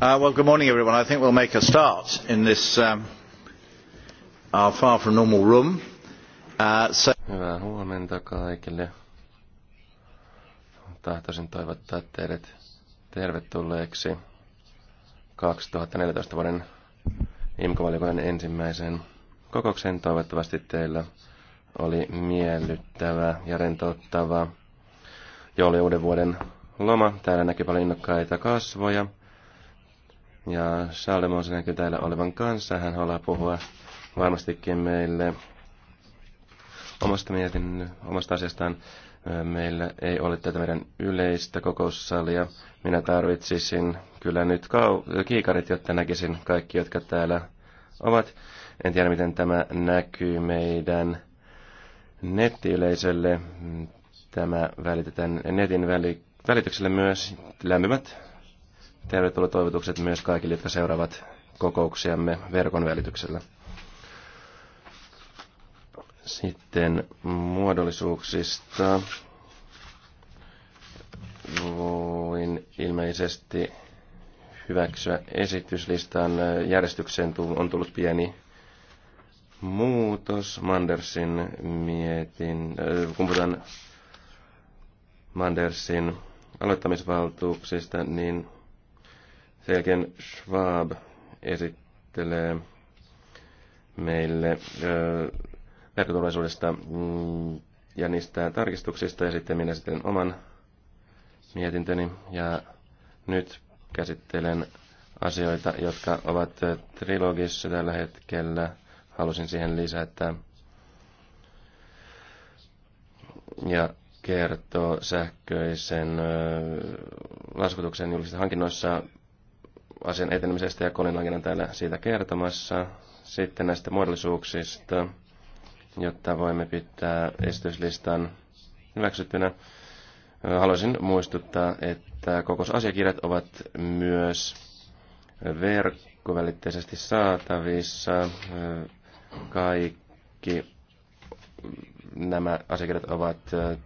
Uh, well, good morning, everyone. I think we'll make a start in this um, our far from normal room. Uh, so... Hyvää huomenta kaikille. Tahtoisin toivottaa teidät tervetulleeksi 2014 vuoden IMCO-valiokunnan ensimmäiseen kokoukseen. Toivottavasti teillä oli miellyttävä ja rentouttava joulu uuden vuoden loma. Täällä näki paljon innokkaita kasvoja ja on näkyy täällä olevan kanssa. Hän haluaa puhua varmastikin meille omasta, mietin, omasta asiastaan. Meillä ei ole tätä meidän yleistä kokoussalia. Minä tarvitsisin kyllä nyt kau- kiikarit, jotta näkisin kaikki, jotka täällä ovat. En tiedä, miten tämä näkyy meidän nettiyleisölle. Tämä välitetään netin väli- välityksellä myös lämpimät Tervetuloa toivotukset myös kaikille, jotka seuraavat kokouksiamme verkon välityksellä. Sitten muodollisuuksista voin ilmeisesti hyväksyä esityslistan. Järjestykseen on tullut pieni muutos Mandersin mietin, äh, kun puhutaan Mandersin aloittamisvaltuuksista, niin sen jälkeen Schwab esittelee meille verkkoturvallisuudesta mm, ja niistä tarkistuksista ja sitten minä sitten oman mietintöni ja nyt käsittelen asioita, jotka ovat trilogissa tällä hetkellä. Halusin siihen lisätä ja kertoo sähköisen laskutuksen julkisissa hankinnoissa asian etenemisestä ja Colin Langen on täällä siitä kertomassa. Sitten näistä muodollisuuksista, jotta voimme pitää esityslistan hyväksyttynä. Haluaisin muistuttaa, että kokousasiakirjat ovat myös verkkovälitteisesti saatavissa. Kaikki nämä asiakirjat ovat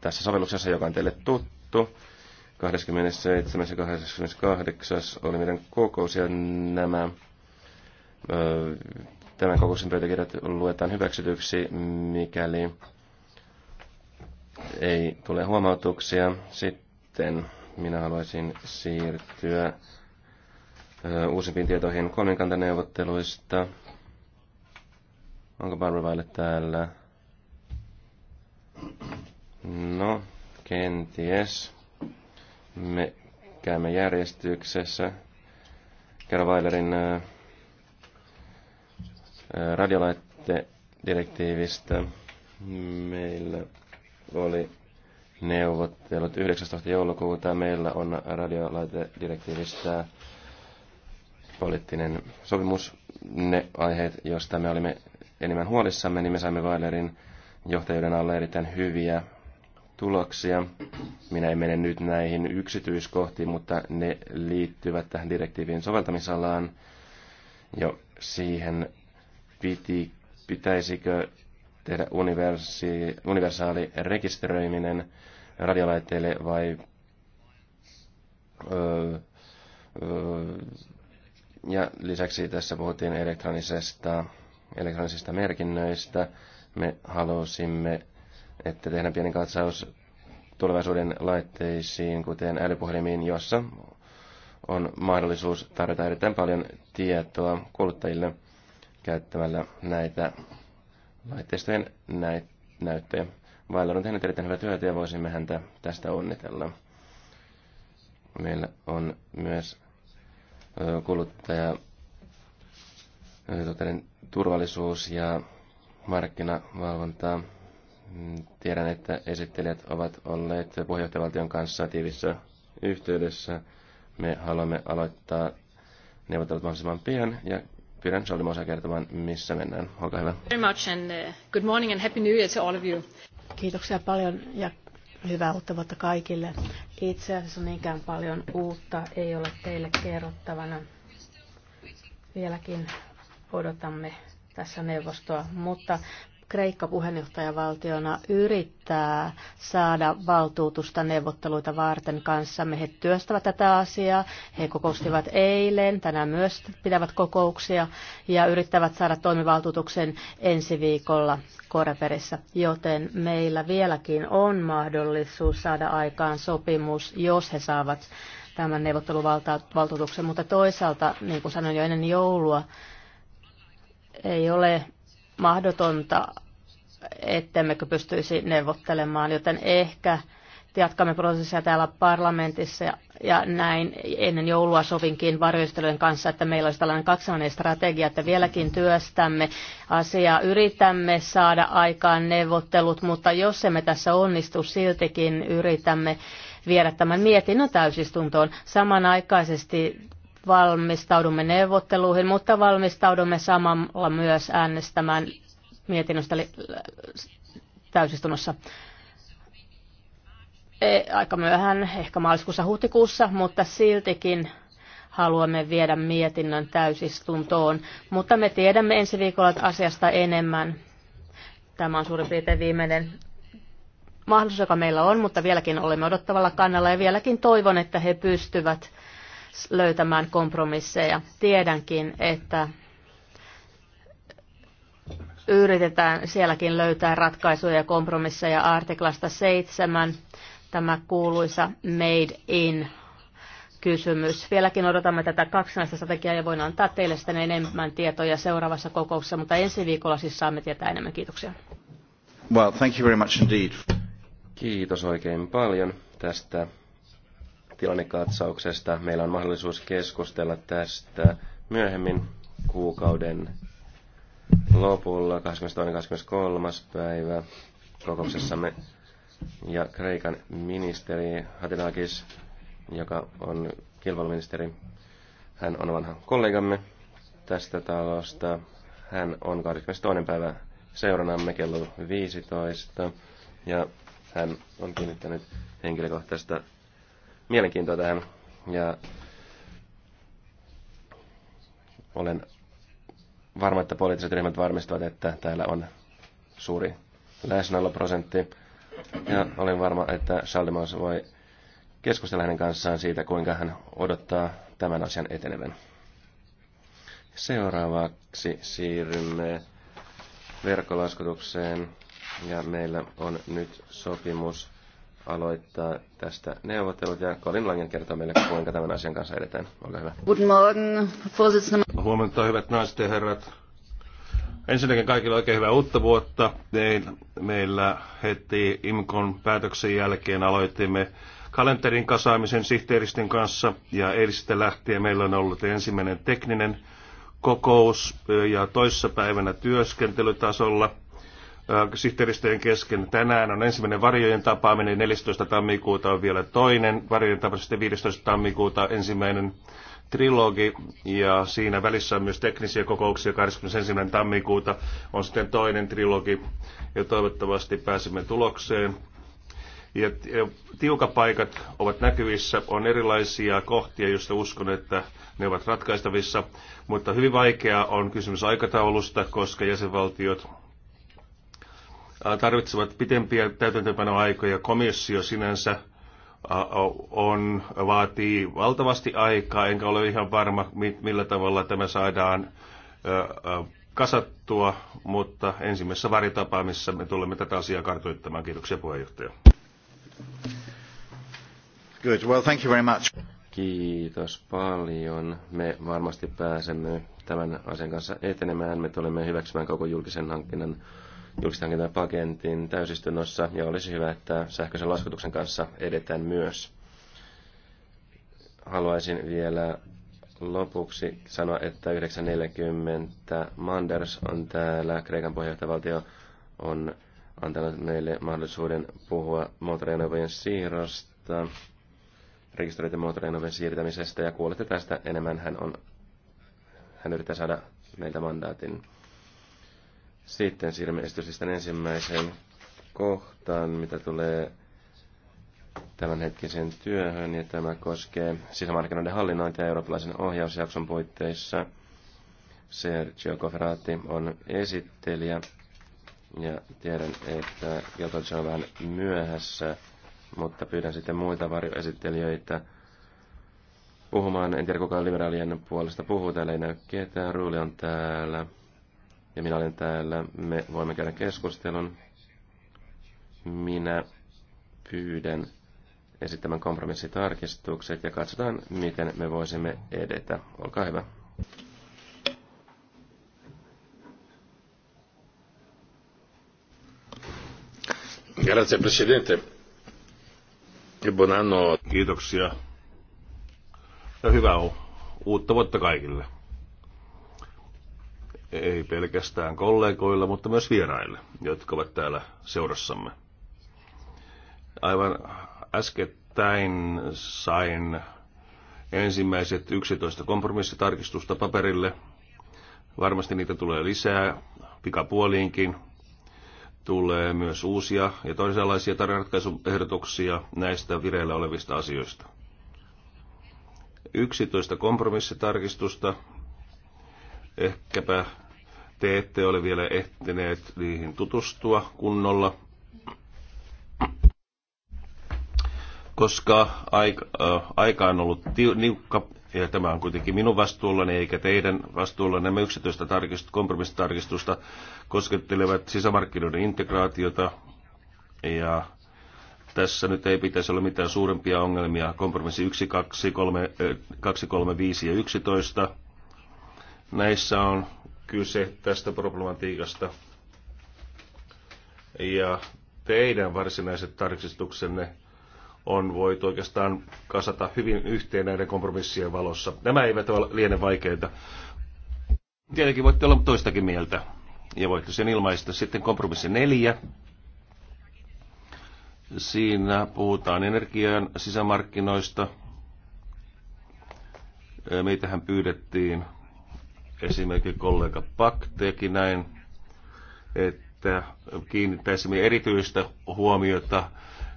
tässä sovelluksessa, joka on teille tuttu. 27. ja 28. oli meidän kokous ja nämä tämän kokouksen pöytäkirjat luetaan hyväksytyksi, mikäli ei tule huomautuksia. Sitten minä haluaisin siirtyä uusimpiin tietoihin kolminkantaneuvotteluista. Onko Barbara Vaille täällä? No, kenties. Me käymme järjestyksessä Kervailerin radiolaittedirektiivistä. Meillä oli neuvottelut 19. joulukuuta. Meillä on radiolaitedirektiivistä poliittinen sopimus. Ne aiheet, joista me olimme enemmän huolissamme, niin me saimme Vailerin johtajuuden alle erittäin hyviä tuloksia. Minä en mene nyt näihin yksityiskohtiin, mutta ne liittyvät tähän direktiivin soveltamisalaan. Jo siihen piti, pitäisikö tehdä universi, universaali rekisteröiminen radiolaitteille vai öö, ja lisäksi tässä puhuttiin elektronisesta, elektronisista merkinnöistä. Me halusimme että tehdään pieni katsaus tulevaisuuden laitteisiin, kuten älypuhelimiin, jossa on mahdollisuus tarjota erittäin paljon tietoa kuluttajille käyttämällä näitä laitteistojen näitä näyttöjä. Vailla on tehnyt erittäin hyvää työtä ja voisimme häntä tästä onnitella. Meillä on myös kuluttaja turvallisuus ja markkinavalvontaa Mm, tiedän, että esittelijät ovat olleet puheenjohtajavaltion kanssa tiivissä yhteydessä. Me haluamme aloittaa neuvottelut mahdollisimman pian ja pyydän Soldimosa kertomaan, missä mennään. Olkaa hyvä. Very much and uh, good morning and happy new year to all of you. Kiitoksia paljon ja hyvää uutta vuotta kaikille. Itse asiassa niinkään paljon uutta ei ole teille kerrottavana. Vieläkin odotamme tässä neuvostoa, mutta Kreikka puheenjohtajavaltiona yrittää saada valtuutusta neuvotteluita varten kanssamme. He työstävät tätä asiaa, he kokoustivat eilen, tänään myös pitävät kokouksia ja yrittävät saada toimivaltuutuksen ensi viikolla Koreperissä. Joten meillä vieläkin on mahdollisuus saada aikaan sopimus, jos he saavat tämän neuvotteluvaltuutuksen, mutta toisaalta, niin kuin sanoin jo ennen joulua, ei ole mahdotonta ettemmekö pystyisi neuvottelemaan, joten ehkä jatkamme prosessia täällä parlamentissa ja, ja näin ennen joulua sovinkin varjoistelujen kanssa, että meillä olisi tällainen kaksinainen strategia, että vieläkin työstämme asiaa, yritämme saada aikaan neuvottelut, mutta jos emme tässä onnistu, siltikin yritämme viedä tämän mietinnön täysistuntoon. Samanaikaisesti valmistaudumme neuvotteluihin, mutta valmistaudumme samalla myös äänestämään mietinnöstä täysistunnossa e, aika myöhään, ehkä maaliskuussa huhtikuussa, mutta siltikin haluamme viedä mietinnön täysistuntoon. Mutta me tiedämme ensi viikolla asiasta enemmän. Tämä on suurin piirtein viimeinen mahdollisuus, joka meillä on, mutta vieläkin olemme odottavalla kannalla ja vieläkin toivon, että he pystyvät löytämään kompromisseja. Tiedänkin, että yritetään sielläkin löytää ratkaisuja ja kompromisseja artiklasta 7, tämä kuuluisa Made in kysymys. Vieläkin odotamme tätä kaksinaista strategiaa ja voin antaa teille sitten enemmän tietoja seuraavassa kokouksessa, mutta ensi viikolla siis saamme tietää enemmän. Kiitoksia. Well, thank you very much indeed. Kiitos oikein paljon tästä tilannekatsauksesta. Meillä on mahdollisuus keskustella tästä myöhemmin kuukauden lopulla 22.23. päivä kokouksessamme ja Kreikan ministeri Hatinakis, joka on kilpailuministeri, hän on vanha kollegamme tästä talosta. Hän on 22. päivä seurannamme kello 15 ja hän on kiinnittänyt henkilökohtaista mielenkiintoa tähän ja olen varma, että poliittiset ryhmät varmistavat, että täällä on suuri läsnäoloprosentti. Ja olen varma, että Schaldemans voi keskustella hänen kanssaan siitä, kuinka hän odottaa tämän asian etenevän. Seuraavaksi siirrymme verkkolaskutukseen ja meillä on nyt sopimus aloittaa tästä neuvottelut ja Colin Langen kertoo meille, kuinka tämän asian kanssa edetään. Ole hyvä. Guten Morgen, Vorsitzender. Huomenta, hyvät naiset ja herrat. Ensinnäkin kaikille oikein hyvää uutta vuotta. Meillä heti IMKon päätöksen jälkeen aloitimme kalenterin kasaamisen sihteeristin kanssa ja eilisestä lähtien meillä on ollut ensimmäinen tekninen kokous ja toissapäivänä työskentelytasolla – Äh, sihteeristöjen kesken. Tänään on ensimmäinen varjojen tapaaminen, 14. tammikuuta on vielä toinen varjojen tapaaminen, sitten 15. tammikuuta ensimmäinen trilogi ja siinä välissä on myös teknisiä kokouksia 21. tammikuuta on sitten toinen trilogi ja toivottavasti pääsemme tulokseen. Ja tiukapaikat ovat näkyvissä, on erilaisia kohtia, joista uskon, että ne ovat ratkaistavissa, mutta hyvin vaikeaa on kysymys aikataulusta, koska jäsenvaltiot tarvitsevat pitempiä täytäntöönpanoaikoja. Komissio sinänsä on, vaatii valtavasti aikaa, enkä ole ihan varma, millä tavalla tämä saadaan kasattua, mutta ensimmäisessä varitapaamisessa me tulemme tätä asiaa kartoittamaan. Kiitoksia puheenjohtaja. Good. Well, thank you very much. Kiitos paljon. Me varmasti pääsemme tämän asian kanssa etenemään. Me tulemme hyväksymään koko julkisen hankinnan julkisten pakentin täysistunnossa, ja olisi hyvä, että sähköisen laskutuksen kanssa edetään myös. Haluaisin vielä lopuksi sanoa, että 9.40 Manders on täällä, Kreikan puheenjohtajavaltio on antanut meille mahdollisuuden puhua moottoriajoneuvojen siirrosta, rekisteröiden moottoriajoneuvojen siirtämisestä ja kuulette tästä enemmän. Hän, on, hän yrittää saada meiltä mandaatin. Sitten siirrymme esityslistan ensimmäiseen kohtaan, mitä tulee tämänhetkiseen työhön, ja tämä koskee sisämarkkinoiden hallinnointia eurooppalaisen ohjausjakson puitteissa. Sergio Cofferati on esittelijä, ja tiedän, että Jotoc on vähän myöhässä, mutta pyydän sitten muita varjoesittelijöitä puhumaan. En tiedä, kuka liberaalien puolesta puhuu, täällä ei näy ketään, Ruuli on täällä ja minä olen täällä. Me voimme käydä keskustelun. Minä pyydän esittämään kompromissitarkistukset ja katsotaan, miten me voisimme edetä. Olkaa hyvä. Grazie Presidente. E buon anno. Kiitoksia. Ja hyvää uutta vuotta kaikille ei pelkästään kollegoille, mutta myös vieraille, jotka ovat täällä seurassamme. Aivan äskettäin sain ensimmäiset 11 kompromissitarkistusta paperille. Varmasti niitä tulee lisää, pikapuoliinkin. Tulee myös uusia ja toisenlaisia ratkaisuehdotuksia näistä vireillä olevista asioista. 11 kompromissitarkistusta Ehkäpä te ette ole vielä ehtineet niihin tutustua kunnolla, koska aika, äh, aika on ollut niukka ja tämä on kuitenkin minun vastuullani eikä teidän vastuullanne. Nämä yksityistä tarkistusta, kompromissitarkistusta koskettelevat sisämarkkinoiden integraatiota ja tässä nyt ei pitäisi olla mitään suurempia ongelmia. Kompromissi 1, 2, 3, 2, 3 5 ja 11 Näissä on kyse tästä problematiikasta. Ja teidän varsinaiset tarkistuksenne on voitu oikeastaan kasata hyvin yhteen näiden kompromissien valossa. Nämä eivät ole liene vaikeita. Tietenkin voitte olla toistakin mieltä ja voitte sen ilmaista. Sitten kompromissi neljä. Siinä puhutaan energian sisämarkkinoista. Meitähän pyydettiin Esimerkiksi kollega Pak teki näin, että kiinnittäisimme erityistä huomiota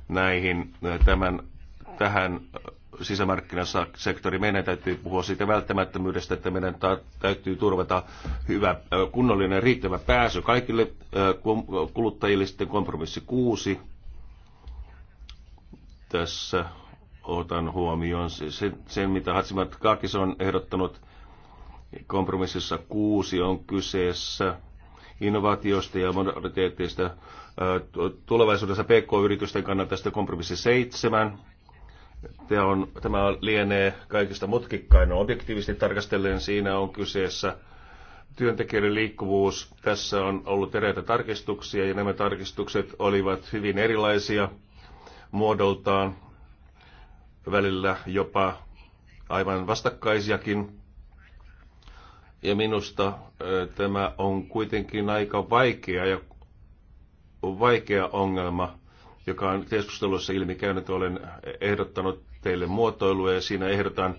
näihin tämän, tähän sisämarkkinasektori. Meidän täytyy puhua siitä välttämättömyydestä, että meidän ta- täytyy turvata hyvä, kunnollinen, riittävä pääsy kaikille äh, kuluttajille. Sitten kompromissi kuusi. Tässä otan huomioon sen, sen mitä Hatsimat Kaakis on ehdottanut Kompromississa kuusi on kyseessä innovaatioista ja moderniteetteista. Tulevaisuudessa PK-yritysten kannalta tästä kompromissi seitsemän. Tämä, on, tämä lienee kaikista mutkikkain objektiivisesti tarkastellen. Siinä on kyseessä työntekijöiden liikkuvuus. Tässä on ollut eräitä tarkistuksia ja nämä tarkistukset olivat hyvin erilaisia muodoltaan, välillä jopa aivan vastakkaisiakin. Ja minusta tämä on kuitenkin aika vaikea ja vaikea ongelma, joka on keskustelussa ilmi käynyt. Olen ehdottanut teille muotoilua ja siinä ehdotan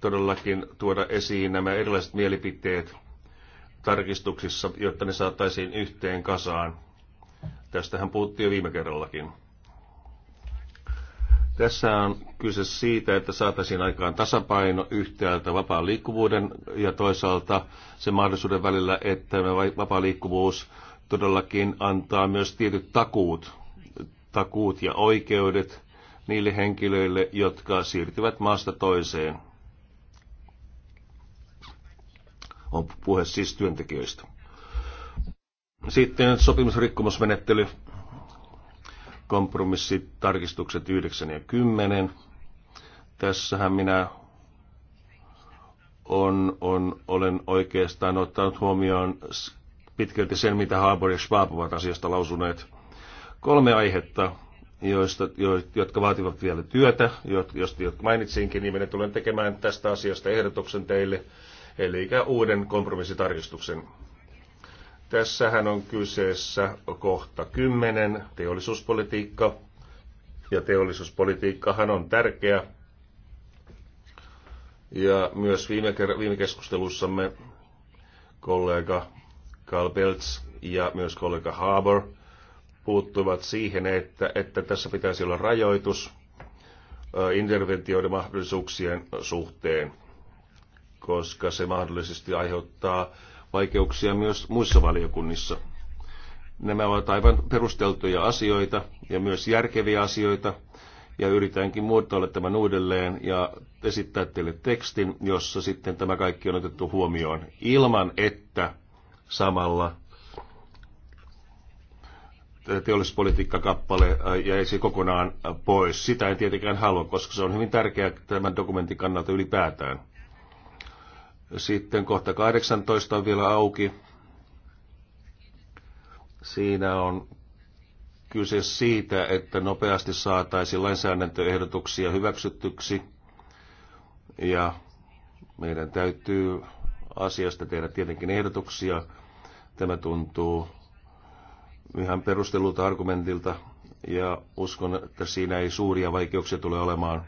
todellakin tuoda esiin nämä erilaiset mielipiteet tarkistuksissa, jotta ne saataisiin yhteen kasaan. Tästähän puhuttiin jo viime kerrallakin. Tässä on kyse siitä, että saataisiin aikaan tasapaino yhtäältä vapaan liikkuvuuden ja toisaalta sen mahdollisuuden välillä, että vapaa liikkuvuus todellakin antaa myös tietyt takuut, takuut ja oikeudet niille henkilöille, jotka siirtyvät maasta toiseen. On puhe siis työntekijöistä. Sitten sopimusrikkomusmenettely kompromissitarkistukset 9 ja 10. Tässähän minä on, on, olen oikeastaan ottanut huomioon pitkälti sen, mitä Haber ja Schwab ovat asiasta lausuneet. Kolme aihetta, joista, jo, jotka vaativat vielä työtä, joista jotka mainitsinkin, niin minä tulen tekemään tästä asiasta ehdotuksen teille, eli uuden kompromissitarkistuksen. Tässähän on kyseessä kohta 10, teollisuuspolitiikka. Ja teollisuuspolitiikkahan on tärkeä. Ja myös viime, viime keskustelussamme kollega Karl Belts ja myös kollega Haber puuttuivat siihen, että, että tässä pitäisi olla rajoitus interventioiden mahdollisuuksien suhteen, koska se mahdollisesti aiheuttaa vaikeuksia myös muissa valiokunnissa. Nämä ovat aivan perusteltuja asioita ja myös järkeviä asioita, ja yritänkin muotoilla tämän uudelleen ja esittää teille tekstin, jossa sitten tämä kaikki on otettu huomioon ilman, että samalla teollispolitiikkakappale äh, jäisi kokonaan pois. Sitä en tietenkään halua, koska se on hyvin tärkeää tämän dokumentin kannalta ylipäätään. Sitten kohta 18 on vielä auki. Siinä on kyse siitä, että nopeasti saataisiin lainsäädäntöehdotuksia hyväksyttyksi. Ja meidän täytyy asiasta tehdä tietenkin ehdotuksia. Tämä tuntuu ihan perustelulta argumentilta ja uskon, että siinä ei suuria vaikeuksia tule olemaan.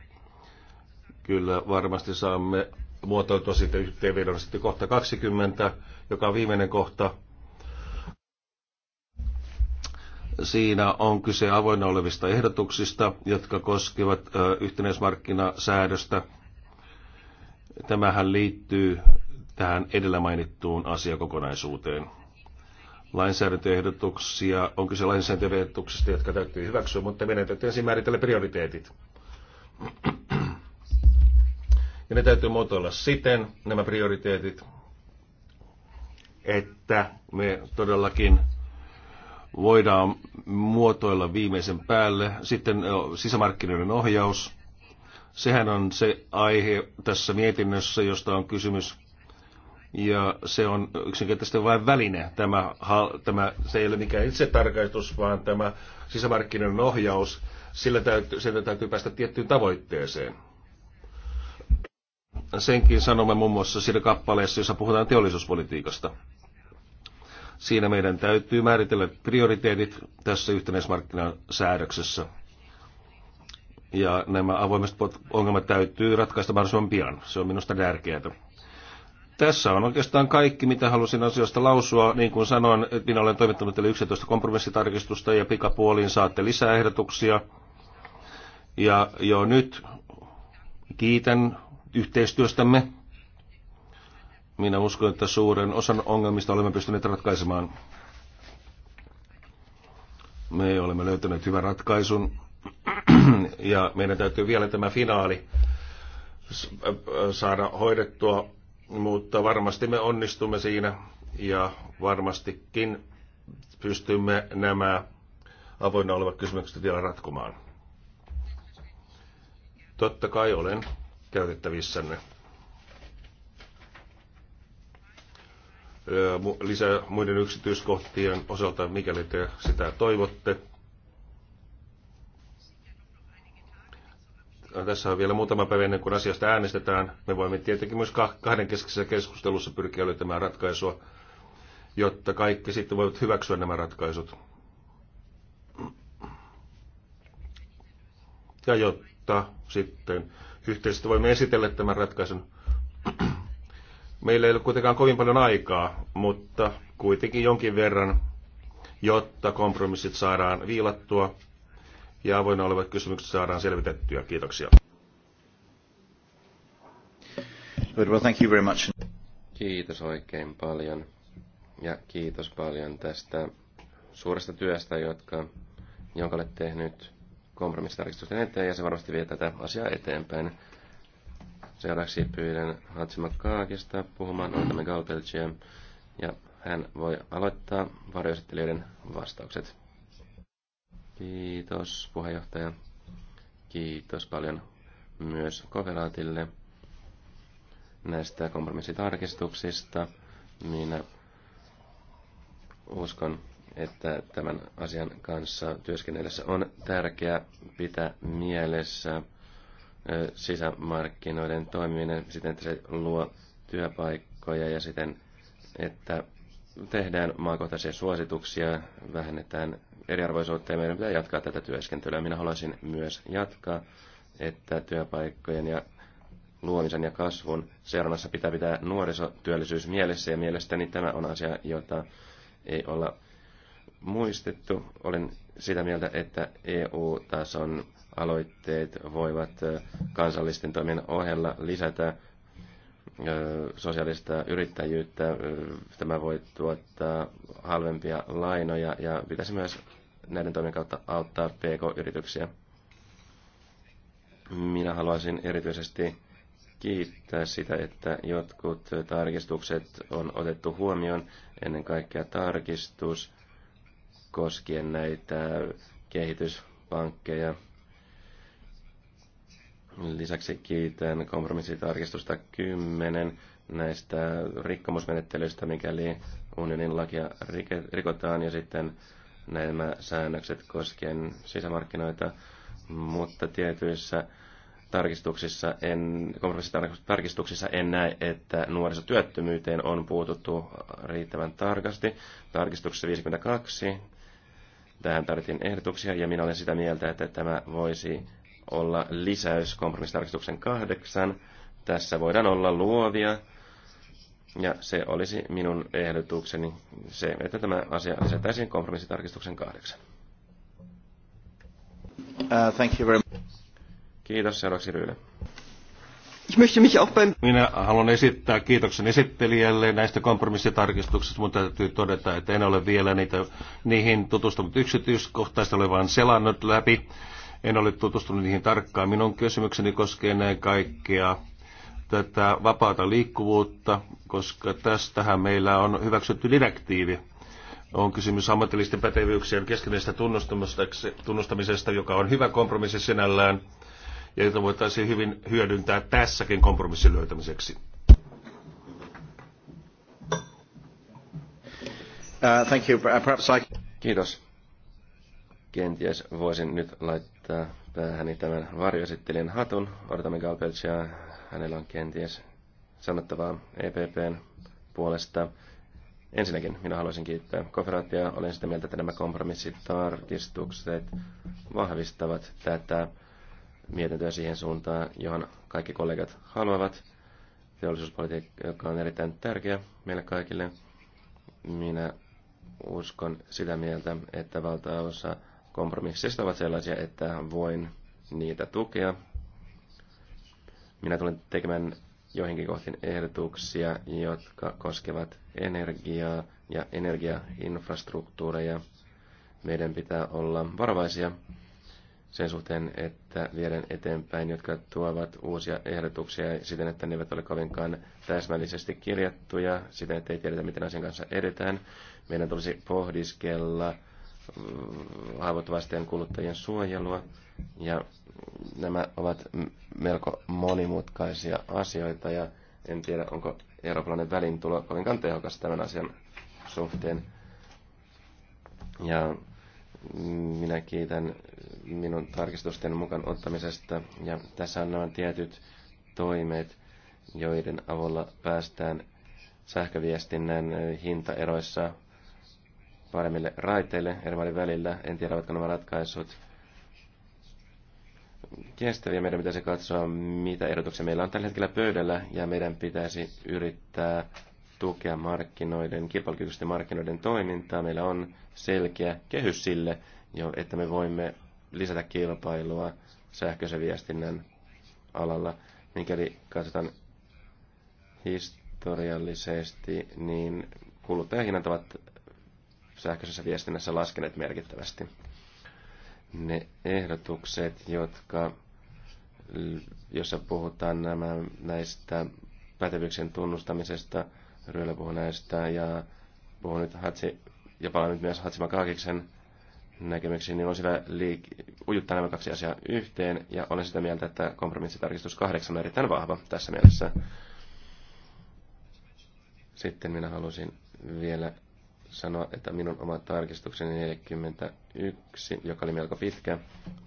Kyllä varmasti saamme muotoiltua siitä yhteenvedon. Sitten kohta 20, joka on viimeinen kohta. Siinä on kyse avoinna olevista ehdotuksista, jotka koskevat yhtenäismarkkinasäädöstä. Tämähän liittyy tähän edellä mainittuun asiakokonaisuuteen. Lainsäädäntöehdotuksia, on kyse lainsäädäntöehdotuksista, jotka täytyy hyväksyä, mutta meidän täytyy ensin määritellä prioriteetit. Ja ne täytyy muotoilla siten, nämä prioriteetit, että me todellakin voidaan muotoilla viimeisen päälle. Sitten sisämarkkinoiden ohjaus. Sehän on se aihe tässä mietinnössä, josta on kysymys. Ja se on yksinkertaisesti vain väline. Tämä, tämä, se ei ole mikään itse tarkoitus vaan tämä sisämarkkinoiden ohjaus, sillä täytyy, sillä täytyy päästä tiettyyn tavoitteeseen senkin sanomme muun muassa siinä kappaleessa, jossa puhutaan teollisuuspolitiikasta. Siinä meidän täytyy määritellä prioriteetit tässä yhtenäismarkkinasäädöksessä. Ja nämä avoimet ongelmat täytyy ratkaista mahdollisimman pian. Se on minusta tärkeää. Tässä on oikeastaan kaikki, mitä halusin asiasta lausua. Niin kuin sanoin, minä olen toimittanut teille 11 kompromissitarkistusta ja pikapuoliin saatte lisää ehdotuksia. Ja jo nyt kiitän yhteistyöstämme. Minä uskon, että suuren osan ongelmista olemme pystyneet ratkaisemaan. Me olemme löytäneet hyvän ratkaisun ja meidän täytyy vielä tämä finaali äh, saada hoidettua, mutta varmasti me onnistumme siinä ja varmastikin pystymme nämä avoinna olevat kysymykset vielä ratkomaan. Totta kai olen käytettävissänne. Lisää muiden yksityiskohtien osalta, mikäli te sitä toivotte. No, tässä on vielä muutama päivä ennen kuin asiasta äänestetään. Me voimme tietenkin myös kahden keskisessä keskustelussa pyrkiä löytämään ratkaisua, jotta kaikki sitten voivat hyväksyä nämä ratkaisut. Ja jotta sitten yhteisesti voimme esitellä tämän ratkaisun. Meillä ei ole kuitenkaan kovin paljon aikaa, mutta kuitenkin jonkin verran, jotta kompromissit saadaan viilattua ja avoinna olevat kysymykset saadaan selvitettyä. Kiitoksia. Well, thank you very much. Kiitos oikein paljon ja kiitos paljon tästä suuresta työstä, jotka, jonka olet tehnyt kompromissitarkistusten eteen ja se varmasti vie tätä asiaa eteenpäin. Seuraavaksi pyydän Hatsima Kaakista puhumaan Oitamme Gautelchia ja hän voi aloittaa varjoesittelijöiden vastaukset. Kiitos puheenjohtaja. Kiitos paljon myös Koferaatille näistä kompromissitarkistuksista. Minä uskon, että tämän asian kanssa työskennellessä on tärkeää pitää mielessä sisämarkkinoiden toimiminen siten, että se luo työpaikkoja ja siten, että tehdään maakohtaisia suosituksia, vähennetään eriarvoisuutta ja meidän pitää jatkaa tätä työskentelyä. Minä haluaisin myös jatkaa, että työpaikkojen ja luomisen ja kasvun seurannassa pitää pitää nuorisotyöllisyys mielessä ja mielestäni tämä on asia, jota ei olla muistettu. Olen sitä mieltä, että EU-tason aloitteet voivat kansallisten toimien ohella lisätä sosiaalista yrittäjyyttä. Tämä voi tuottaa halvempia lainoja ja pitäisi myös näiden toimien kautta auttaa PK-yrityksiä. Minä haluaisin erityisesti kiittää sitä, että jotkut tarkistukset on otettu huomioon, ennen kaikkea tarkistus koskien näitä kehityspankkeja. Lisäksi kiitän kompromissitarkistusta 10 näistä rikkomusmenettelyistä, mikäli unionin lakia rikotaan ja sitten nämä säännökset koskien sisämarkkinoita, mutta tietyissä tarkistuksissa en, kompromissitarkistuksissa en näe, että nuorisotyöttömyyteen on puututtu riittävän tarkasti. Tarkistuksessa 52 Tähän tarvittiin ehdotuksia ja minä olen sitä mieltä, että tämä voisi olla lisäys kompromissitarkistuksen kahdeksan. Tässä voidaan olla luovia ja se olisi minun ehdotukseni se, että tämä asia lisätäisiin kompromissitarkistuksen kahdeksan. Uh, thank you very much. Kiitos, seuraavaksi Ryyle. Minä haluan esittää kiitoksen esittelijälle näistä kompromissitarkistuksista, mutta täytyy todeta, että en ole vielä niitä, niihin tutustunut yksityiskohtaista olen vaan selannut läpi. En ole tutustunut niihin tarkkaan. Minun kysymykseni koskee näin kaikkea tätä vapaata liikkuvuutta, koska tästähän meillä on hyväksytty direktiivi. On kysymys ammatillisten pätevyyksien keskeisestä tunnustamisesta, joka on hyvä kompromissi sinällään – ja jota voitaisiin hyvin hyödyntää tässäkin kompromissin löytämiseksi. Uh, thank you. Uh, perhaps I... Kiitos. Kenties voisin nyt laittaa päähäni tämän varjoesittelijän hatun. Odotamme Galpelcia. Hänellä on kenties sanottavaa EPPn puolesta. Ensinnäkin minä haluaisin kiittää konferaattia. Olen sitä mieltä, että nämä kompromissitarkistukset vahvistavat tätä mietintöä siihen suuntaan, johon kaikki kollegat haluavat. Teollisuuspolitiikka, joka on erittäin tärkeä meille kaikille. Minä uskon sitä mieltä, että valtaosa kompromissista ovat sellaisia, että voin niitä tukea. Minä tulen tekemään joihinkin kohtiin ehdotuksia, jotka koskevat energiaa ja energiainfrastruktuureja. Meidän pitää olla varovaisia sen suhteen, että viedään eteenpäin, jotka tuovat uusia ehdotuksia siten, että ne eivät ole kovinkaan täsmällisesti kirjattuja, siten, että ei tiedetä, miten asian kanssa edetään. Meidän tulisi pohdiskella mm, haavoittuvaisten kuluttajien suojelua, ja nämä ovat melko monimutkaisia asioita, ja en tiedä, onko eurooppalainen välintulo kovinkaan tehokas tämän asian suhteen. Ja mm, minä kiitän minun tarkistusten mukaan ottamisesta. Ja tässä on nämä tietyt toimet, joiden avulla päästään sähköviestinnän hintaeroissa paremmille raiteille eri välillä. En tiedä, ovatko nämä ratkaisut kestäviä. Meidän pitäisi katsoa, mitä ehdotuksia meillä on tällä hetkellä pöydällä, ja meidän pitäisi yrittää tukea markkinoiden, kilpailukykyisten markkinoiden toimintaa. Meillä on selkeä kehys sille, jo, että me voimme lisätä kilpailua sähköisen viestinnän alalla. Mikäli katsotaan historiallisesti, niin kuluttajahinnat ovat sähköisessä viestinnässä laskeneet merkittävästi. Ne ehdotukset, jotka, jossa puhutaan nämä, näistä pätevyyksien tunnustamisesta, Ryöllä puhuu näistä ja puhuu nyt Hatsi, ja palaan nyt myös Hatsimakakiksen näkemyksiin, niin on hyvä liik- ujuttaa nämä kaksi asiaa yhteen, ja olen sitä mieltä, että kompromissitarkistus kahdeksan on erittäin vahva tässä mielessä. Sitten minä halusin vielä sanoa, että minun oma tarkistukseni 41, joka oli melko pitkä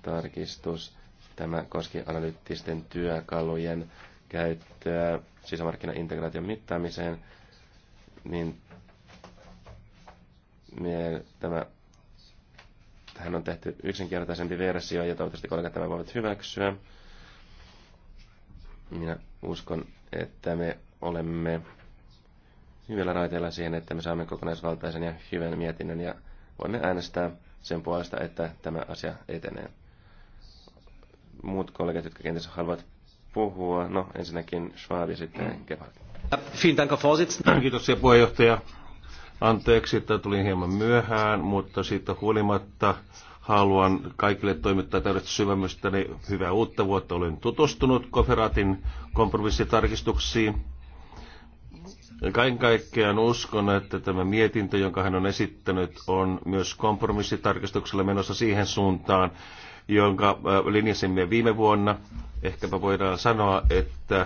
tarkistus, tämä koski analyyttisten työkalujen käyttöä sisämarkkinaintegraation mittaamiseen, niin tämä Tähän on tehty yksinkertaisempi versio ja toivottavasti kollegat tämän voivat hyväksyä. Minä uskon, että me olemme hyvillä raiteilla siihen, että me saamme kokonaisvaltaisen ja hyvän mietinnön ja voimme äänestää sen puolesta, että tämä asia etenee. Muut kollegat, jotka kenties haluavat puhua, no ensinnäkin Schwab ja sitten Gebhardt. Kiitos Dank, puheenjohtaja. Anteeksi, että tulin hieman myöhään, mutta siitä huolimatta haluan kaikille toimittaa täydestä syvämystäni hyvää uutta vuotta. Olen tutustunut Koferaatin kompromissitarkistuksiin. Kaiken kaikkiaan uskon, että tämä mietintö, jonka hän on esittänyt, on myös kompromissitarkistuksella menossa siihen suuntaan, jonka äh, linjasimme viime vuonna. Ehkäpä voidaan sanoa, että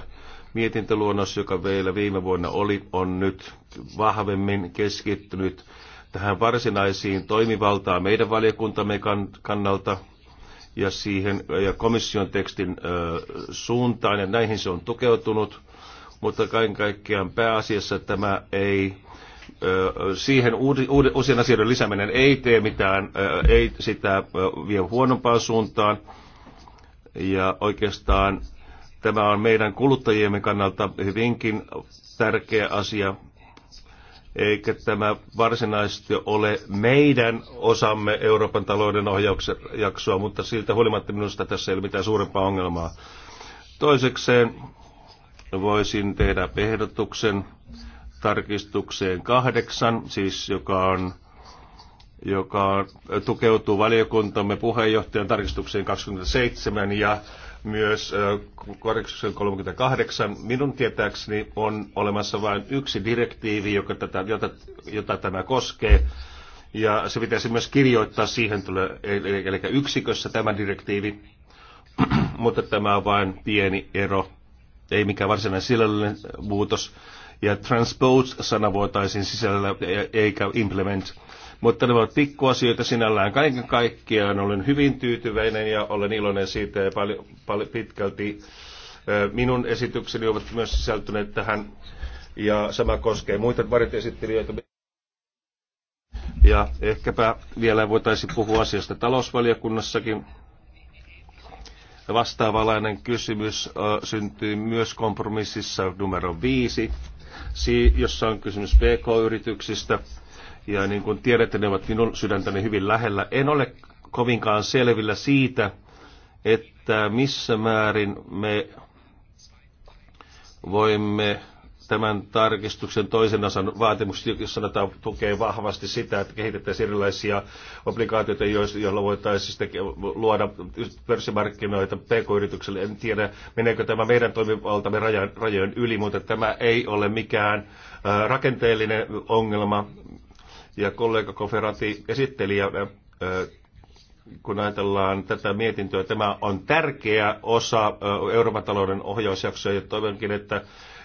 mietintöluonnos, joka vielä viime vuonna oli, on nyt vahvemmin keskittynyt tähän varsinaisiin toimivaltaa meidän valiokuntamme kannalta ja, siihen, ja komission tekstin ö, suuntaan, ja näihin se on tukeutunut, mutta kaiken kaikkiaan pääasiassa tämä ei siihen uusien asioiden lisääminen ei tee mitään, ei sitä vie huonompaan suuntaan. Ja oikeastaan Tämä on meidän kuluttajiemme kannalta hyvinkin tärkeä asia, eikä tämä varsinaisesti ole meidän osamme Euroopan talouden jaksoa, mutta siltä huolimatta minusta tässä ei ole mitään suurempaa ongelmaa. Toisekseen voisin tehdä ehdotuksen tarkistukseen kahdeksan, siis joka on joka tukeutuu valiokuntamme puheenjohtajan tarkistukseen 27 ja myös korjauksen 38. Minun tietääkseni on olemassa vain yksi direktiivi, joka tätä, jota, jota tämä koskee. Ja se pitäisi myös kirjoittaa siihen, tulee, eli, eli yksikössä tämä direktiivi, mutta tämä on vain pieni ero, ei mikään varsinainen sisällöllinen muutos. Ja transpose-sana voitaisiin sisällä, e, eikä implement. Mutta ne ovat pikkuasioita sinällään. Kaiken kaikkiaan olen hyvin tyytyväinen ja olen iloinen siitä ja paljon, paljon pitkälti minun esitykseni ovat myös sisältyneet tähän ja sama koskee muita varjoesittelijöitä. Ja ehkäpä vielä voitaisiin puhua asiasta talousvaliokunnassakin. Vastaavalainen kysymys syntyi myös kompromississa numero viisi, jossa on kysymys PK-yrityksistä ja niin kuin tiedätte, ne ovat minun sydäntäni hyvin lähellä. En ole kovinkaan selvillä siitä, että missä määrin me voimme tämän tarkistuksen toisen osan vaatimukset, jos sanotaan, tukee vahvasti sitä, että kehitettäisiin erilaisia obligaatioita, joilla voitaisiin sitten luoda pörssimarkkinoita pk-yritykselle. En tiedä, meneekö tämä meidän toimivaltamme rajojen yli, mutta tämä ei ole mikään äh, rakenteellinen ongelma ja kollega Koferati esittelijä, kun ajatellaan tätä mietintöä, tämä on tärkeä osa Euroopan talouden ohjausjaksoa ja toivonkin, että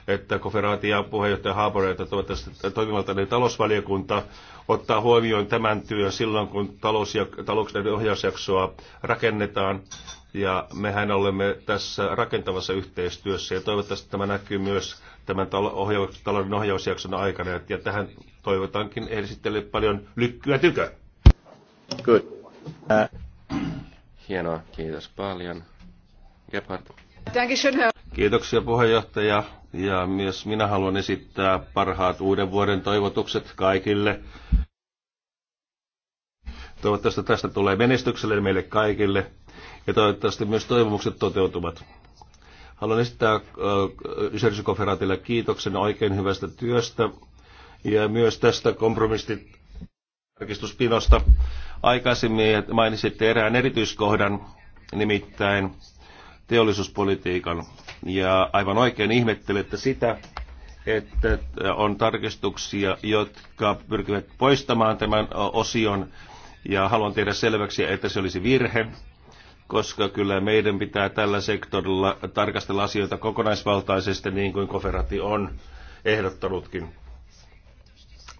että konferaati ja puheenjohtaja että toivottavasti toimivaltainen talousvaliokunta ottaa huomioon tämän työn silloin, kun talous- ja talouksien ohjausjaksoa rakennetaan. Ja mehän olemme tässä rakentavassa yhteistyössä ja toivottavasti tämä näkyy myös tämän ohjaus, talouden ohjausjakson aikana. Ja tähän toivotankin esittelijä paljon lykkyä tykö. Good. Uh. Hienoa, kiitos paljon. Gebhard. Kiitoksia puheenjohtaja. Ja myös minä haluan esittää parhaat uuden vuoden toivotukset kaikille. Toivottavasti tästä tulee menestykselle meille kaikille ja toivottavasti myös toivomukset toteutuvat. Haluan esittää äh, Sergio kiitoksen oikein hyvästä työstä ja myös tästä kompromissitarkistuspinosta. Aikaisemmin mainitsitte erään erityiskohdan, nimittäin teollisuuspolitiikan. Ja aivan oikein ihmettelette sitä, että on tarkistuksia, jotka pyrkivät poistamaan tämän osion. Ja haluan tehdä selväksi, että se olisi virhe koska kyllä meidän pitää tällä sektorilla tarkastella asioita kokonaisvaltaisesti niin kuin Koferati on ehdottanutkin.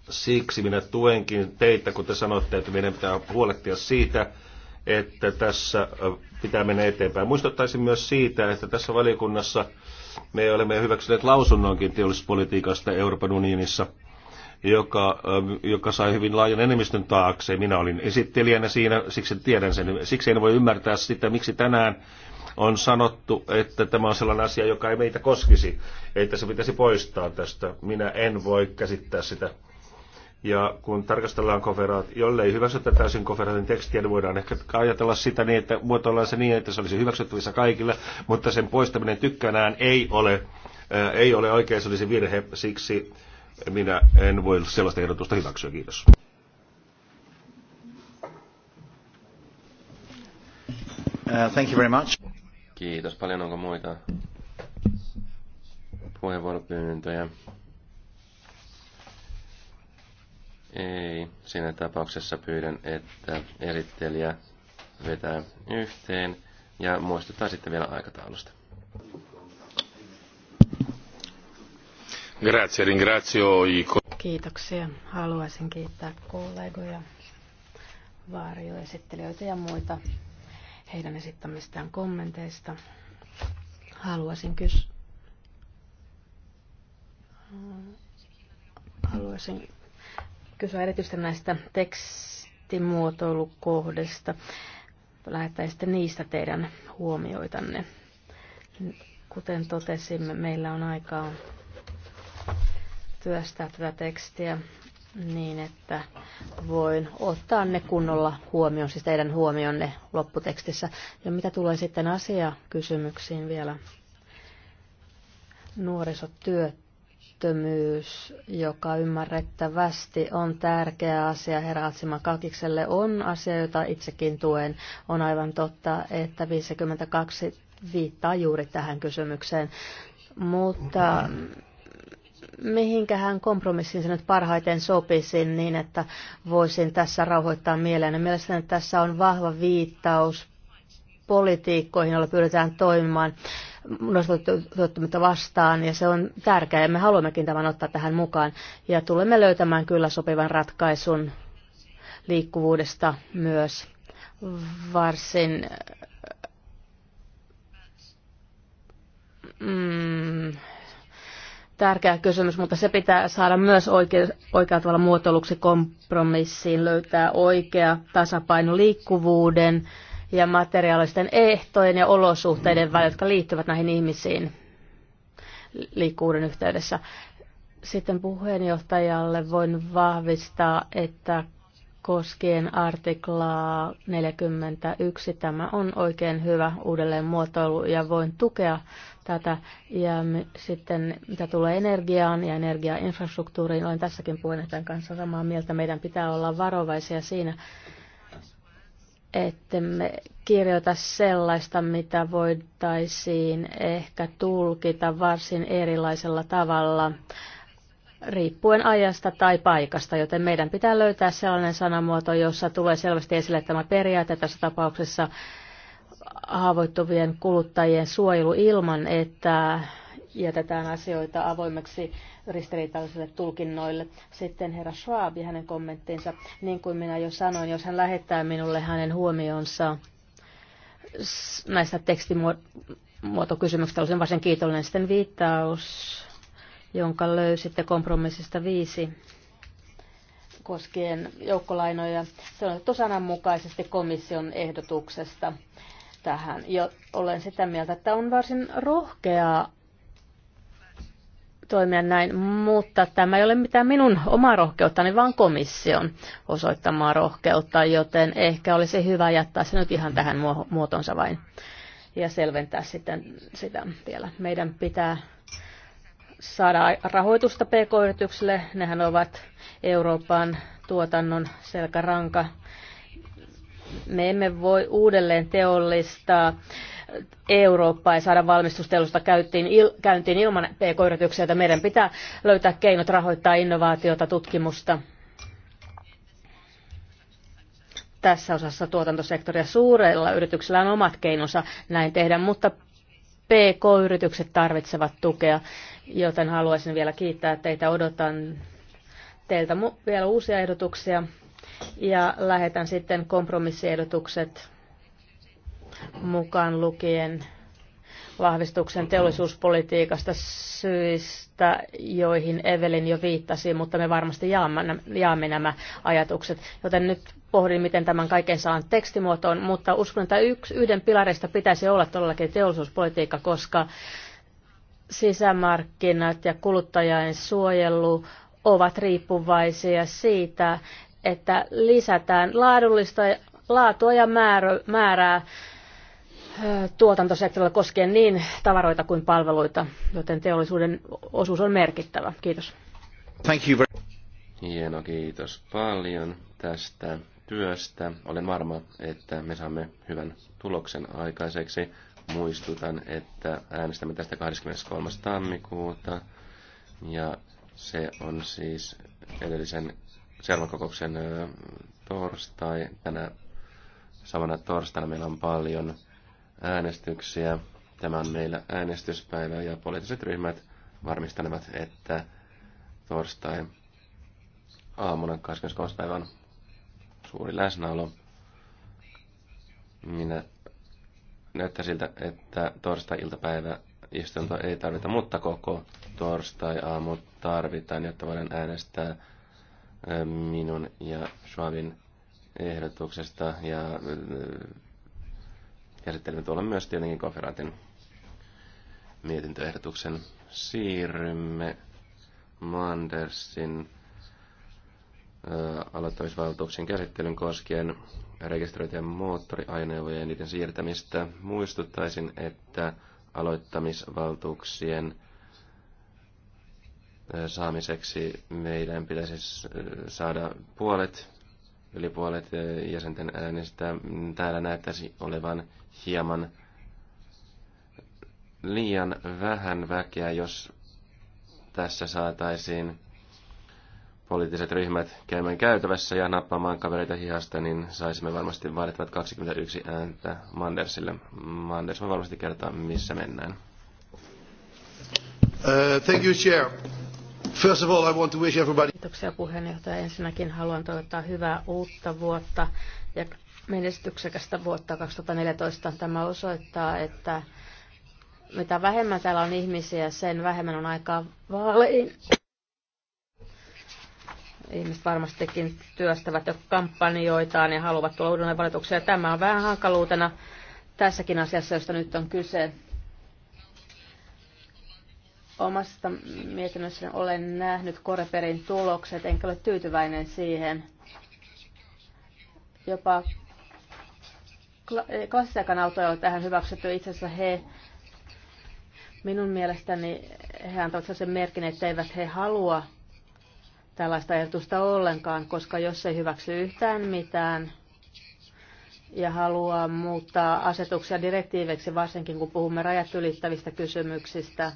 Siksi minä tuenkin teitä, kun te sanotte, että meidän pitää huolehtia siitä, että tässä pitää mennä eteenpäin. Muistuttaisin myös siitä, että tässä valiokunnassa me olemme hyväksyneet lausunnonkin teollisuuspolitiikasta Euroopan unionissa – joka, joka sai hyvin laajan enemmistön taakse. Minä olin esittelijänä siinä, siksi tiedän sen. Siksi en voi ymmärtää sitä, miksi tänään on sanottu, että tämä on sellainen asia, joka ei meitä koskisi, että se pitäisi poistaa tästä. Minä en voi käsittää sitä. Ja kun tarkastellaan koferaat, jollei hyväksytä täysin koferaatin tekstiä, niin voidaan ehkä ajatella sitä niin, että muotoillaan se niin, että se olisi hyväksyttävissä kaikille, mutta sen poistaminen tykkänään ei ole, ää, ei ole oikein, se olisi virhe, siksi minä en voi sellaista ehdotusta hyväksyä. Kiitos. Uh, thank you very much. Kiitos paljon. Onko muita puheenvuoropyyntöjä? Ei. Siinä tapauksessa pyydän, että erittelijä vetää yhteen ja muistetaan sitten vielä aikataulusta. Grazie, ringrazio i... Kiitoksia. Haluaisin kiittää kollegoja, varjoesittelijöitä ja muita heidän esittämistään kommenteista. Haluaisin kysyä. Haluaisin kysyä erityisesti näistä tekstimuotoilukohdista. Lähettäisitte niistä teidän huomioitanne. Kuten totesimme, meillä on aikaa työstää tätä tekstiä niin, että voin ottaa ne kunnolla huomioon, siis teidän huomionne lopputekstissä. Ja mitä tulee sitten asiakysymyksiin vielä, nuorisotyöttömyys, joka ymmärrettävästi on tärkeä asia herra Atsima Kakikselle, on asia, jota itsekin tuen. On aivan totta, että 52 viittaa juuri tähän kysymykseen. Mutta mihinkähän kompromissiin se nyt parhaiten sopisi niin, että voisin tässä rauhoittaa mieleen. Mielestäni tässä on vahva viittaus politiikkoihin, joilla pyritään toimimaan nuorisotyöttömyyttä vastaan, ja se on tärkeää, ja me haluammekin tämän ottaa tähän mukaan, ja tulemme löytämään kyllä sopivan ratkaisun liikkuvuudesta myös varsin mm, tärkeä kysymys, mutta se pitää saada myös oikea, oikealla tavalla muotoiluksi kompromissiin, löytää oikea tasapaino liikkuvuuden ja materiaalisten ehtojen ja olosuhteiden välillä, jotka liittyvät näihin ihmisiin liikkuvuuden yhteydessä. Sitten puheenjohtajalle voin vahvistaa, että koskien artiklaa 41. Tämä on oikein hyvä uudelleen muotoilu ja voin tukea tätä. Ja sitten mitä tulee energiaan ja energiainfrastruktuuriin, olen tässäkin puheenjohtajan kanssa samaa mieltä. Meidän pitää olla varovaisia siinä, että me kirjoita sellaista, mitä voitaisiin ehkä tulkita varsin erilaisella tavalla riippuen ajasta tai paikasta, joten meidän pitää löytää sellainen sanamuoto, jossa tulee selvästi esille tämä periaate tässä tapauksessa haavoittuvien kuluttajien suojelu ilman, että jätetään asioita avoimeksi ristiriitaisille tulkinnoille. Sitten herra Schwab ja hänen kommenttinsa, niin kuin minä jo sanoin, jos hän lähettää minulle hänen huomionsa näistä tekstimuotokysymyksistä, olisin varsin kiitollinen. Sitten viittaus jonka löysitte kompromissista viisi koskien joukkolainoja. Se on otettu sananmukaisesti komission ehdotuksesta tähän. Jo olen sitä mieltä, että on varsin rohkeaa toimia näin, mutta tämä ei ole mitään minun omaa rohkeuttani, vaan komission osoittamaa rohkeutta, joten ehkä olisi hyvä jättää se nyt ihan tähän muotonsa vain ja selventää sitten sitä vielä. Meidän pitää saada rahoitusta pk-yrityksille. Nehän ovat Euroopan tuotannon selkäranka. Me emme voi uudelleen teollistaa Eurooppaa ja saada valmistusteollisuutta käyntiin, il, käyntiin ilman pk-yrityksiä, että meidän pitää löytää keinot rahoittaa innovaatiota, tutkimusta tässä osassa tuotantosektoria. Suurella yrityksillä on omat keinonsa näin tehdä, mutta PK-yritykset tarvitsevat tukea joten haluaisin vielä kiittää teitä. Odotan teiltä vielä uusia ehdotuksia ja lähetän sitten kompromissiehdotukset mukaan lukien vahvistuksen teollisuuspolitiikasta syistä, joihin Evelin jo viittasi, mutta me varmasti jaamme, jaamme nämä ajatukset. Joten nyt pohdin, miten tämän kaiken saan tekstimuotoon, mutta uskon, että yksi, yhden pilareista pitäisi olla todellakin teollisuuspolitiikka, koska sisämarkkinat ja kuluttajain suojelu ovat riippuvaisia siitä, että lisätään laadullista laatua ja määrä, määrää tuotantosektorilla koskien niin tavaroita kuin palveluita, joten teollisuuden osuus on merkittävä. Kiitos. Thank you very... Hieno, kiitos paljon tästä työstä. Olen varma, että me saamme hyvän tuloksen aikaiseksi muistutan, että äänestämme tästä 23. tammikuuta ja se on siis edellisen seuraavan torstai. Tänä samana torstaina meillä on paljon äänestyksiä. Tämä on meillä äänestyspäivä ja poliittiset ryhmät varmistanevat, että torstai aamuna 23. päivän suuri läsnäolo. Minä Näyttää siltä, että torstai-iltapäivä istunto ei tarvita, mutta koko torstai-aamu tarvitaan, jotta voidaan äänestää minun ja Schwabin ehdotuksesta ja käsittelemme tuolla myös tietenkin konferaatin mietintöehdotuksen. Siirrymme Mandersin aloittamisvaltuuksien käsittelyn koskien rekisteröityjen moottoriajoneuvojen ja niiden siirtämistä. Muistuttaisin, että aloittamisvaltuuksien saamiseksi meidän pitäisi saada puolet, yli puolet jäsenten äänestä. Täällä näyttäisi olevan hieman liian vähän väkeä, jos tässä saataisiin poliittiset ryhmät käymään käytävässä ja nappaamaan kavereita hihasta, niin saisimme varmasti vaadittavat 21 ääntä Mandersille. Manders voi varmasti kertoa, missä mennään. Uh, thank you, Chair. First of all, I want to wish everybody... Kiitoksia puheenjohtaja. Ensinnäkin haluan toivottaa hyvää uutta vuotta ja menestyksekästä vuotta 2014. Tämä osoittaa, että mitä vähemmän täällä on ihmisiä, sen vähemmän on aikaa vaaleihin ihmiset varmastikin työstävät jo kampanjoitaan ja haluavat tulla uudelleen valituksia. tämä on vähän hankaluutena tässäkin asiassa, josta nyt on kyse. Omasta mietinnössäni olen nähnyt Koreperin tulokset, enkä ole tyytyväinen siihen. Jopa eh, klassiakan autoja on tähän hyväksytty. Itse asiassa he, minun mielestäni, he antavat sen merkin, että eivät he halua tällaista ehdotusta ollenkaan, koska jos ei hyväksy yhtään mitään ja haluaa muuttaa asetuksia direktiiveiksi, varsinkin kun puhumme rajat ylittävistä kysymyksistä,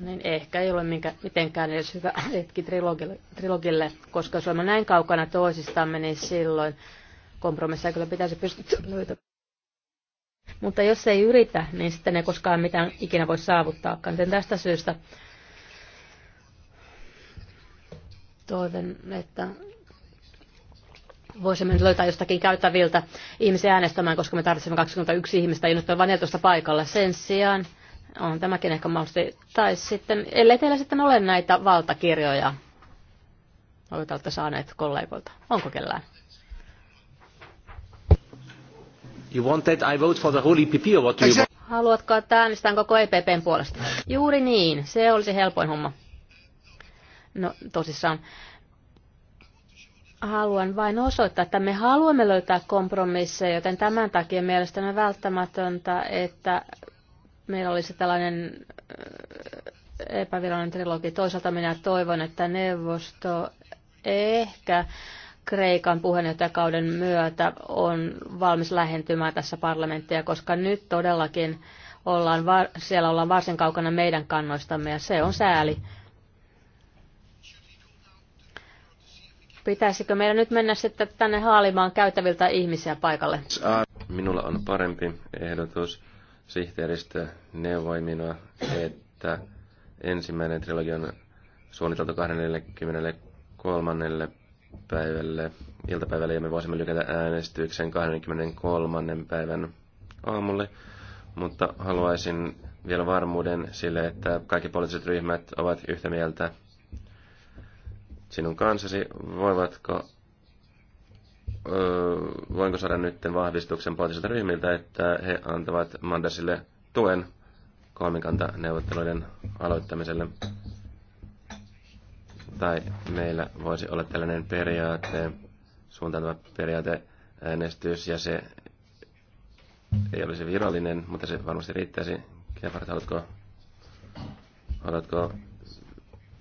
niin ehkä ei ole minkä, mitenkään edes hyvä hetki trilogille, trilogille, koska jos olemme näin kaukana toisistamme, niin silloin kompromissia kyllä pitäisi pystyä löytämään. Mutta jos ei yritä, niin sitten ei koskaan mitään ikinä voi saavuttaakaan. Joten tästä syystä Toivon, että voisimme nyt löytää jostakin käyttäviltä ihmisiä äänestämään, koska me tarvitsemme 21 ihmistä ja nyt on vain 14 paikalla. Sen sijaan on tämäkin ehkä mahdollisesti. Tai sitten, ellei teillä sitten ole näitä valtakirjoja, joita olette saaneet kollegoilta. Onko kellään? You want that I vote for the whole EPP or what do you want? Haluatko, että äänestän koko EPPn puolesta? Juuri niin, se olisi helpoin homma no, tosissaan haluan vain osoittaa, että me haluamme löytää kompromisseja, joten tämän takia mielestäni on välttämätöntä, että meillä olisi tällainen äh, epävirallinen trilogi. Toisaalta minä toivon, että neuvosto ehkä Kreikan puheenjohtajakauden myötä on valmis lähentymään tässä parlamenttia, koska nyt todellakin ollaan, siellä ollaan varsin kaukana meidän kannoistamme ja se on sääli. Pitäisikö meidän nyt mennä sitten tänne haalimaan käytäviltä ihmisiä paikalle? Minulla on parempi ehdotus. Sihteeristö neuvoi minua, että ensimmäinen trilogi on suunniteltu 23. päivälle iltapäivälle ja me voisimme lykätä äänestyksen 23. päivän aamulle. Mutta haluaisin vielä varmuuden sille, että kaikki poliittiset ryhmät ovat yhtä mieltä sinun kansasi, voivatko, öö, voinko saada nyt vahvistuksen poliittisilta ryhmiltä, että he antavat Mandersille tuen kolmikantaneuvotteluiden aloittamiselle? Tai meillä voisi olla tällainen periaate, suuntautuva periaate, äänestys, ja se ei olisi virallinen, mutta se varmasti riittäisi. Kefart, haluatko, haluatko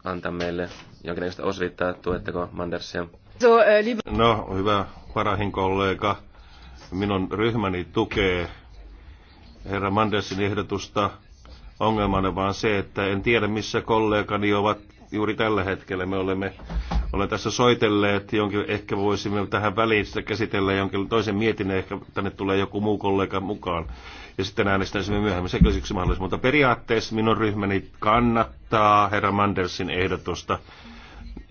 antaa meille jonkinlaista osviittaa, tuetteko Mandersia? Äh, no, hyvä parahin kollega. Minun ryhmäni tukee herra Mandersin ehdotusta. Ongelmana vaan se, että en tiedä missä kollegani ovat juuri tällä hetkellä. Me olemme olen tässä soitelleet, jonkin, ehkä voisimme tähän väliin käsitellä jonkin toisen mietinnön, ehkä tänne tulee joku muu kollega mukaan. Ja sitten äänestäisimme myöhemmin se kysyksi mahdollisuus. Mutta periaatteessa minun ryhmäni kannattaa herra Mandersin ehdotusta.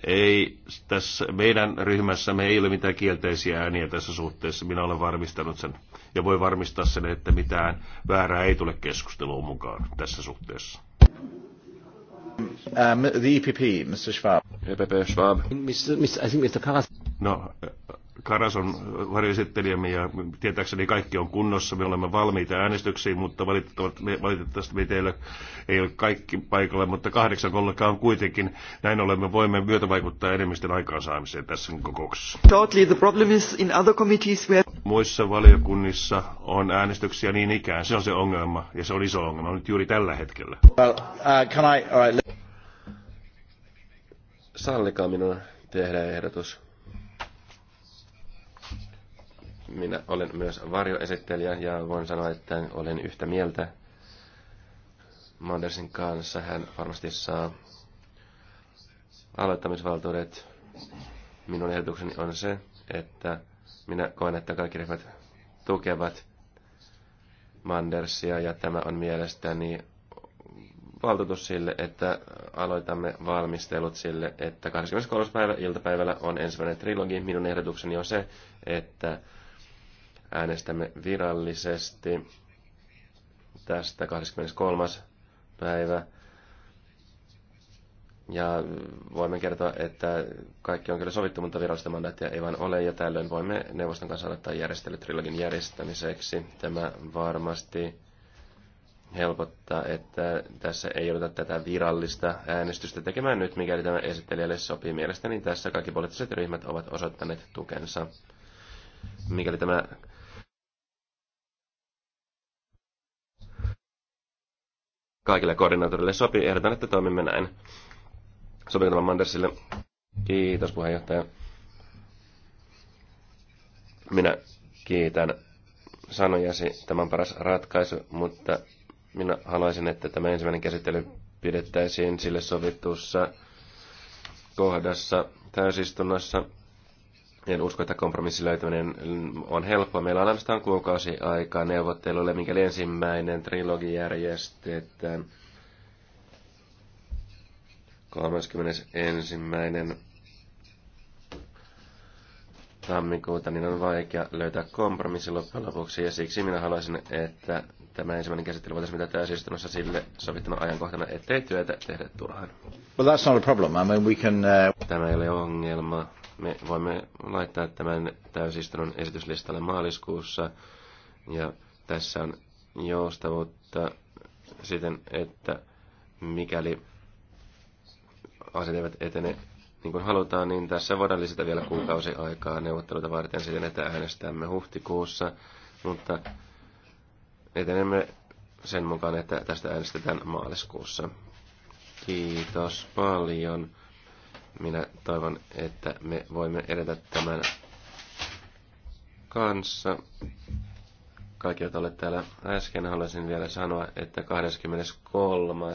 Ei, tässä meidän ryhmässä me ei ole mitään kielteisiä ääniä tässä suhteessa. Minä olen varmistanut sen ja voi varmistaa sen, että mitään väärää ei tule keskusteluun mukaan tässä suhteessa. Um, the EPP, Mr. Schwab. EPP Schwab. Mr. Mr. I think Mr. Karas. No, Karas on äh, varjoesittelijämme ja tietääkseni kaikki on kunnossa. Me olemme valmiita äänestyksiin, mutta valitettavasti me, teillä ei ole kaikki paikalla, mutta kahdeksan kollegaa on kuitenkin. Näin olemme voimme myötä vaikuttaa enemmistön aikaansaamiseen tässä kokouksessa. Totally. The problem is in other committees where... Muissa valiokunnissa on äänestyksiä niin ikään. Se on se ongelma ja se on iso ongelma nyt juuri tällä hetkellä. Well, uh, can I... All right. Sallikaa minun tehdä ehdotus minä olen myös varjoesittelijä ja voin sanoa, että olen yhtä mieltä Mandersin kanssa. Hän varmasti saa aloittamisvaltuudet. Minun ehdotukseni on se, että minä koen, että kaikki ryhmät tukevat Mandersia ja tämä on mielestäni valtuutus sille, että aloitamme valmistelut sille, että 23. päivä iltapäivällä on ensimmäinen trilogi. Minun ehdotukseni on se, että Äänestämme virallisesti tästä 23. päivä. Ja voimme kertoa, että kaikki on kyllä sovittu, mutta virallista mandaattia ei vain ole, ja tällöin voimme neuvoston kanssa aloittaa järjestely trilogin järjestämiseksi. Tämä varmasti helpottaa, että tässä ei jouduta tätä virallista äänestystä tekemään nyt, mikäli tämä esittelijälle sopii. Mielestäni tässä kaikki poliittiset ryhmät ovat osoittaneet tukensa. Mikäli tämä kaikille koordinaattorille sopii. Ehdotan, että toimimme näin. Sopiiko tämä Mandersille? Kiitos puheenjohtaja. Minä kiitän sanojasi. Tämä on paras ratkaisu, mutta minä haluaisin, että tämä ensimmäinen käsittely pidettäisiin sille sovitussa kohdassa täysistunnossa en usko, että kompromissin löytäminen on helppoa. Meillä on ainoastaan kuukausi aikaa neuvotteluille, minkä ensimmäinen trilogi järjestetään 31. tammikuuta, niin on vaikea löytää kompromissi loppujen lopuksi, ja siksi minä haluaisin, että tämä ensimmäinen käsittely voitaisiin mitä täysistunnossa sille sovittuna ajankohtana, ettei työtä tehdä turhaan. Well, that's not a problem. I mean, we can, uh... Tämä ei ole ongelma. Me voimme laittaa tämän täysistunnon esityslistalle maaliskuussa ja tässä on joustavuutta siten, että mikäli asiat eivät etene niin kuin halutaan, niin tässä voidaan lisätä vielä kuukausi aikaa neuvotteluita varten siten, että äänestämme huhtikuussa, mutta etenemme sen mukaan, että tästä äänestetään maaliskuussa. Kiitos paljon minä toivon, että me voimme edetä tämän kanssa. Kaikki, joita olet täällä äsken, haluaisin vielä sanoa, että 23.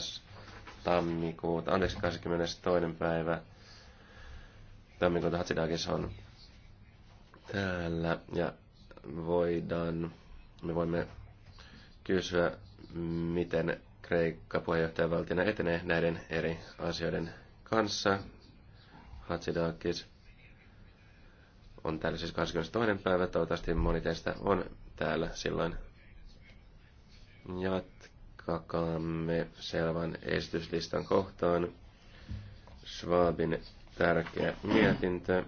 tammikuuta, anteeksi 22. päivä tammikuuta Hatsidakis on täällä ja voidaan, me voimme kysyä, miten Kreikka puheenjohtajavaltiona etenee näiden eri asioiden kanssa. Hatsidakis on täällä siis 22. päivä. Toivottavasti moni teistä on täällä silloin. Jatkakaamme selvän esityslistan kohtaan. Schwabin tärkeä mietintö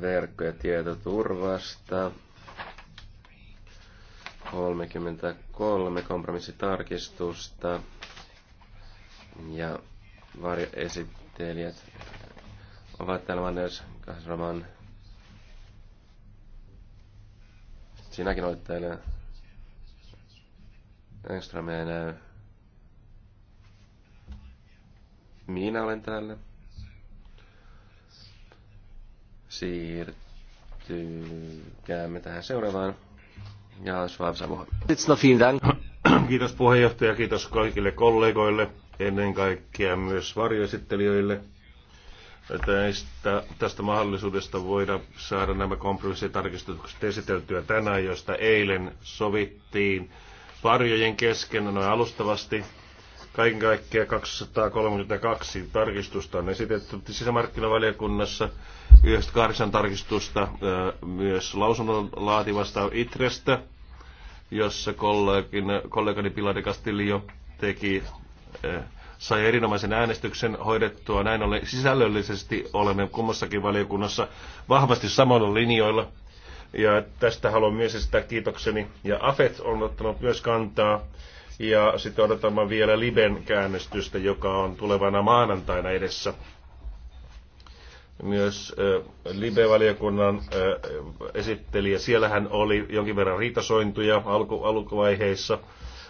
verkko- ja tietoturvasta. 33 kompromissitarkistusta ja varjoesittely taiteilijat ovat täällä Manners Kasraman. Sinäkin olet täällä. Engström ei näy. Minä olen täällä. Siirtykäämme tähän seuraavaan. Ja Schwab Savo. Kiitos puheenjohtaja, kiitos kaikille kollegoille ennen kaikkea myös varjoesittelijöille tästä, tästä mahdollisuudesta voida saada nämä kompromissitarkistukset esiteltyä tänään, joista eilen sovittiin varjojen kesken noin alustavasti. Kaiken kaikkiaan 232 tarkistusta on esitetty sisämarkkinavaliokunnassa, 98 tarkistusta myös lausunnon laativasta ITREstä, jossa kollegani Pilari Castillo teki Eh, sai erinomaisen äänestyksen hoidettua. Näin ollen sisällöllisesti olemme kummassakin valiokunnassa vahvasti samalla linjoilla. Ja tästä haluan myös esittää kiitokseni. Ja AFET on ottanut myös kantaa. Ja sitten odotamme vielä Liben käännestystä, joka on tulevana maanantaina edessä. Myös äh, Libe-valiokunnan äh, esittelijä, siellähän oli jonkin verran riitasointuja alku, alkuvaiheissa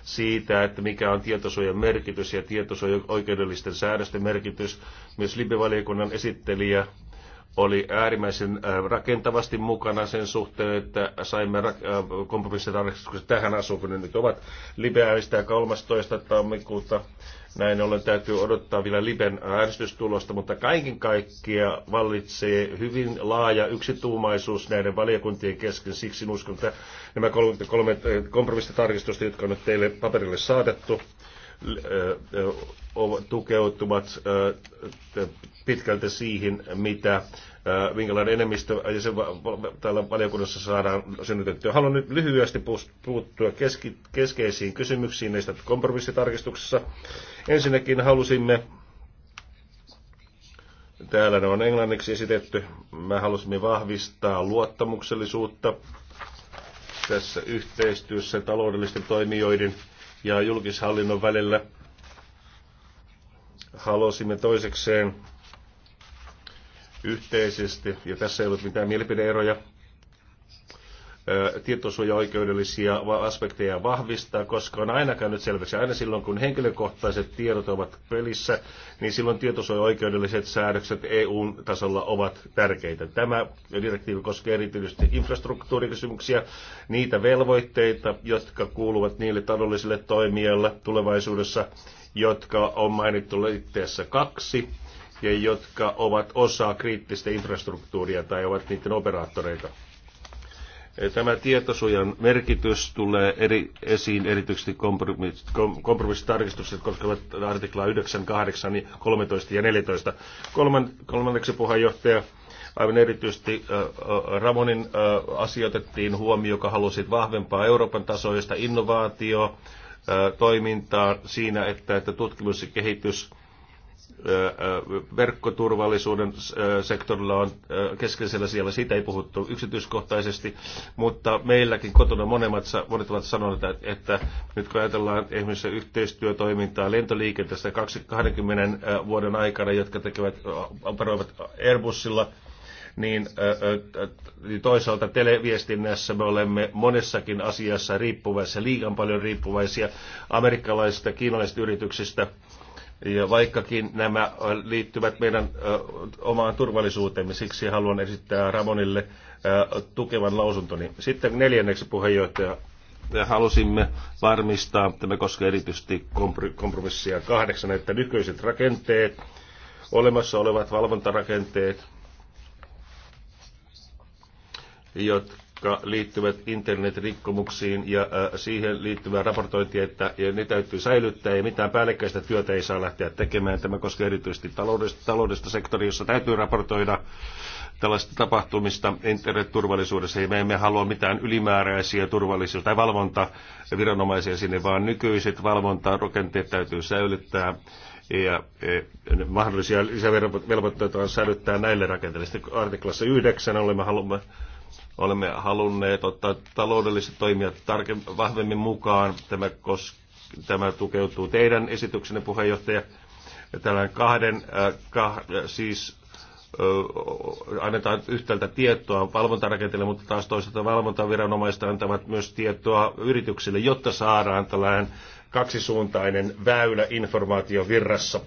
siitä, että mikä on tietosuojan merkitys ja tietosuojan oikeudellisten säädösten merkitys. Myös Libivaliokunnan esittelijä oli äärimmäisen äh, rakentavasti mukana sen suhteen, että saimme äh, kompromissitarkistukset tähän asuun, kun ne nyt ovat lipeäistä 13. tammikuuta näin ollen täytyy odottaa vielä Liben äänestystulosta, mutta kaiken kaikkia vallitsee hyvin laaja yksituumaisuus näiden valiokuntien kesken. Siksi uskon, että nämä kolme kompromissitarkistusta, jotka on nyt teille paperille saatettu, tukeutuvat pitkälti siihen, mitä minkälainen enemmistö ja se täällä valiokunnassa saadaan synnytettyä. Haluan nyt lyhyesti puuttua keskeisiin kysymyksiin näistä kompromissitarkistuksessa. Ensinnäkin halusimme, täällä ne on englanniksi esitetty, me halusimme vahvistaa luottamuksellisuutta tässä yhteistyössä taloudellisten toimijoiden ja julkishallinnon välillä. Halusimme toisekseen yhteisesti, ja tässä ei ollut mitään mielipideeroja, tietosuojaoikeudellisia aspekteja vahvistaa, koska on aina käynyt selväksi, aina silloin kun henkilökohtaiset tiedot ovat pelissä, niin silloin tietosuojaoikeudelliset säädökset EU-tasolla ovat tärkeitä. Tämä direktiivi koskee erityisesti infrastruktuurikysymyksiä, niitä velvoitteita, jotka kuuluvat niille taloudellisille toimijoille tulevaisuudessa, jotka on mainittu liitteessä kaksi ja jotka ovat osa kriittistä infrastruktuuria tai ovat niiden operaattoreita Tämä tietosuojan merkitys tulee eri, esiin erityisesti kompromissitarkistukset koskevat artiklaa 9, 8, 13 ja 14. Kolman, kolmanneksi puheenjohtaja, aivan erityisesti äh, Ramonin äh, asia otettiin huomioon, joka halusi vahvempaa Euroopan tasoista innovaatio, äh, toimintaa siinä, että, että tutkimus ja kehitys verkkoturvallisuuden sektorilla on keskeisellä siellä, siitä ei puhuttu yksityiskohtaisesti, mutta meilläkin kotona monemmat, monet ovat sanoneet, että nyt kun ajatellaan esimerkiksi yhteistyötoimintaa lentoliikenteestä 20 vuoden aikana, jotka tekevät, operoivat Airbusilla, niin, niin toisaalta televiestinnässä me olemme monessakin asiassa riippuvaisia, liian paljon riippuvaisia amerikkalaisista, kiinalaisista yrityksistä – ja vaikkakin nämä liittyvät meidän omaan turvallisuuteemme, siksi haluan esittää Ramonille tukevan lausuntoni. Sitten neljänneksi puheenjohtaja halusimme varmistaa, että me koskee erityisesti kompromissia kahdeksan, että nykyiset rakenteet, olemassa olevat valvontarakenteet, jotka jotka liittyvät internetrikkomuksiin ja siihen liittyvää raportointia, että ne täytyy säilyttää ja mitään päällekkäistä työtä ei saa lähteä tekemään. Tämä koskee erityisesti taloudesta, taloudesta sektoria, jossa täytyy raportoida tällaista tapahtumista internetturvallisuudessa. Me emme halua mitään ylimääräisiä turvallisuutta tai valvontaviranomaisia sinne, vaan nykyiset valvontarakenteet täytyy säilyttää ja e, mahdollisia lisävelvoitteita on säilyttää näille rakenteille. Sitten artiklassa 9 olemme haluamme Olemme halunneet ottaa taloudelliset toimijat tarkemmin, vahvemmin mukaan. Tämä, kos, tämä tukeutuu teidän esityksenne, puheenjohtaja. Tällään kahden, äh, kah, siis äh, annetaan yhtäältä tietoa valvontarakenteelle, mutta taas toisaalta valvontaviranomaiset antavat myös tietoa yrityksille, jotta saadaan tällainen kaksisuuntainen väylä informaatiovirrassa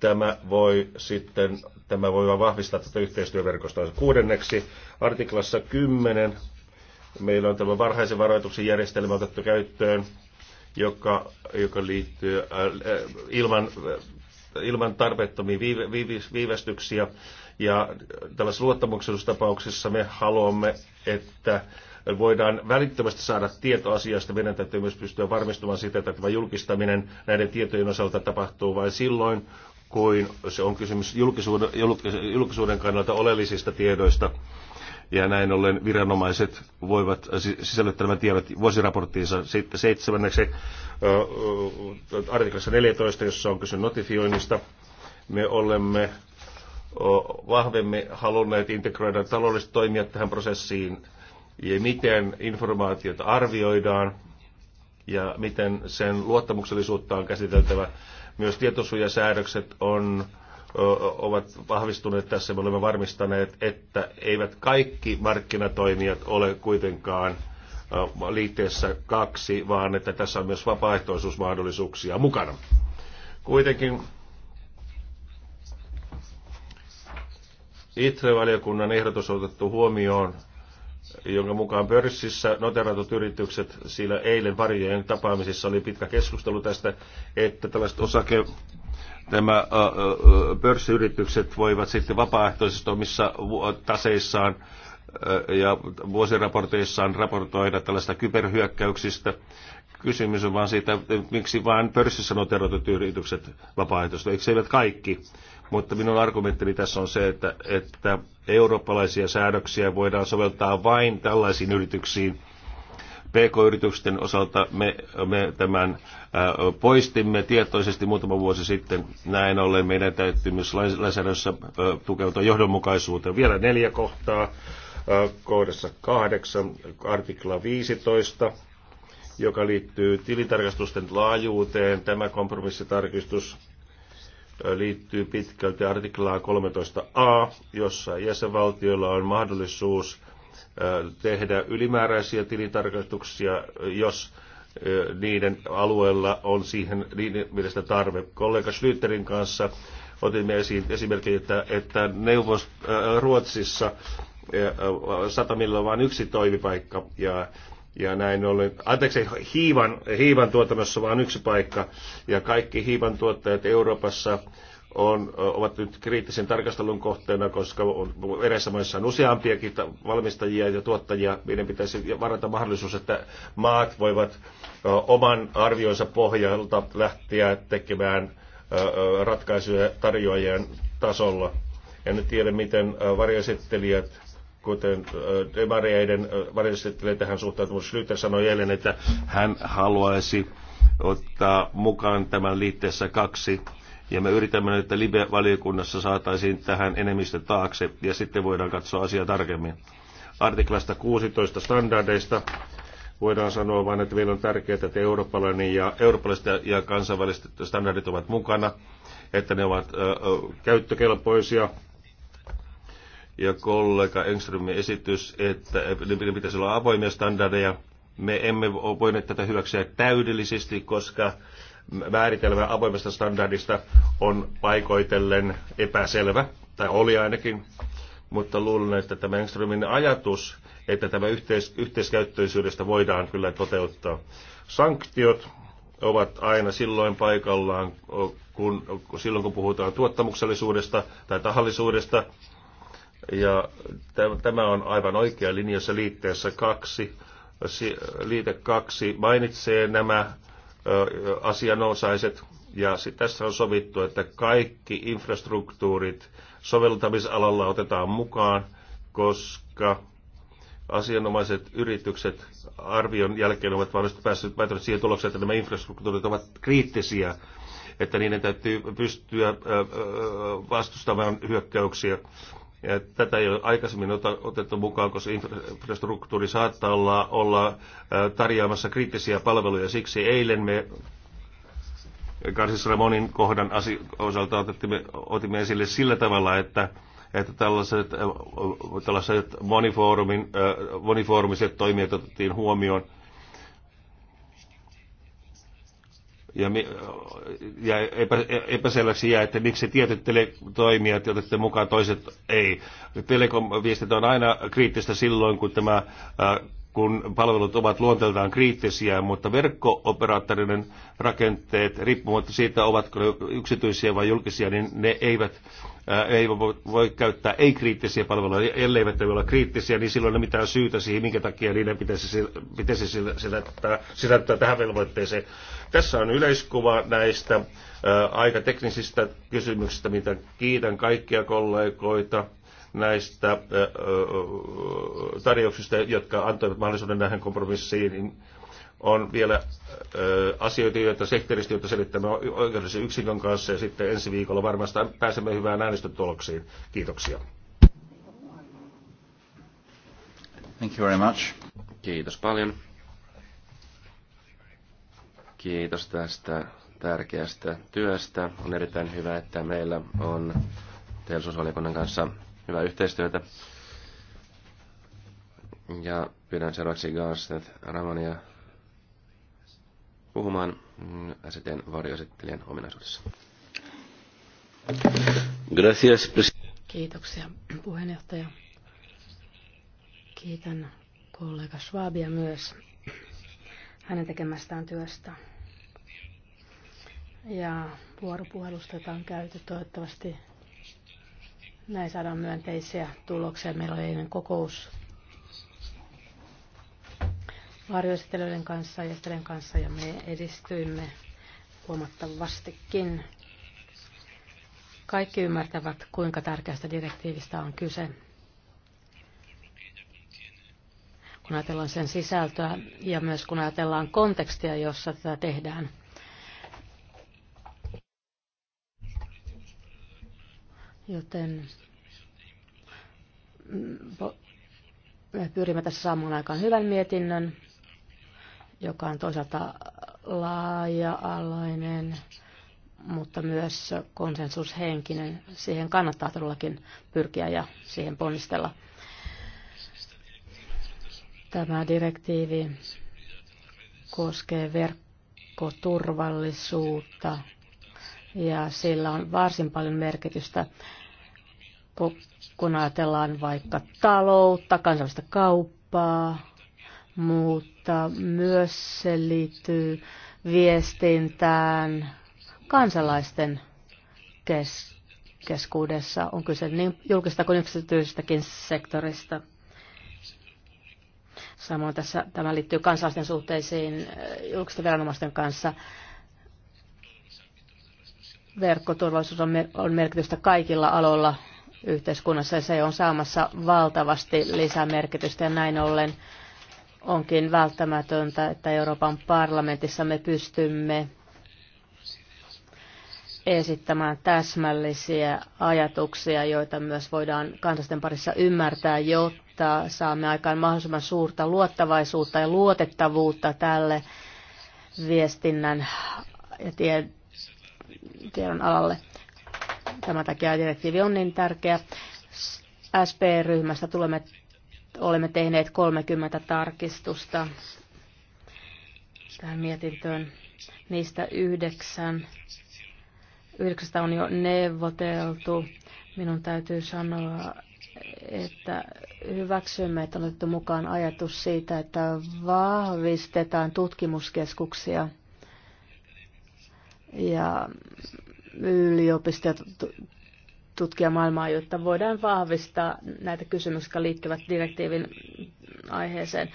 tämä voi sitten tämä voi vahvistaa tätä yhteistyöverkostoa. Kuudenneksi artiklassa 10 meillä on tämä varhaisen varoituksen järjestelmä otettu käyttöön, joka, joka liittyy äh, ilman, äh, ilman tarpeettomia viive, viive, viivästyksiä. Ja tällaisessa luottamuksellisuustapauksessa me haluamme, että voidaan välittömästi saada tieto asiasta. Meidän täytyy myös pystyä varmistumaan siitä, että tämä julkistaminen näiden tietojen osalta tapahtuu vain silloin, kuin se on kysymys julkisuuden, julkisuuden kannalta oleellisista tiedoista. Ja näin ollen viranomaiset voivat äh, sisällyttää nämä tiedot vuosiraporttiinsa. Sitten seitsemänneksi äh, äh, artiklassa 14, jossa on kyse notifioinnista, me olemme vahvemmin halunneet integroida taloudelliset toimijat tähän prosessiin ja miten informaatiota arvioidaan ja miten sen luottamuksellisuutta on käsiteltävä myös tietosuojasäädökset on, ovat vahvistuneet tässä. Me olemme varmistaneet, että eivät kaikki markkinatoimijat ole kuitenkaan liitteessä kaksi, vaan että tässä on myös vapaaehtoisuusmahdollisuuksia mukana. Kuitenkin ITRE-valiokunnan ehdotus on otettu huomioon jonka mukaan pörssissä noteratut yritykset, siellä eilen varjojen tapaamisissa oli pitkä keskustelu tästä, että tällaiset osake, tämä pörssiyritykset voivat sitten vapaaehtoisesti omissa taseissaan ja vuosiraporteissaan raportoida tällaista kyberhyökkäyksistä. Kysymys on vaan siitä, miksi vain pörssissä noteratut yritykset vapaaehtoisesti, eikö eivät kaikki? Mutta minun argumenttini tässä on se, että, että eurooppalaisia säädöksiä voidaan soveltaa vain tällaisiin yrityksiin. PK-yritysten osalta me, me tämän ää, poistimme tietoisesti muutama vuosi sitten. Näin ollen meidän täytyy myös lainsäädännössä tukeutua johdonmukaisuuteen. Vielä neljä kohtaa ää, kohdassa kahdeksan, artikla 15 joka liittyy tilintarkastusten laajuuteen. Tämä kompromissitarkistus liittyy pitkälti artiklaa 13a, jossa jäsenvaltioilla on mahdollisuus tehdä ylimääräisiä tilintarkastuksia, jos niiden alueella on siihen niiden mielestä tarve. Kollega Schlüterin kanssa otimme esiin esimerkiksi, että, että neuvos, Ruotsissa satamilla on vain yksi toimipaikka ja ja näin ollen, anteeksi, hiivan, hiivan tuotannossa vain yksi paikka, ja kaikki hiivan tuottajat Euroopassa on, ovat nyt kriittisen tarkastelun kohteena, koska on, eräissä maissa on useampiakin valmistajia ja tuottajia. Meidän pitäisi varata mahdollisuus, että maat voivat oman arvioinsa pohjalta lähteä tekemään ratkaisuja tarjoajien tasolla. En nyt tiedä, miten varjoesittelijät kuten demareiden varjostettelen tähän suhtautumus. Schlüter sanoi eilen, että hän haluaisi ottaa mukaan tämän liitteessä kaksi. Ja me yritämme, että Libe-valiokunnassa saataisiin tähän enemmistö taakse ja sitten voidaan katsoa asiaa tarkemmin. Artiklasta 16 standardeista voidaan sanoa vain, että vielä on tärkeää, että eurooppalainen ja, eurooppalaiset ja kansainväliset standardit ovat mukana, että ne ovat ö, käyttökelpoisia ja kollega Engströmin esitys, että niiden pitäisi olla avoimia standardeja. Me emme voineet tätä hyväksyä täydellisesti, koska määritelmä avoimesta standardista on paikoitellen epäselvä, tai oli ainakin, mutta luulen, että tämä Engströmin ajatus, että tämä yhteis- yhteiskäyttöisyydestä voidaan kyllä toteuttaa. Sanktiot ovat aina silloin paikallaan, kun, silloin kun puhutaan tuottamuksellisuudesta tai tahallisuudesta, ja tämä on aivan oikea linjassa liitteessä kaksi. Liite kaksi mainitsee nämä asianosaiset ja tässä on sovittu, että kaikki infrastruktuurit soveltamisalalla otetaan mukaan, koska asianomaiset yritykset arvion jälkeen ovat varmasti päässeet päätöntä siihen tulokseen, että nämä infrastruktuurit ovat kriittisiä, että niiden täytyy pystyä vastustamaan hyökkäyksiä. Ja tätä ei ole aikaisemmin otettu mukaan, koska infrastruktuuri saattaa olla, olla tarjoamassa kriittisiä palveluja. Siksi eilen me Karsis Ramonin kohdan osalta otimme, otimme esille sillä tavalla, että, että tällaiset, tällaiset monifoorumin, monifoorumiset toimijat otettiin huomioon – Ja, ja epä, epäselväksi jää, että miksi tietyt teletoimijat otette mukaan, toiset ei. Telekom-viestintä on aina kriittistä silloin, kun tämä äh, kun palvelut ovat luonteeltaan kriittisiä, mutta verkkooperaattorinen rakenteet, riippumatta siitä, ovatko ne yksityisiä vai julkisia, niin ne eivät, ää, äh, eivät voi käyttää ei-kriittisiä palveluja. Elleivät ne ole kriittisiä, niin silloin ei ole mitään syytä siihen, minkä takia niiden pitäisi, pitäisi sisältää, sisältää tähän velvoitteeseen. Tässä on yleiskuva näistä ää, äh, aika teknisistä kysymyksistä, mitä kiitän kaikkia kollegoita näistä tarjouksista, jotka antoivat mahdollisuuden näihin kompromissiin, on vielä asioita, joita sektorista, joita selittämme oikeudellisen yksikön kanssa ja sitten ensi viikolla varmasti pääsemme hyvään äänestötuloksiin. Kiitoksia. Thank you very much. Kiitos paljon. Kiitos tästä tärkeästä työstä. On erittäin hyvä, että meillä on teollisuusvaliokunnan kanssa hyvää yhteistyötä. Ja pyydän seuraavaksi Garsnet Ramania puhumaan STn varjoesittelijän ominaisuudessa. Gracias, Kiitoksia puheenjohtaja. Kiitän kollega Schwabia myös hänen tekemästään työstä. Ja vuoropuhelusta, jota on käyty toivottavasti näin saadaan myönteisiä tuloksia. Meillä oli eilen kokous varjoistelijoiden kanssa ja kanssa ja me edistyimme huomattavastikin. Kaikki ymmärtävät, kuinka tärkeästä direktiivistä on kyse. Kun ajatellaan sen sisältöä ja myös kun ajatellaan kontekstia, jossa tätä tehdään – Joten mm, me pyrimme tässä saamaan aikaan hyvän mietinnön, joka on toisaalta laaja-alainen, mutta myös konsensushenkinen. Siihen kannattaa todellakin pyrkiä ja siihen ponnistella. Tämä direktiivi koskee verkkoturvallisuutta ja sillä on varsin paljon merkitystä kun ajatellaan vaikka taloutta, kansallista kauppaa, mutta myös se liittyy viestintään kansalaisten kes- keskuudessa. On kyse niin julkista kuin yksityisestäkin sektorista. Samoin tässä tämä liittyy kansalaisten suhteisiin eh, julkisten viranomaisten kanssa. Verkkoturvallisuus on, mer- on merkitystä kaikilla aloilla yhteiskunnassa ja se on saamassa valtavasti lisämerkitystä ja näin ollen onkin välttämätöntä, että Euroopan parlamentissa me pystymme esittämään täsmällisiä ajatuksia, joita myös voidaan kansallisten parissa ymmärtää, jotta saamme aikaan mahdollisimman suurta luottavaisuutta ja luotettavuutta tälle viestinnän ja tiedon alalle. Tämän takia direktiivi on niin tärkeä. SP-ryhmästä tulemme, olemme tehneet 30 tarkistusta tähän mietintöön. Niistä yhdeksän, yhdeksästä on jo neuvoteltu. Minun täytyy sanoa, että hyväksymme, että on otettu mukaan ajatus siitä, että vahvistetaan tutkimuskeskuksia ja yliopistoja tutkia maailmaa, jotta voidaan vahvistaa näitä kysymyksiä, jotka liittyvät direktiivin aiheeseen.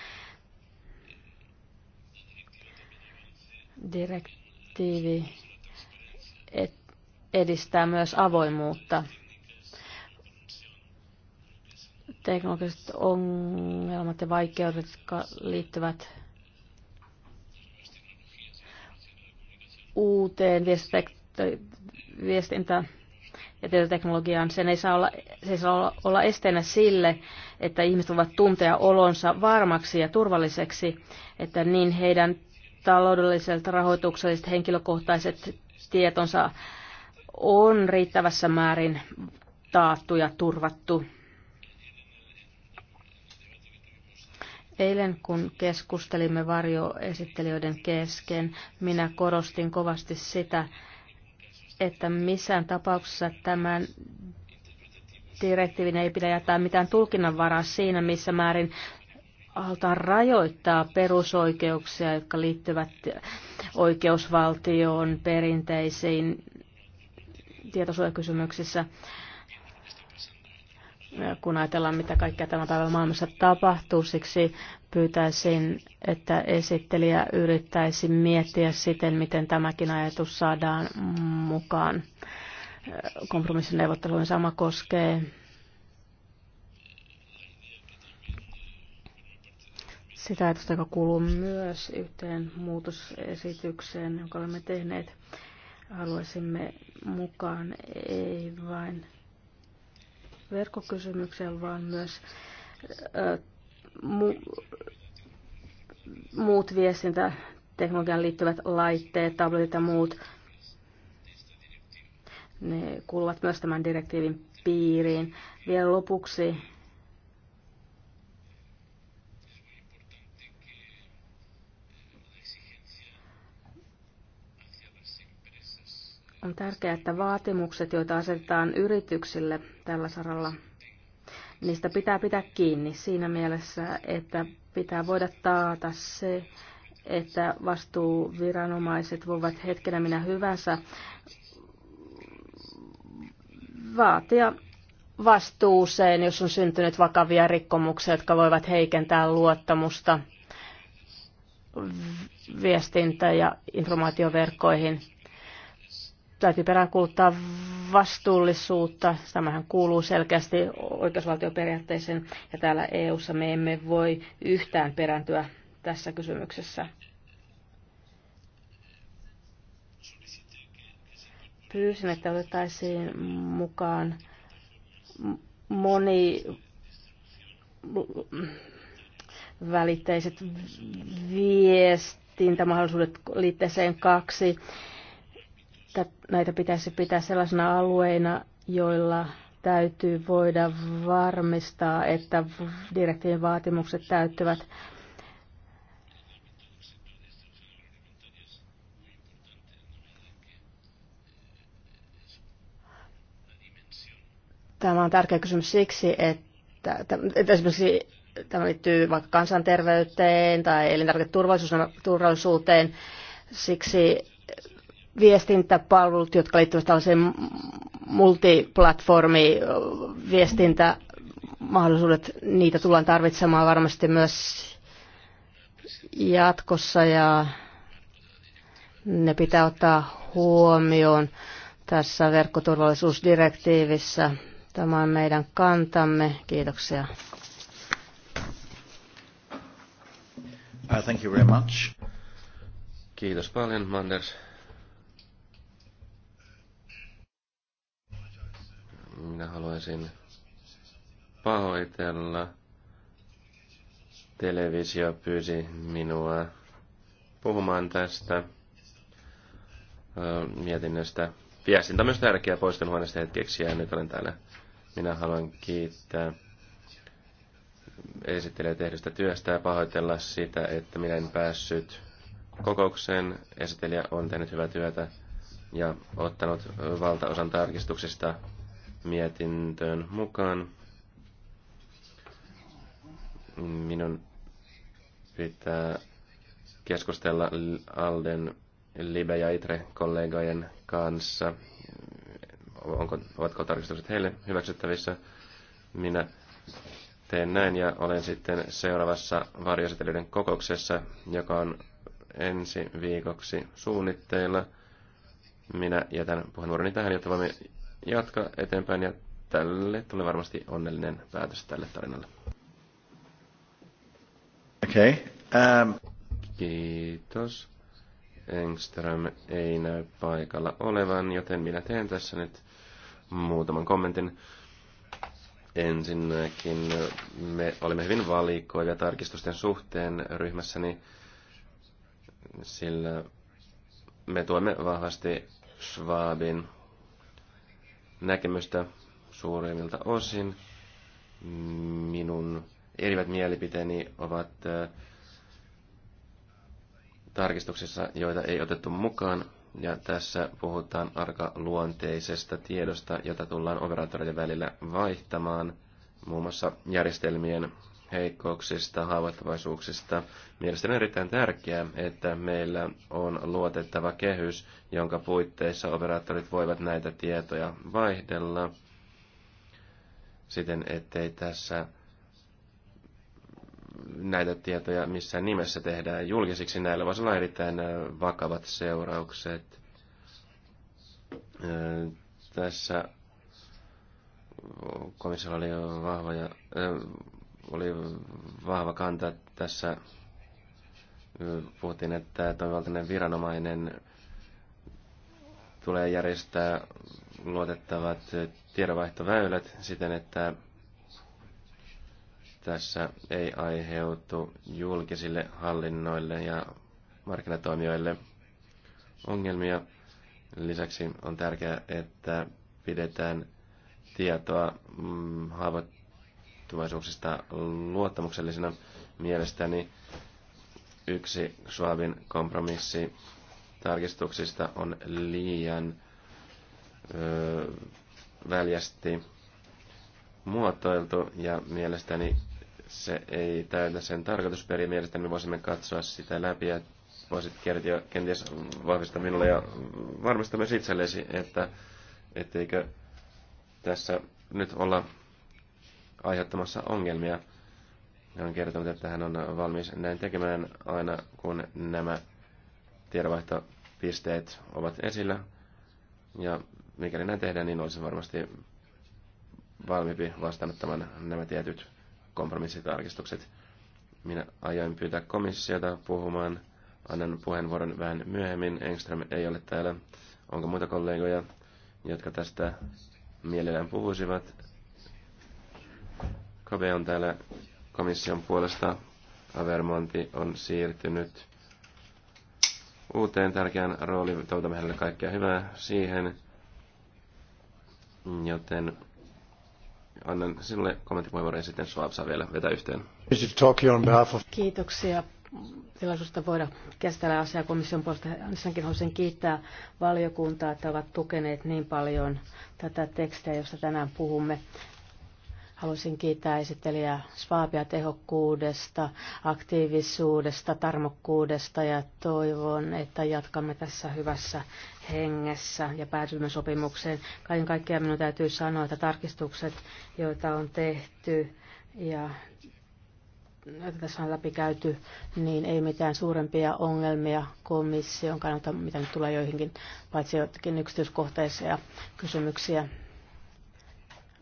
Direktiivi edistää myös avoimuutta. Teknologiset ongelmat ja vaikeudet, jotka liittyvät uuteen viestintäteknologiaan, viestintä ja tietoteknologiaan, sen ei saa olla, se ei saa olla, olla esteenä sille, että ihmiset voivat tuntea olonsa varmaksi ja turvalliseksi, että niin heidän taloudelliset, rahoitukselliset, henkilökohtaiset tietonsa on riittävässä määrin taattu ja turvattu. Eilen kun keskustelimme varjoesittelijöiden kesken, minä korostin kovasti sitä, että missään tapauksessa tämän direktiivin ei pidä jättää mitään tulkinnanvaraa siinä, missä määrin halutaan rajoittaa perusoikeuksia, jotka liittyvät oikeusvaltioon, perinteisiin tietosuojakysymyksissä. Kun ajatellaan, mitä kaikkea tämän päivän maailmassa tapahtuu, siksi pyytäisin, että esittelijä yrittäisi miettiä siten, miten tämäkin ajatus saadaan mukaan. Kompromissineuvotteluun sama koskee sitä ajatusta, joka kuuluu myös yhteen muutosesitykseen, jonka olemme tehneet. Haluaisimme mukaan ei vain verkkokysymykseen, vaan myös mu- muut viestintäteknologian liittyvät laitteet, tabletit ja muut, ne kuuluvat myös tämän direktiivin piiriin. Vielä lopuksi on tärkeää, että vaatimukset, joita asetetaan yrityksille tällä saralla – niistä pitää pitää kiinni siinä mielessä, että pitää voida taata se, että vastuuviranomaiset voivat hetkenä minä hyvänsä vaatia vastuuseen, jos on syntynyt vakavia rikkomuksia, jotka voivat heikentää luottamusta viestintä- ja informaatioverkkoihin – täytyy peräänkuuluttaa vastuullisuutta. Tämähän kuuluu selkeästi oikeusvaltioperiaatteeseen ja täällä EU:ssa me emme voi yhtään perääntyä tässä kysymyksessä. Pyysin, että otettaisiin mukaan moni välitteiset viestintämahdollisuudet liitteeseen kaksi että näitä pitäisi pitää sellaisena alueina, joilla täytyy voida varmistaa, että direktiivin vaatimukset täyttyvät. Tämä on tärkeä kysymys siksi, että, että esimerkiksi tämä liittyy vaikka kansanterveyteen tai elintarviketurvallisuuteen. Siksi viestintäpalvelut, jotka liittyvät tällaiseen multiplatformi viestintämahdollisuudet, niitä tullaan tarvitsemaan varmasti myös jatkossa ja ne pitää ottaa huomioon tässä verkkoturvallisuusdirektiivissä. Tämä on meidän kantamme. Kiitoksia. Uh, thank you very much. Kiitos paljon, Manders. minä haluaisin pahoitella. Televisio pyysi minua puhumaan tästä mietinnöstä. Viestintä on myös tärkeä poistun huoneesta hetkeksi ja nyt olen täällä. Minä haluan kiittää esittelijä tehdystä työstä ja pahoitella sitä, että minä en päässyt kokoukseen. Esittelijä on tehnyt hyvää työtä ja ottanut valtaosan tarkistuksista mietintöön mukaan. Minun pitää keskustella Alden, Libe ja Itre-kollegojen kanssa. Onko, ovatko tarkistukset heille hyväksyttävissä? Minä teen näin ja olen sitten seuraavassa varjosetelijöiden kokouksessa, joka on ensi viikoksi suunnitteilla. Minä jätän puheenvuoroni tähän, jotta voimme Jatka eteenpäin ja tälle tuli varmasti onnellinen päätös tälle tarinalle. Okei. Okay. Um... Kiitos. Engström ei näy paikalla olevan, joten minä teen tässä nyt muutaman kommentin. Ensinnäkin me olimme hyvin valikoivia tarkistusten suhteen ryhmässäni, sillä me tuemme vahvasti Schwabin näkemystä suurimmilta osin. Minun erivät mielipiteeni ovat tarkistuksissa, joita ei otettu mukaan, ja tässä puhutaan arkaluonteisesta tiedosta, jota tullaan operaattoreiden välillä vaihtamaan, muun muassa järjestelmien heikkouksista, haavoittuvaisuuksista. Mielestäni on erittäin tärkeää, että meillä on luotettava kehys, jonka puitteissa operaattorit voivat näitä tietoja vaihdella siten, ettei tässä näitä tietoja missään nimessä tehdään julkisiksi. Näillä voisi olla erittäin vakavat seuraukset. Tässä komissiolla oli vahvoja oli vahva kanta tässä. Puhuttiin, että toimivaltainen viranomainen tulee järjestää luotettavat tiedonvaihtoväylät siten, että tässä ei aiheutu julkisille hallinnoille ja markkinatoimijoille ongelmia. Lisäksi on tärkeää, että pidetään tietoa mm, haavoittuvuudesta tilaisuuksista luottamuksellisena. Mielestäni yksi Schwabin kompromissi tarkistuksista on liian öö, väljästi muotoiltu ja mielestäni se ei täytä sen tarkoitusperiä. Mielestäni me voisimme katsoa sitä läpi ja voisit kertoa kenties vahvistaa minulle ja varmistaa myös itsellesi, että etteikö tässä nyt olla aiheuttamassa ongelmia. Hän on kertonut, että hän on valmis näin tekemään aina, kun nämä tiedonvaihtopisteet ovat esillä. Ja mikäli näin tehdään, niin olisi varmasti valmiimpi vastaanottamaan nämä tietyt kompromissitarkistukset. Minä aion pyytää komissiota puhumaan. Annan puheenvuoron vähän myöhemmin. Engström ei ole täällä. Onko muita kollegoja, jotka tästä mielellään puhuisivat? Kobe on täällä komission puolesta. Avermonti on siirtynyt uuteen tärkeään rooliin. Toivotamme hänelle kaikkea hyvää siihen. Joten annan sinulle kommenttipuheenvuoron ja sitten Schwab saa vielä vetää yhteen. Kiitoksia tilaisuudesta voida käsitellä asiaa komission puolesta. Ensinnäkin haluaisin kiittää valiokuntaa, että ovat tukeneet niin paljon tätä tekstiä, josta tänään puhumme. Haluaisin kiittää esittelijä Svaapia tehokkuudesta, aktiivisuudesta, tarmokkuudesta ja toivon, että jatkamme tässä hyvässä hengessä ja päädymme sopimukseen. Kaiken kaikkiaan minun täytyy sanoa, että tarkistukset, joita on tehty ja joita tässä on läpikäyty, niin ei mitään suurempia ongelmia komission kannalta, mitä nyt tulee joihinkin, paitsi jotakin yksityiskohteisia kysymyksiä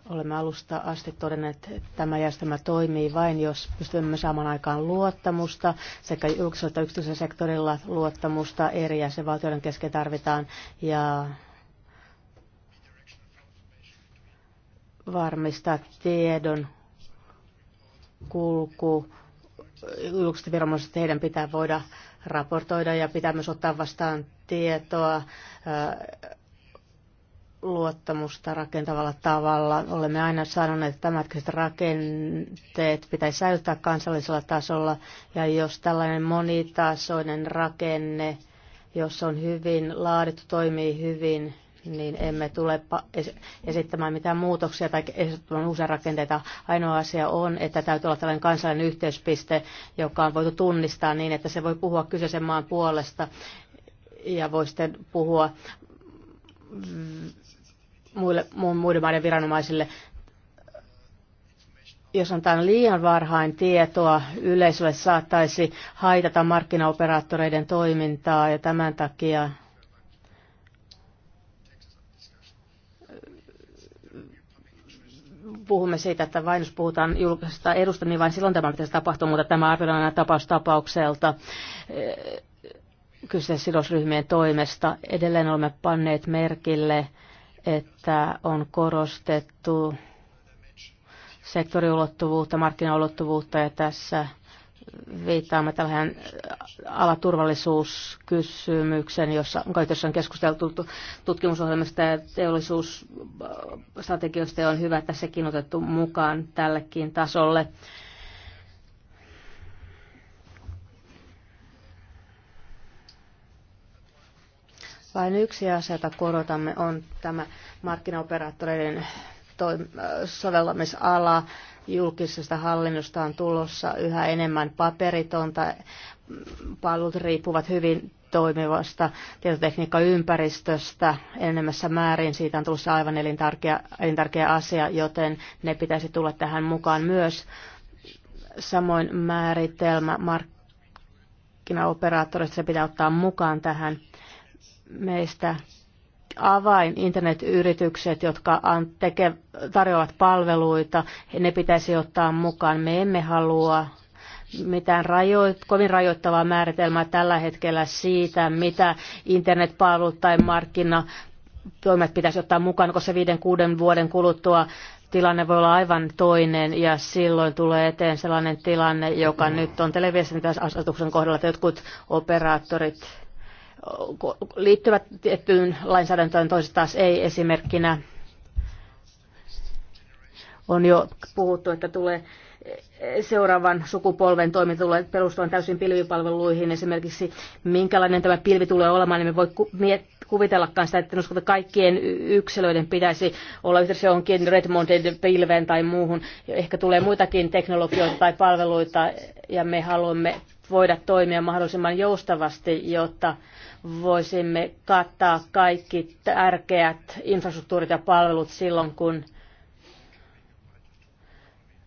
Olemme alusta asti todenneet, että tämä järjestelmä toimii vain, jos pystymme saamaan aikaan luottamusta sekä julkisella että yksityisellä sektorilla luottamusta eri jäsenvaltioiden kesken tarvitaan ja varmistaa tiedon kulku. julkisesti viranomaiset heidän pitää voida raportoida ja pitää myös ottaa vastaan tietoa luottamusta rakentavalla tavalla. Olemme aina sanoneet, että tämänhetkiset rakenteet pitäisi säilyttää kansallisella tasolla, ja jos tällainen monitasoinen rakenne, jos on hyvin laadittu, toimii hyvin, niin emme tule esittämään mitään muutoksia tai esittämään uusia rakenteita. Ainoa asia on, että täytyy olla tällainen kansallinen yhteyspiste, joka on voitu tunnistaa niin, että se voi puhua kyseisen maan puolesta ja voi sitten puhua muille, muiden maiden viranomaisille. Jos antaa liian varhain tietoa, yleisölle saattaisi haitata markkinaoperaattoreiden toimintaa ja tämän takia puhumme siitä, että vain jos puhutaan julkisesta edusta, niin vain silloin tämä pitäisi tapahtua, mutta tämä arvioidaan aina tapaus tapaukselta kyseessä sidosryhmien toimesta. Edelleen olemme panneet merkille että on korostettu sektoriulottuvuutta, markkinaulottuvuutta ja tässä viittaamme tähän alaturvallisuuskysymykseen, jossa on käytössä on keskusteltu tutkimusohjelmasta ja teollisuusstrategioista, ja on hyvä, että sekin otettu mukaan tällekin tasolle. Vain yksi asia, jota korotamme, on tämä markkinaoperaattoreiden sovellamisala Julkisesta hallinnosta on tulossa yhä enemmän paperitonta. Palvelut riippuvat hyvin toimivasta tietotekniikkaympäristöstä enemmässä määrin. Siitä on tulossa aivan elintärkeä, elintärkeä asia, joten ne pitäisi tulla tähän mukaan myös. Samoin määritelmä markkinaoperaattorista se pitää ottaa mukaan tähän meistä avain internetyritykset, jotka teke, tarjoavat palveluita, ne pitäisi ottaa mukaan. Me emme halua mitään rajoit, kovin rajoittavaa määritelmää tällä hetkellä siitä, mitä internetpalvelut tai markkinatoimet pitäisi ottaa mukaan, koska viiden kuuden vuoden kuluttua tilanne voi olla aivan toinen ja silloin tulee eteen sellainen tilanne, joka nyt on televiestintäasetuksen kohdalla, että jotkut operaattorit liittyvät tiettyyn lainsäädäntöön, toiset taas ei. Esimerkkinä on jo puhuttu, että tulee seuraavan sukupolven toiminta tulee perustuvan täysin pilvipalveluihin. Esimerkiksi minkälainen tämä pilvi tulee olemaan, niin me voi kuvitellakaan sitä, että uskon, että kaikkien yksilöiden pitäisi olla yhteydessä johonkin Redmondin pilveen tai muuhun. Ehkä tulee muitakin teknologioita tai palveluita ja me haluamme voida toimia mahdollisimman joustavasti, jotta voisimme kattaa kaikki tärkeät infrastruktuurit ja palvelut silloin, kun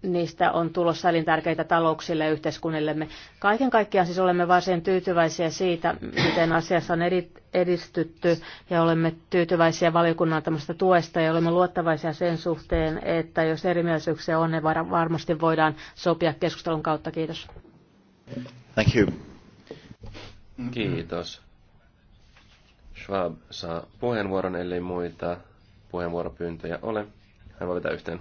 niistä on tulossa elintärkeitä talouksille ja yhteiskunnillemme. Kaiken kaikkiaan siis olemme varsin tyytyväisiä siitä, miten asiassa on edistytty ja olemme tyytyväisiä valiokunnan tämmöistä tuesta ja olemme luottavaisia sen suhteen, että jos erimielisyyksiä on, ne varmasti voidaan sopia keskustelun kautta. Kiitos. Thank you. Kiitos. Schwab saa puheenvuoron, ellei muita puheenvuoropyyntöjä ole. Hän voi vetää yhteen.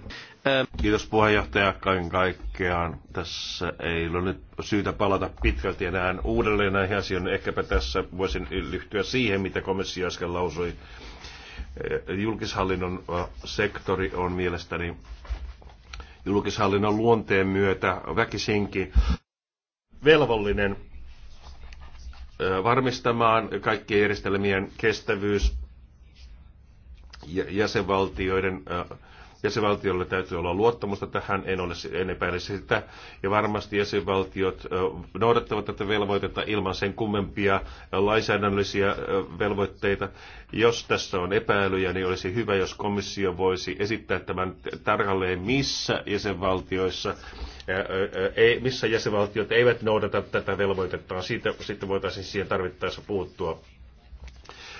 Kiitos puheenjohtaja kaiken kaikkiaan. Tässä ei ole nyt syytä palata pitkälti enää uudelleen näihin asioihin. No, ehkäpä tässä voisin lyhtyä siihen, mitä komissio äsken lausui. Eh, julkishallinnon eh, sektori on mielestäni julkishallinnon luonteen myötä väkisinkin velvollinen varmistamaan kaikkien järjestelmien kestävyys jäsenvaltioiden Jäsenvaltiolle täytyy olla luottamusta tähän, en, ole, en epäile sitä. Ja varmasti jäsenvaltiot noudattavat tätä velvoitetta ilman sen kummempia lainsäädännöllisiä velvoitteita. Jos tässä on epäilyjä, niin olisi hyvä, jos komissio voisi esittää tämän tarkalleen missä jäsenvaltioissa ei, missä jäsenvaltiot eivät noudata tätä velvoitetta, siitä sitten voitaisiin siihen tarvittaessa puuttua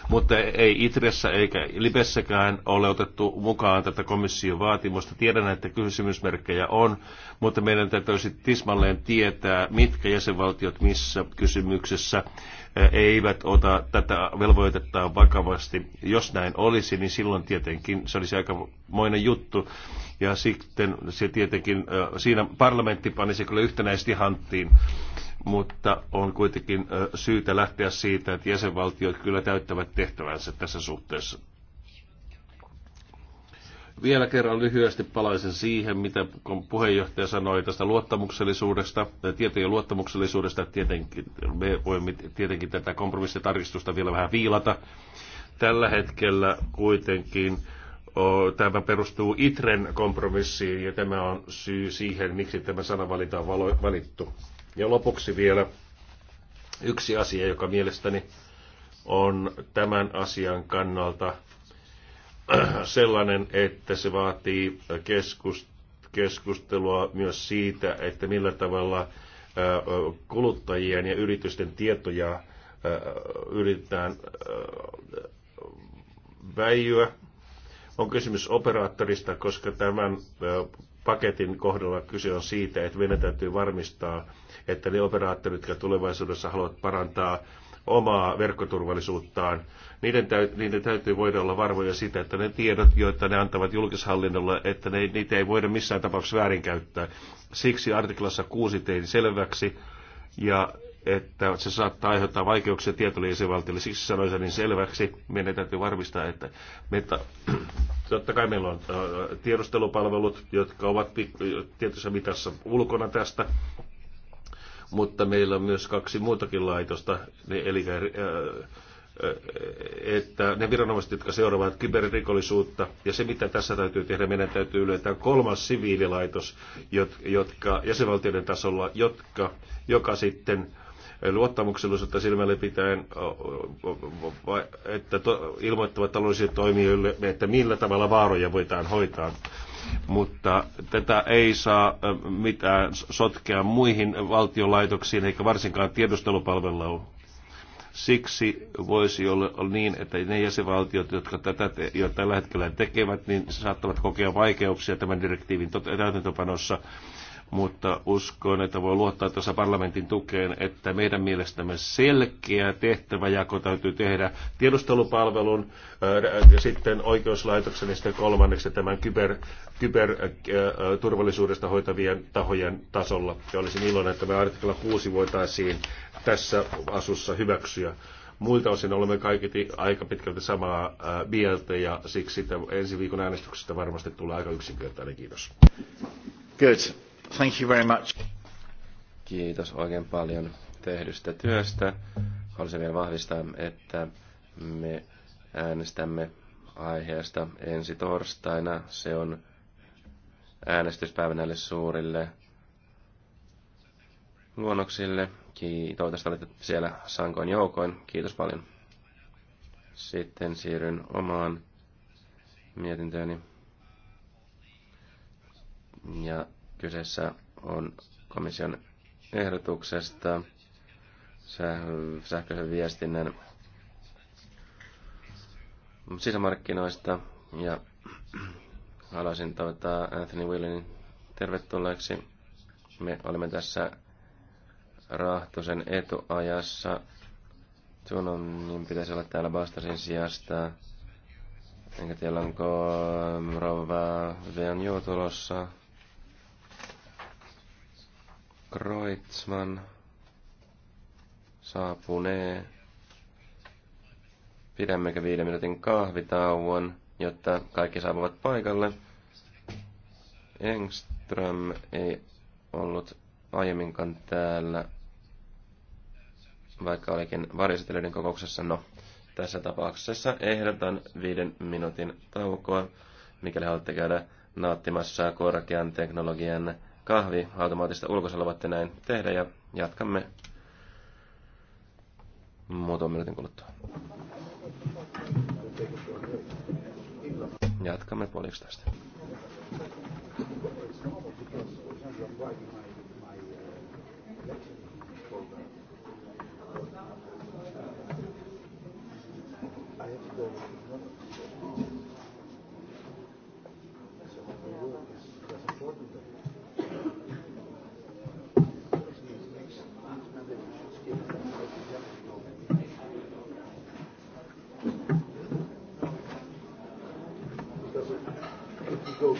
mutta ei Itressä eikä Libessäkään ole otettu mukaan tätä komission vaatimusta. Tiedän, että kysymysmerkkejä on, mutta meidän täytyisi tismalleen tietää, mitkä jäsenvaltiot missä kysymyksessä eh, eivät ota tätä velvoitetta vakavasti. Jos näin olisi, niin silloin tietenkin se olisi moinen juttu. Ja sitten se tietenkin, eh, siinä parlamentti panisi kyllä yhtenäisesti hanttiin mutta on kuitenkin syytä lähteä siitä, että jäsenvaltiot kyllä täyttävät tehtävänsä tässä suhteessa. Vielä kerran lyhyesti palaisin siihen, mitä puheenjohtaja sanoi tästä luottamuksellisuudesta, tietojen luottamuksellisuudesta. Tietenkin, me voimme tietenkin tätä kompromissitarkistusta vielä vähän viilata. Tällä hetkellä kuitenkin tämä perustuu ITREN kompromissiin ja tämä on syy siihen, miksi tämä sanavalinta on valittu ja lopuksi vielä yksi asia, joka mielestäni on tämän asian kannalta sellainen, että se vaatii keskustelua myös siitä, että millä tavalla kuluttajien ja yritysten tietoja yritetään väijyä. On kysymys operaattorista, koska tämän paketin kohdalla kyse on siitä, että meidän täytyy varmistaa, että ne operaattorit, jotka tulevaisuudessa haluavat parantaa omaa verkkoturvallisuuttaan, niiden, täytyy, niiden täytyy voida olla varmoja sitä, että ne tiedot, joita ne antavat julkishallinnolle, että ne, niitä ei voida missään tapauksessa väärinkäyttää. Siksi artiklassa 6 tein selväksi, ja että se saattaa aiheuttaa vaikeuksia tietoliisivaltiolle. Siksi sanoin sen niin selväksi. Meidän täytyy varmistaa, että me ta- Totta kai meillä on äh, tiedustelupalvelut, jotka ovat tietyssä mitassa ulkona tästä, mutta meillä on myös kaksi muutakin laitosta, eli äh, äh, että ne viranomaiset, jotka seuraavat kyberrikollisuutta, ja se mitä tässä täytyy tehdä, meidän täytyy löytää kolmas siviililaitos, jotka jäsenvaltioiden tasolla, jotka, joka sitten luottamuksellisuutta silmälle pitäen, että ilmoittavat taloudellisille toimijoille, että millä tavalla vaaroja voidaan hoitaa mutta tätä ei saa mitään sotkea muihin valtiolaitoksiin eikä varsinkaan tiedustelupalveluun. Siksi voisi olla niin, että ne jäsenvaltiot, jotka tätä jo tällä hetkellä tekevät, niin saattavat kokea vaikeuksia tämän direktiivin täytäntöpanossa mutta uskon, että voi luottaa tuossa parlamentin tukeen, että meidän mielestämme selkeä tehtäväjako täytyy tehdä tiedustelupalvelun ja sitten oikeuslaitoksen ja sitten kolmanneksi tämän kyber, kyberturvallisuudesta hoitavien tahojen tasolla. Ja olisin iloinen, että me artikla 6 voitaisiin tässä asussa hyväksyä muilta osin olemme kaikki aika pitkälti samaa mieltä ja siksi ensi viikon äänestyksestä varmasti tulee aika yksinkertainen. Kiitos. Good. Thank you very much. Kiitos oikein paljon tehdystä työstä. Haluaisin vielä vahvistaa, että me äänestämme aiheesta ensi torstaina. Se on äänestyspäivä näille suurille luonnoksille. Toivottavasti olette siellä sankoin joukoin. Kiitos paljon. Sitten siirryn omaan mietintööni. Ja Kyseessä on komission ehdotuksesta sähköisen viestinnän sisämarkkinoista ja haluaisin toivottaa Anthony Willinin tervetulleeksi. Me olemme tässä Rahtosen etuajassa. Sun on, niin pitäisi olla täällä Bastasin sijasta. Enkä tiedä, onko Rova Veanjo tulossa. Kreutzmann saapunee. Pidämmekö viiden minuutin kahvitauon, jotta kaikki saapuvat paikalle? Engström ei ollut aiemminkaan täällä, vaikka olikin varjostelijoiden kokouksessa. No, tässä tapauksessa ehdotan viiden minuutin taukoa, mikäli haluatte käydä nauttimassa korkean teknologian kahviautomaatista ulkosalla voitte näin tehdä ja jatkamme muutaman minuutin kuluttua. Jatkamme puoliksi tästä. I have to go. Go.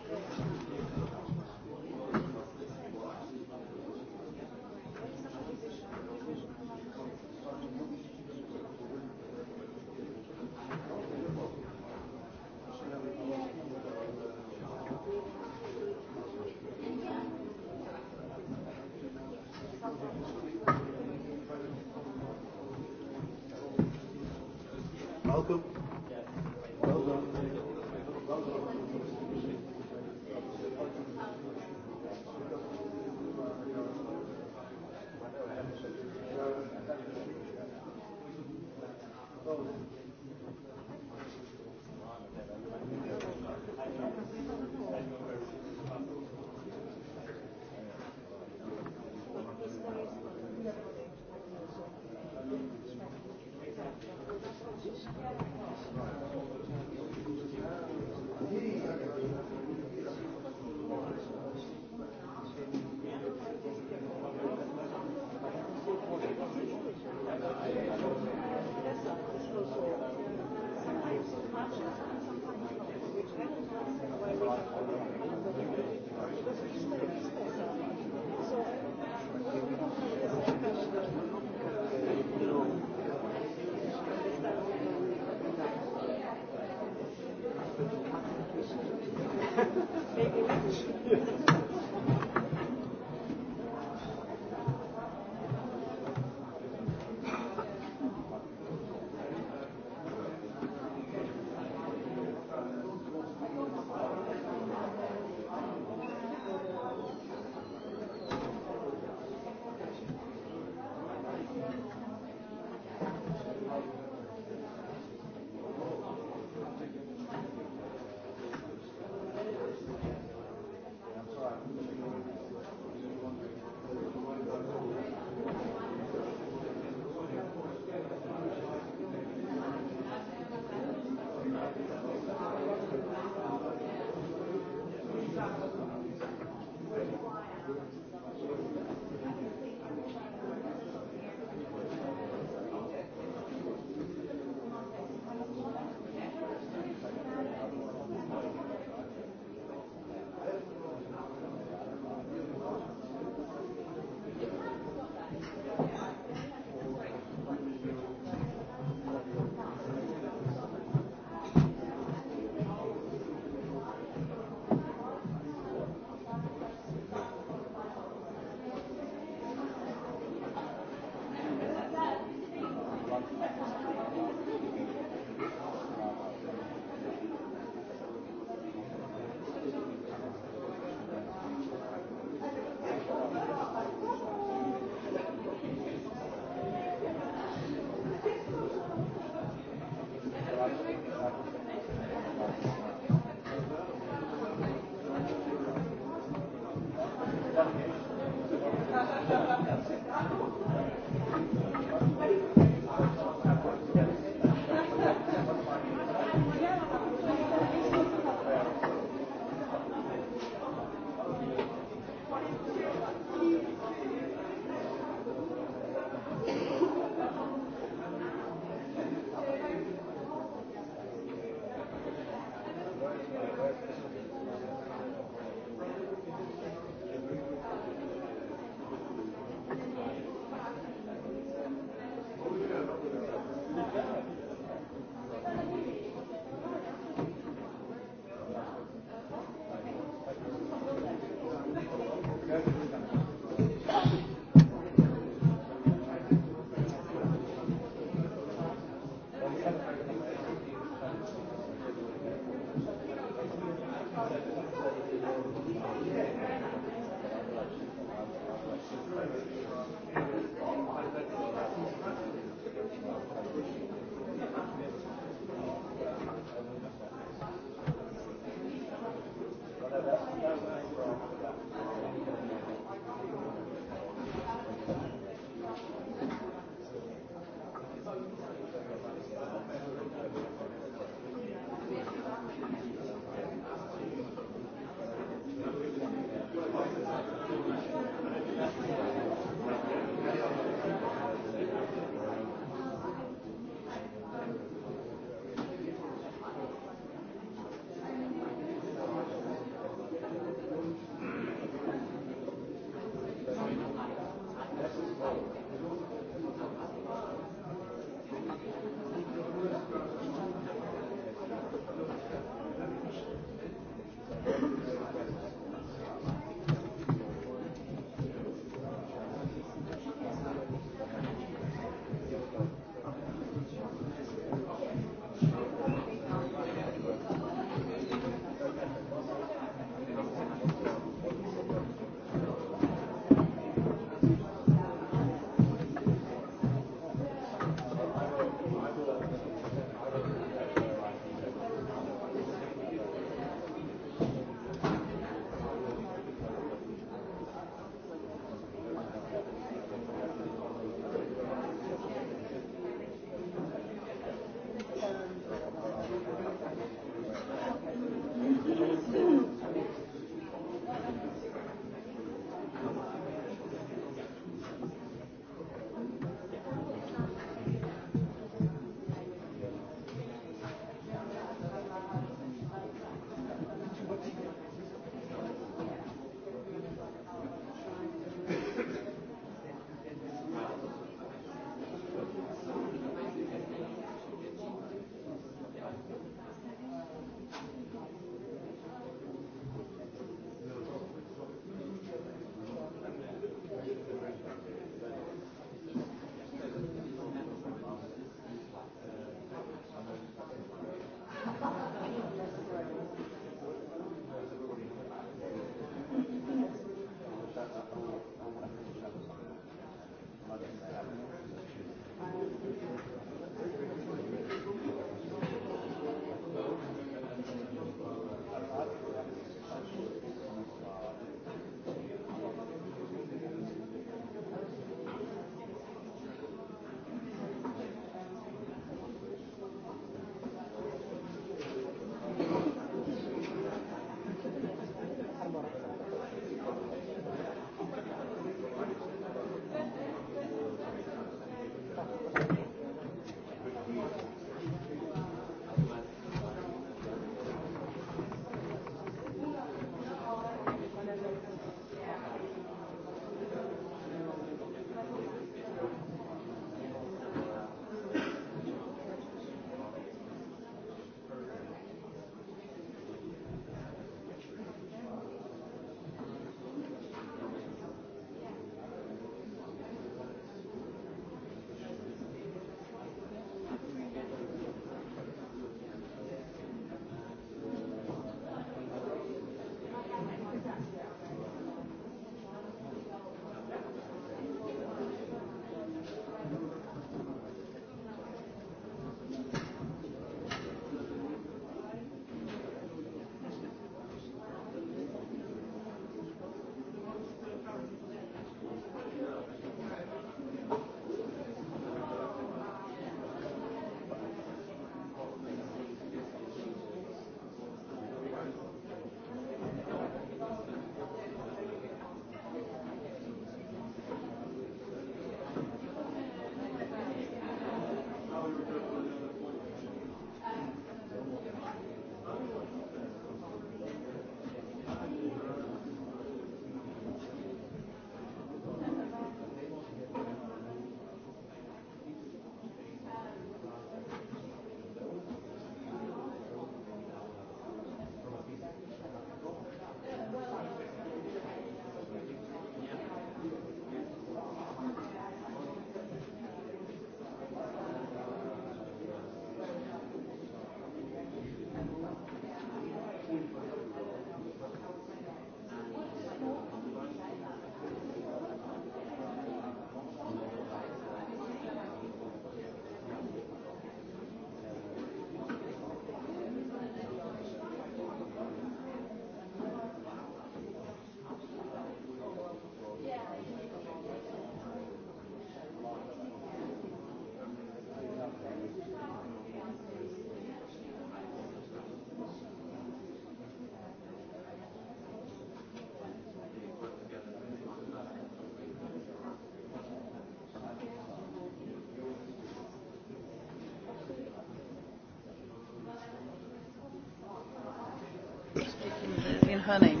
Hönning.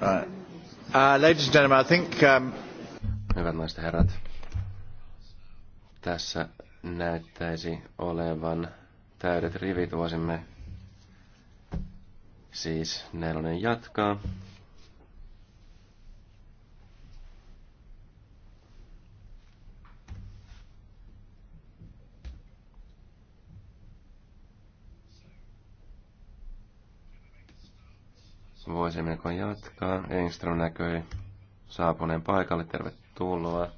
Right. Uh, ladies and gentlemen, I think... Um... Hyvät naiset ja herrat, tässä näyttäisi olevan täydet rivit. Voisimme siis nelonen jatkaa. Lindström näköi saapuneen paikalle. Tervetuloa.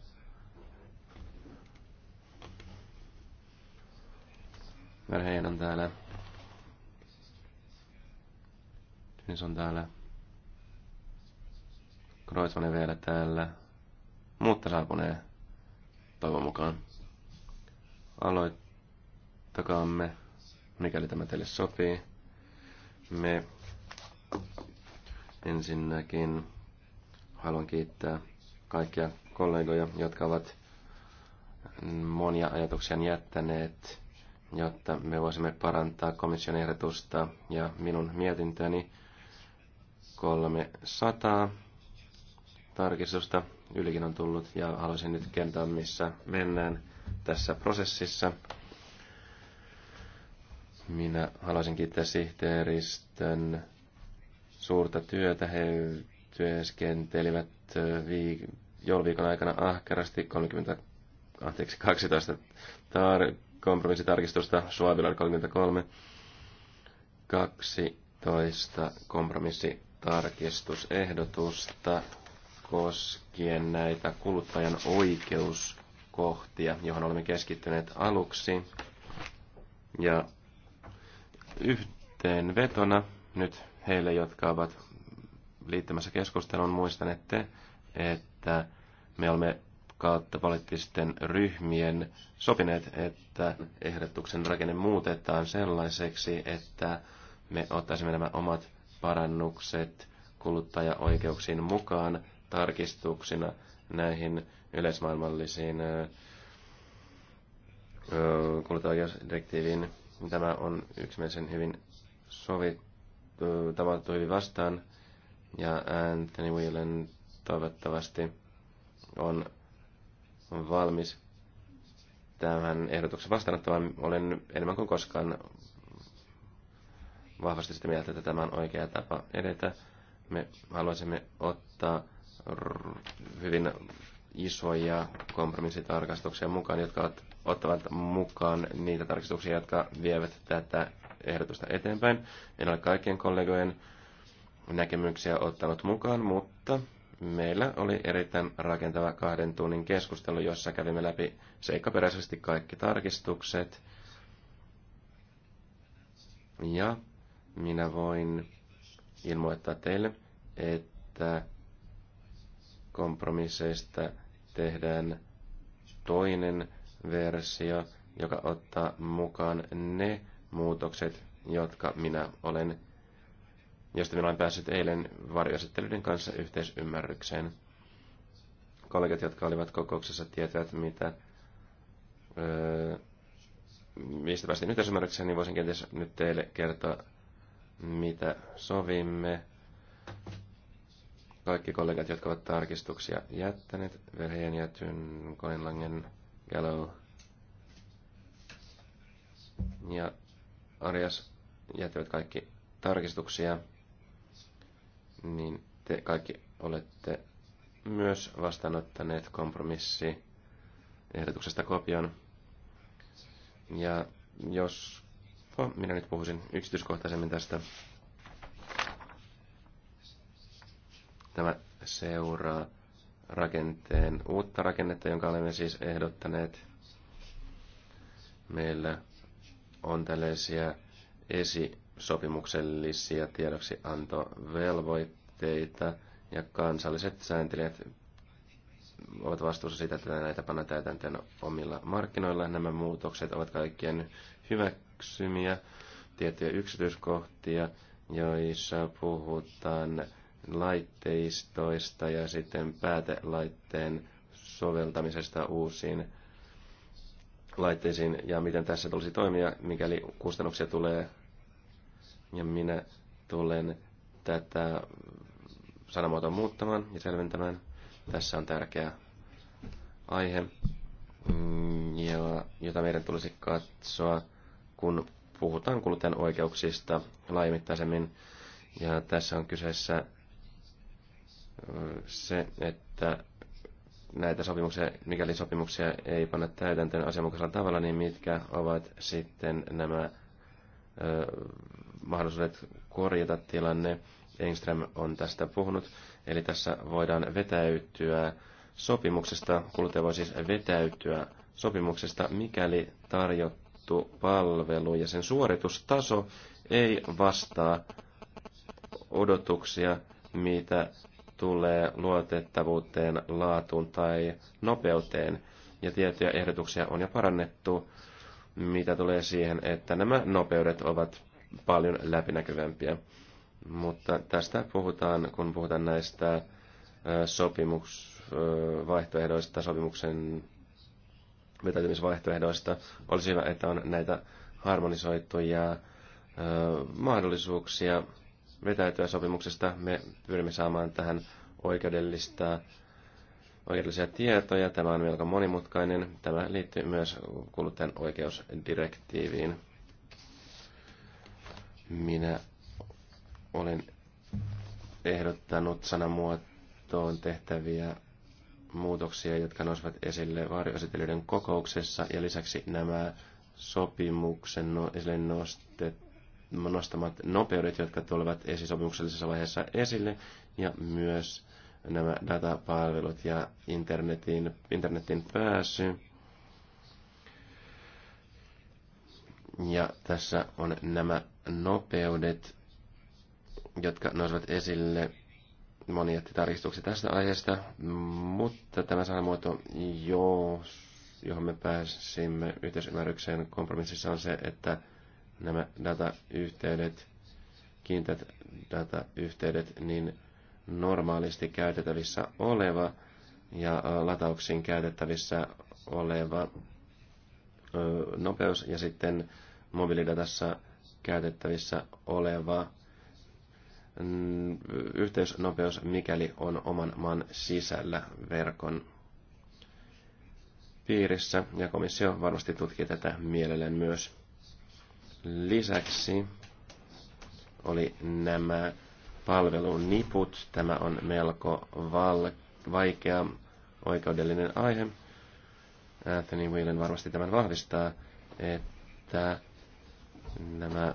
verheen on täällä. Tynis on täällä. Kroisvani vielä täällä. Muutta saapuneen toivon mukaan. Aloittakaamme, mikäli tämä teille sopii. Me Ensinnäkin haluan kiittää kaikkia kollegoja, jotka ovat monia ajatuksia jättäneet, jotta me voisimme parantaa komission ehdotusta ja minun mietintöni 300 tarkistusta ylikin on tullut ja haluaisin nyt kertoa, missä mennään tässä prosessissa. Minä haluaisin kiittää sihteeristön suurta työtä. He työskentelivät viik- jouluviikon aikana ahkerasti 30, anteeksi, 12 tar- kompromissitarkistusta, Suavilla 33, 12 kompromissitarkistusehdotusta koskien näitä kuluttajan oikeuskohtia, johon olemme keskittyneet aluksi. Ja yhteenvetona nyt heille, jotka ovat liittämässä keskustelun muistanette, että me olemme kautta poliittisten ryhmien sopineet, että ehdotuksen rakenne muutetaan sellaiseksi, että me ottaisimme nämä omat parannukset kuluttajaoikeuksiin mukaan tarkistuksina näihin yleismaailmallisiin kuluttajaoikeusdirektiiviin. Tämä on yksimielisen hyvin sovittu tämä hyvin vastaan. Ja Anthony Whelan toivottavasti on valmis tämän ehdotuksen vastaanottamaan. Olen enemmän kuin koskaan vahvasti sitä mieltä, että tämä on oikea tapa edetä. Me haluaisimme ottaa hyvin isoja kompromissitarkastuksia mukaan, jotka ottavat mukaan niitä tarkistuksia, jotka vievät tätä ehdotusta eteenpäin. En ole kaikkien kollegojen näkemyksiä ottanut mukaan, mutta meillä oli erittäin rakentava kahden tunnin keskustelu, jossa kävimme läpi seikkaperäisesti kaikki tarkistukset. Ja minä voin ilmoittaa teille, että kompromisseista tehdään toinen versio, joka ottaa mukaan ne muutokset, jotka minä olen, josta minä olen päässyt eilen varjoesittelyiden kanssa yhteisymmärrykseen. Kollegat, jotka olivat kokouksessa, tietävät, mitä, öö, mistä päästiin yhteisymmärrykseen, niin voisin kenties nyt teille kertoa, mitä sovimme. Kaikki kollegat, jotka ovat tarkistuksia jättäneet, Verheen ja Tyn, Kolinlangen, ja Arias jättivät kaikki tarkistuksia, niin te kaikki olette myös vastaanottaneet kompromissi ehdotuksesta kopion. Ja jos minä nyt puhuisin yksityiskohtaisemmin tästä, tämä seuraa rakenteen uutta rakennetta, jonka olemme siis ehdottaneet. Meillä on tällaisia esisopimuksellisia tiedoksiantovelvoitteita, ja kansalliset sääntelijät ovat vastuussa siitä, että näitä panna täytäntöön omilla markkinoilla. Nämä muutokset ovat kaikkien hyväksymiä tiettyjä yksityiskohtia, joissa puhutaan laitteistoista ja sitten päätelaitteen soveltamisesta uusiin laitteisiin ja miten tässä tulisi toimia, mikäli kustannuksia tulee. Ja minä tulen tätä sanamuotoa muuttamaan ja selventämään. Tässä on tärkeä aihe, mm, jota meidän tulisi katsoa, kun puhutaan kuluttajan oikeuksista laajemmittaisemmin. Ja tässä on kyseessä se, että näitä sopimuksia, mikäli sopimuksia ei panna täytäntöön asianmukaisella tavalla, niin mitkä ovat sitten nämä ö, mahdollisuudet korjata tilanne. Engström on tästä puhunut, eli tässä voidaan vetäytyä sopimuksesta, kuluttaja voi siis vetäytyä sopimuksesta, mikäli tarjottu palvelu ja sen suoritustaso ei vastaa odotuksia, mitä tulee luotettavuuteen, laatuun tai nopeuteen. Ja tiettyjä ehdotuksia on jo parannettu, mitä tulee siihen, että nämä nopeudet ovat paljon läpinäkyvämpiä. Mutta tästä puhutaan, kun puhutaan näistä sopimusvaihtoehdoista, sopimuksen vetäytymisvaihtoehdoista. Olisi hyvä, että on näitä harmonisoituja mahdollisuuksia vetäytyä sopimuksesta. Me pyrimme saamaan tähän oikeudellista, oikeudellisia tietoja. Tämä on melko monimutkainen. Tämä liittyy myös kuluttajan oikeusdirektiiviin. Minä olen ehdottanut sanamuotoon tehtäviä muutoksia, jotka nousivat esille varjoesittelyiden kokouksessa, ja lisäksi nämä sopimuksen no- esille nostet, nostamat nopeudet, jotka tulevat esisopimuksellisessa vaiheessa esille, ja myös nämä datapalvelut ja internetin, internetin pääsy. Ja tässä on nämä nopeudet, jotka nousevat esille monia tarkistuksia tästä aiheesta, mutta tämä sanamuoto, johon me pääsimme yhteisymmärrykseen kompromississa, on se, että nämä datayhteydet, kiinteät datayhteydet, niin normaalisti käytettävissä oleva ja latauksiin käytettävissä oleva nopeus ja sitten mobiilidatassa käytettävissä oleva mm, yhteysnopeus, mikäli on oman maan sisällä verkon piirissä. Ja komissio varmasti tutkii tätä mielellään myös. Lisäksi oli nämä palveluniput. Tämä on melko val- vaikea oikeudellinen aihe. Anthony Whelan varmasti tämän vahvistaa, että nämä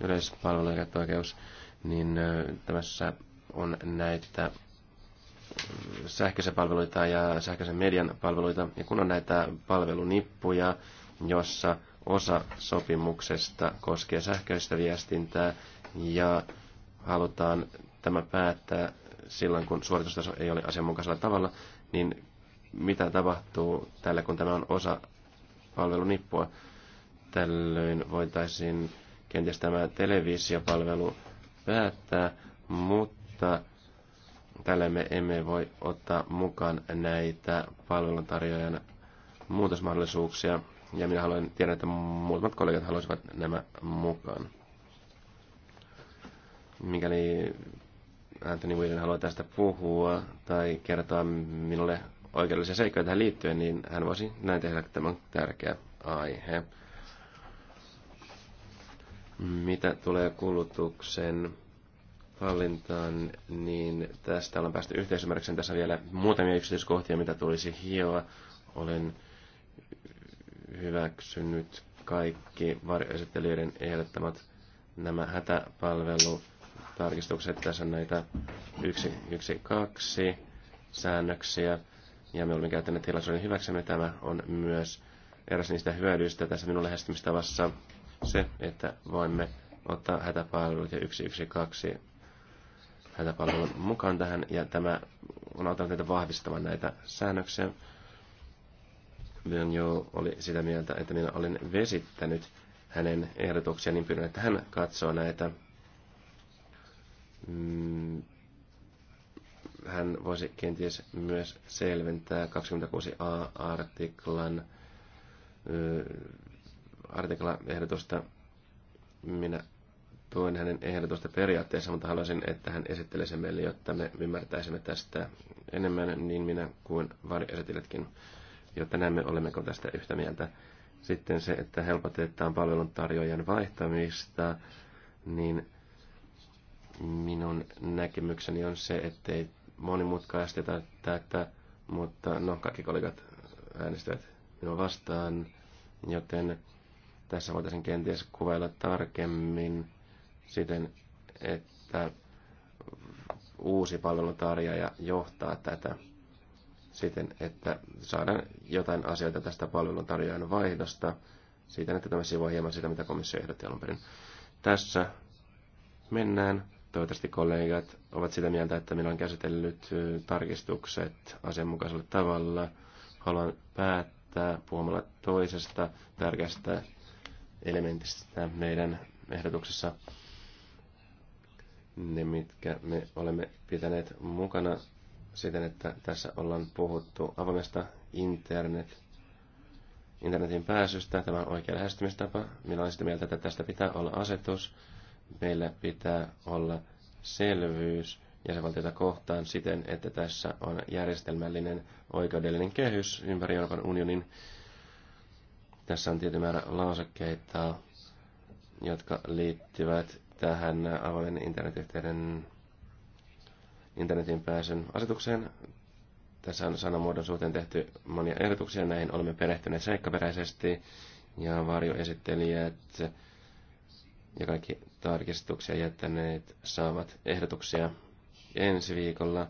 yleispalveluoikeus, niin tämässä on näitä sähköisiä palveluita ja sähköisen median palveluita. Ja kun on näitä palvelunippuja, jossa osa sopimuksesta koskee sähköistä viestintää ja halutaan tämä päättää silloin, kun suoritustaso ei ole asianmukaisella tavalla, niin mitä tapahtuu tällä, kun tämä on osa palvelunippua? Tällöin voitaisiin kenties tämä televisiopalvelu päättää, mutta Tällä me emme voi ottaa mukaan näitä palveluntarjoajan muutosmahdollisuuksia, ja minä haluan tiedä, että muutamat kollegat haluaisivat nämä mukaan. Mikäli Anthony Whedon haluaa tästä puhua tai kertoa minulle oikeudellisia seikkoja tähän liittyen, niin hän voisi näin tehdä tämän tärkeä aihe. Mitä tulee kulutuksen hallintaan, niin tästä ollaan päästy yhteisymmärrykseen. Tässä vielä muutamia yksityiskohtia, mitä tulisi hioa. Olen hyväksynyt kaikki varjoesittelijöiden ehdottamat nämä hätäpalvelutarkistukset. Tässä on näitä kaksi säännöksiä ja me olemme käyttäneet tilaisuuden hyväksemme. Tämä on myös eräs niistä hyödyistä tässä minun lähestymistavassa se, että voimme ottaa hätäpalvelut ja 112 hätäpalvelun mukaan tähän, ja tämä on auttanut teitä vahvistamaan näitä säännöksiä. jo oli sitä mieltä, että minä olin vesittänyt hänen ehdotuksia, niin pyydän, että hän katsoo näitä. Mm, hän voisi kenties myös selventää 26a-artiklan artiklaehdotusta. Minä tuen hänen ehdotusta periaatteessa, mutta haluaisin, että hän esittelee sen meille, jotta me ymmärtäisimme tästä enemmän niin minä kuin varjoesitiletkin, jotta näemme, olemmeko tästä yhtä mieltä. Sitten se, että helpotetaan palveluntarjoajan vaihtamista, niin minun näkemykseni on se, ettei monimutkaisteta tätä, mutta no, kaikki kollegat äänestävät minua vastaan, joten tässä voitaisiin kenties kuvailla tarkemmin siten, että uusi palveluntarjoaja johtaa tätä siten, että saadaan jotain asioita tästä palveluntarjoajan vaihdosta siten, että tämä on hieman sitä, mitä komissio ehdotti alun perin. Tässä mennään. Toivottavasti kollegat ovat sitä mieltä, että minä olen käsitellyt tarkistukset asianmukaisella tavalla. Haluan päättää puhumalla toisesta tärkeästä elementistä meidän ehdotuksessa ne, mitkä me olemme pitäneet mukana siten, että tässä ollaan puhuttu avoimesta internet, internetin pääsystä. Tämä on oikea lähestymistapa. Minä olen sitä mieltä, että tästä pitää olla asetus. Meillä pitää olla selvyys jäsenvaltiota kohtaan siten, että tässä on järjestelmällinen oikeudellinen kehys ympäri Euroopan unionin. Tässä on tietyn määrä lausekkeita, jotka liittyvät tähän avoimen internetyhteyden internetin pääsyn asetukseen. Tässä on sanamuodon suhteen tehty monia ehdotuksia, näihin olemme perehtyneet seikkaperäisesti ja varjoesittelijät ja kaikki tarkistuksia jättäneet saavat ehdotuksia ensi viikolla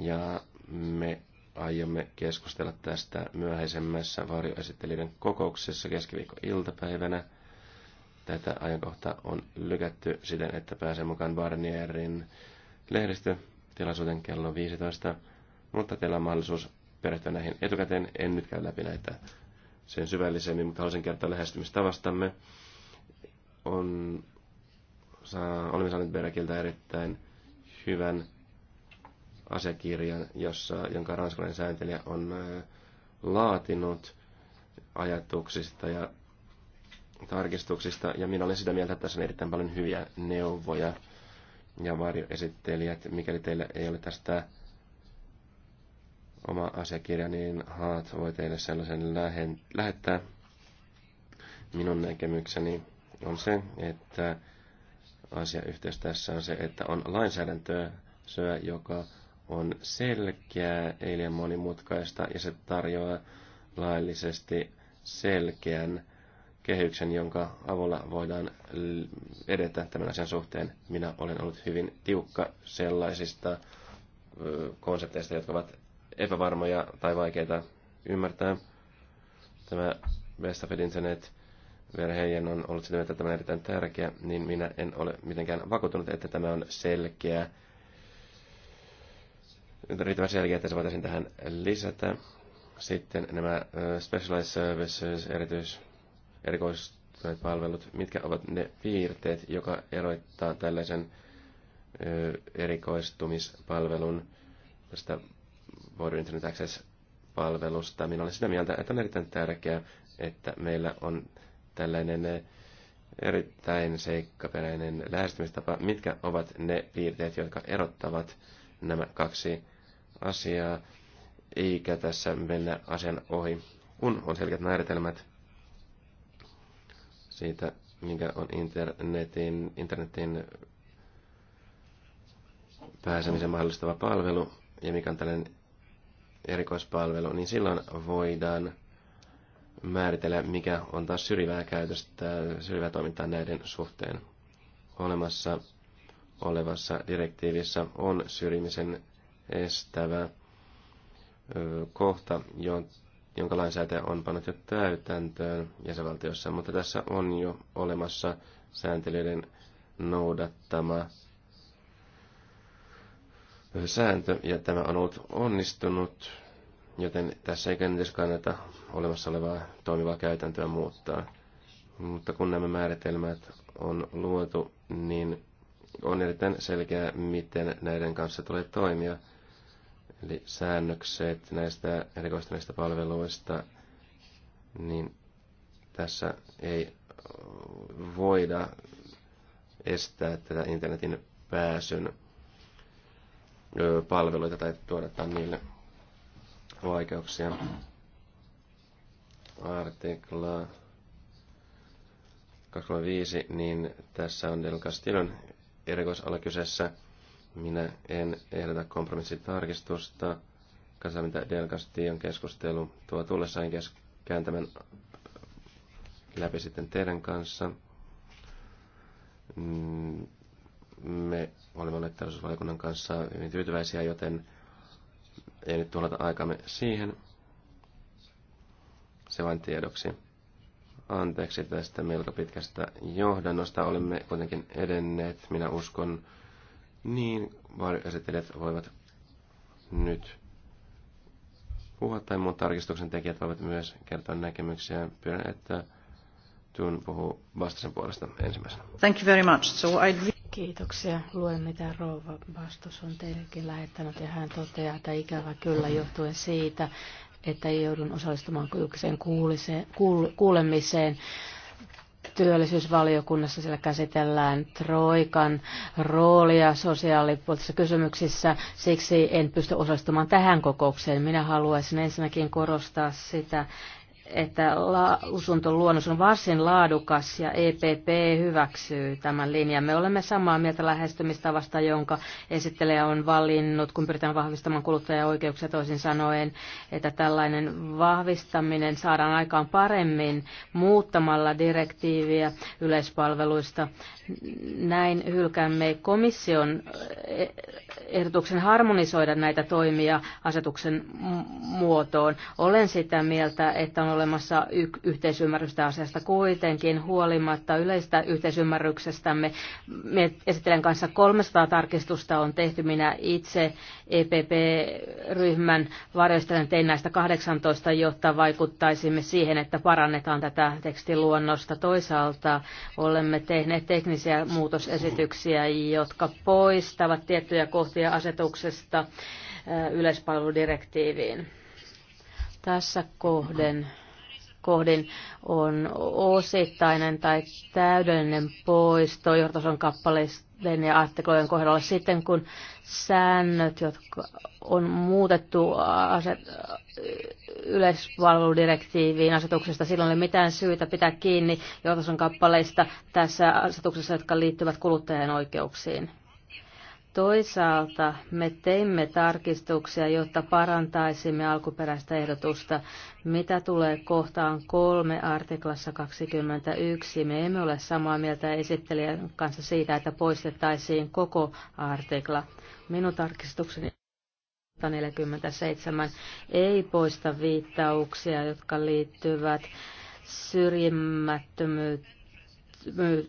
ja me aiomme keskustella tästä myöhäisemmässä varjoesittelijöiden kokouksessa keskiviikkoiltapäivänä. iltapäivänä Tätä ajankohtaa on lykätty siten, että pääsee mukaan Barnierin lehdistötilaisuuden kello 15, mutta teillä on mahdollisuus perehtyä näihin etukäteen. En nyt käy läpi näitä sen syvällisemmin, mutta haluaisin kertoa lähestymistavastamme. On, saa, olemme saaneet Berekiltä erittäin hyvän asiakirjan, jossa, jonka ranskalainen sääntelijä on äh, laatinut ajatuksista ja tarkistuksista, ja minä olen sitä mieltä, että tässä on erittäin paljon hyviä neuvoja. Ja varjoesittelijät, mikäli teillä ei ole tästä oma asiakirja, niin Haat voi teille sellaisen lähen, lähettää. Minun näkemykseni on se, että asiayhteys tässä on se, että on lainsäädäntöä, syö, joka on selkeää, ei liian monimutkaista, ja se tarjoaa laillisesti selkeän kehyksen, jonka avulla voidaan edetä tämän asian suhteen. Minä olen ollut hyvin tiukka sellaisista konsepteista, jotka ovat epävarmoja tai vaikeita ymmärtää. Tämä Best of Internet on ollut sitä mieltä, että tämä on erittäin tärkeä, niin minä en ole mitenkään vakuuttunut, että tämä on selkeä, riittävän selkeä, että se voitaisiin tähän lisätä. Sitten nämä specialized services, erityis erikoistuneet palvelut, mitkä ovat ne piirteet, joka eroittaa tällaisen erikoistumispalvelun tästä Void Internet Access-palvelusta. Minä olen sitä mieltä, että on erittäin tärkeää, että meillä on tällainen erittäin seikkaperäinen lähestymistapa. Mitkä ovat ne piirteet, jotka erottavat nämä kaksi asiaa, eikä tässä mennä asian ohi, kun on selkeät määritelmät siitä, mikä on internetin, internetin pääsemisen mahdollistava palvelu ja mikä on tällainen erikoispalvelu, niin silloin voidaan määritellä, mikä on taas syrjivää käytöstä, syrjivää toimintaa näiden suhteen. Olemassa olevassa direktiivissä on syrjimisen estävä kohta, jonka lainsäätäjä on pannut jo täytäntöön jäsenvaltiossa, mutta tässä on jo olemassa sääntelyiden noudattama sääntö, ja tämä on ollut onnistunut, joten tässä ei kenties kannata olemassa olevaa toimivaa käytäntöä muuttaa. Mutta kun nämä määritelmät on luotu, niin on erittäin selkeää, miten näiden kanssa tulee toimia – Eli säännökset näistä erikoistuneista palveluista, niin tässä ei voida estää tätä internetin pääsyn palveluita tai tuoda niille vaikeuksia. Artikla 25, niin tässä on Del Castillon erikoisala kyseessä – minä en ehdota kompromissitarkistusta. Kasa, mitä Del Castillon keskustelu tuo tullessaan kes- kääntämän läpi sitten teidän kanssa. Mm, me olemme olleet tarkastusvaliokunnan kanssa hyvin tyytyväisiä, joten ei nyt tuhlata aikamme siihen. Se vain tiedoksi. Anteeksi tästä melko pitkästä johdannosta. Olemme kuitenkin edenneet. Minä uskon, niin, varjoesittelijät voivat nyt puhua tai muut tarkistuksen tekijät voivat myös kertoa näkemyksiä. Pyydän, että Tuun puhuu vastasen puolesta ensimmäisenä. Thank you very much. So I... Kiitoksia. Luen mitä rouva vastus on teillekin lähettänyt ja hän toteaa, että ikävä kyllä johtuen siitä, että joudun osallistumaan julkiseen kuulemiseen työllisyysvaliokunnassa siellä käsitellään Troikan roolia sosiaalipuolisissa kysymyksissä. Siksi en pysty osallistumaan tähän kokoukseen. Minä haluaisin ensinnäkin korostaa sitä, että lausuntoluonnos on varsin laadukas ja EPP hyväksyy tämän linjan. Me olemme samaa mieltä lähestymistavasta, jonka esittelijä on valinnut, kun pyritään vahvistamaan kuluttajaoikeuksia toisin sanoen, että tällainen vahvistaminen saadaan aikaan paremmin muuttamalla direktiiviä yleispalveluista. Näin hylkäämme komission ehdotuksen harmonisoida näitä toimia asetuksen muotoon. Olen sitä mieltä, että on olemassa y- yhteisymmärrystä asiasta kuitenkin huolimatta yleistä yhteisymmärryksestämme. Me esittelen kanssa 300 tarkistusta on tehty. Minä itse EPP-ryhmän varjoistelen tein näistä 18, jotta vaikuttaisimme siihen, että parannetaan tätä tekstiluonnosta. Toisaalta olemme tehneet teknisiä muutosesityksiä, jotka poistavat tiettyjä kohtia asetuksesta yleispalveludirektiiviin. Tässä kohden kohdin on osittainen tai täydellinen poisto johtoson kappaleiden ja artiklojen kohdalla sitten, kun säännöt, jotka on muutettu aset, yleispalveludirektiiviin asetuksesta, silloin ei ole mitään syytä pitää kiinni johtoson kappaleista tässä asetuksessa, jotka liittyvät kuluttajien oikeuksiin. Toisaalta me teimme tarkistuksia, jotta parantaisimme alkuperäistä ehdotusta, mitä tulee kohtaan kolme artiklassa 21. Me emme ole samaa mieltä esittelijän kanssa siitä, että poistettaisiin koko artikla. Minun tarkistukseni 47 ei poista viittauksia, jotka liittyvät syrjimättömyyteen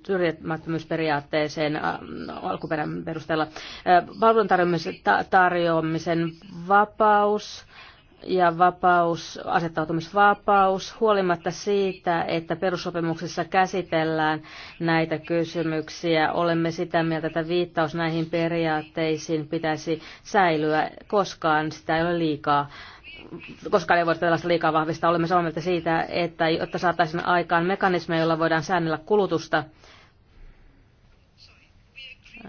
syrjimättömyysperiaatteeseen äh, alkuperän perusteella. Äh, palvelun tarjoamisen vapaus ja vapaus, asettautumisvapaus, huolimatta siitä, että perussopimuksessa käsitellään näitä kysymyksiä, olemme sitä mieltä, että viittaus näihin periaatteisiin pitäisi säilyä, koskaan sitä ei ole liikaa koskaan ei voida tällaista liikaa vahvistaa. Olemme samaa mieltä siitä, että jotta saataisiin aikaan mekanismeja, jolla voidaan säännellä kulutusta,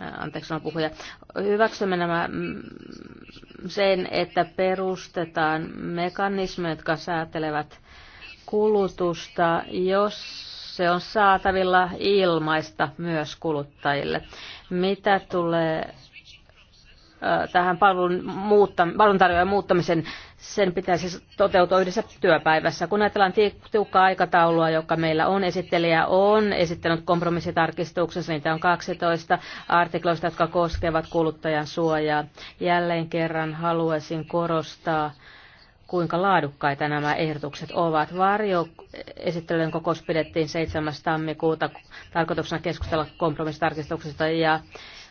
äh, anteeksi on puhuja, hyväksymme nämä mm, sen, että perustetaan mekanismeja, jotka säätelevät kulutusta, jos se on saatavilla ilmaista myös kuluttajille. Mitä tulee äh, tähän palvelun, muuttam- palveluntarjoajan muuttamisen sen pitäisi toteutua yhdessä työpäivässä. Kun ajatellaan tiukkaa aikataulua, joka meillä on, esittelijä on esittänyt kompromissitarkistuksessa niitä on 12 artikloista, jotka koskevat kuluttajan suojaa. Jälleen kerran haluaisin korostaa, kuinka laadukkaita nämä ehdotukset ovat. Varjo esittelyn kokous pidettiin 7. tammikuuta tarkoituksena keskustella kompromissitarkistuksesta ja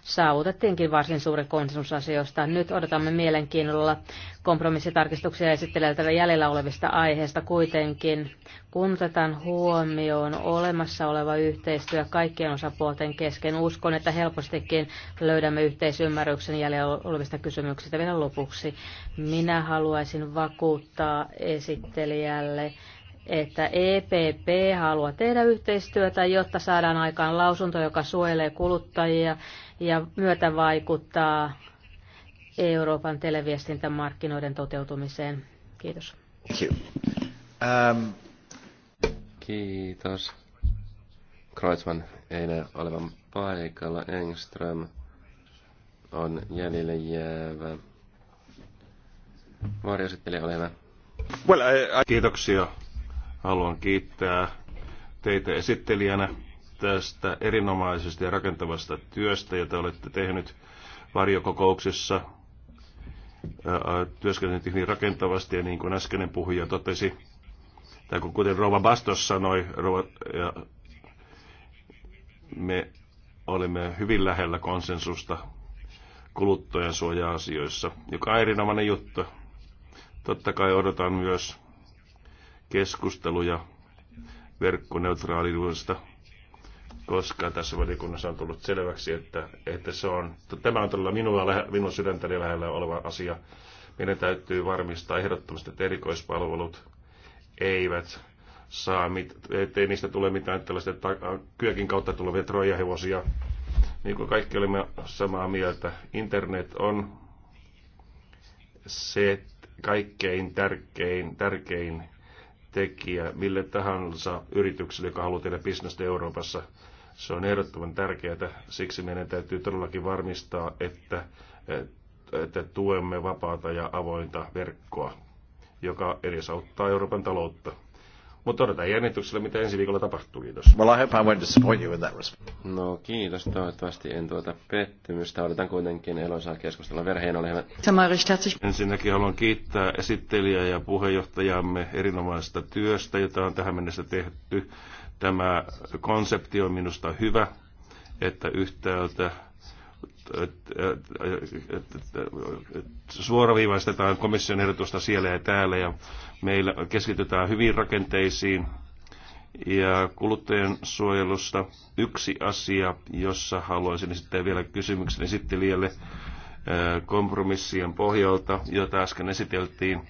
saavutettiinkin varsin suuri konsensus asioista. Nyt odotamme mielenkiinnolla kompromissitarkistuksia esitteleltävä jäljellä olevista aiheista kuitenkin. Kun otetaan huomioon olemassa oleva yhteistyö kaikkien osapuolten kesken, uskon, että helpostikin löydämme yhteisymmärryksen jäljellä olevista kysymyksistä vielä lopuksi. Minä haluaisin vakuuttaa esittelijälle, että EPP haluaa tehdä yhteistyötä, jotta saadaan aikaan lausunto, joka suojelee kuluttajia ja vaikuttaa Euroopan televiestintämarkkinoiden toteutumiseen. Kiitos. Um. Kiitos. Kreutzmann ei näe olevan paikalla. Engström on jäljelle jäävä. Varjositteli, ole hyvä. Well, I, I... Kiitoksia. Haluan kiittää teitä esittelijänä tästä erinomaisesta ja rakentavasta työstä, jota olette tehnyt varjokokouksessa. Työskentelyt hyvin rakentavasti ja niin kuin äskeinen puhuja totesi, tai kun kuten Rova Bastos sanoi, Rova, ja me olimme hyvin lähellä konsensusta kuluttajan suoja-asioissa, joka on erinomainen juttu. Totta kai odotan myös keskusteluja verkkoneutraaliudesta koska tässä valiokunnassa on tullut selväksi, että, että se on, tämä on todella minua, minun sydäntäni lähellä oleva asia. Meidän täytyy varmistaa ehdottomasti, että erikoispalvelut eivät saa, mit, ettei niistä tule mitään tällaista kyökin kautta tulevia trojahevosia. Niin kuin kaikki olemme samaa mieltä, internet on se kaikkein tärkein, tärkein tekijä mille tahansa yritykselle, joka haluaa tehdä bisnestä Euroopassa. Se on ehdottoman tärkeää. Siksi meidän täytyy todellakin varmistaa, että, että tuemme vapaata ja avointa verkkoa, joka edesauttaa Euroopan taloutta. Mutta odotetaan jännityksellä, mitä ensi viikolla tapahtuu. Kiitos. Well, I hope I won't disappoint you in that respect. No kiitos. Toivottavasti en tuota pettymystä. Odotan kuitenkin eloisaa keskustella. Verheen ole hyvä. Ensinnäkin haluan kiittää esittelijää ja puheenjohtajamme erinomaisesta työstä, jota on tähän mennessä tehty Tämä konsepti on minusta hyvä, että yhtäältä suoraviivaistetaan komission ehdotusta siellä ja täällä ja meillä keskitytään hyvin rakenteisiin ja kuluttajien suojelusta yksi asia, jossa haluaisin esittää vielä kysymyksen esittelijälle kompromissien pohjalta, jota äsken esiteltiin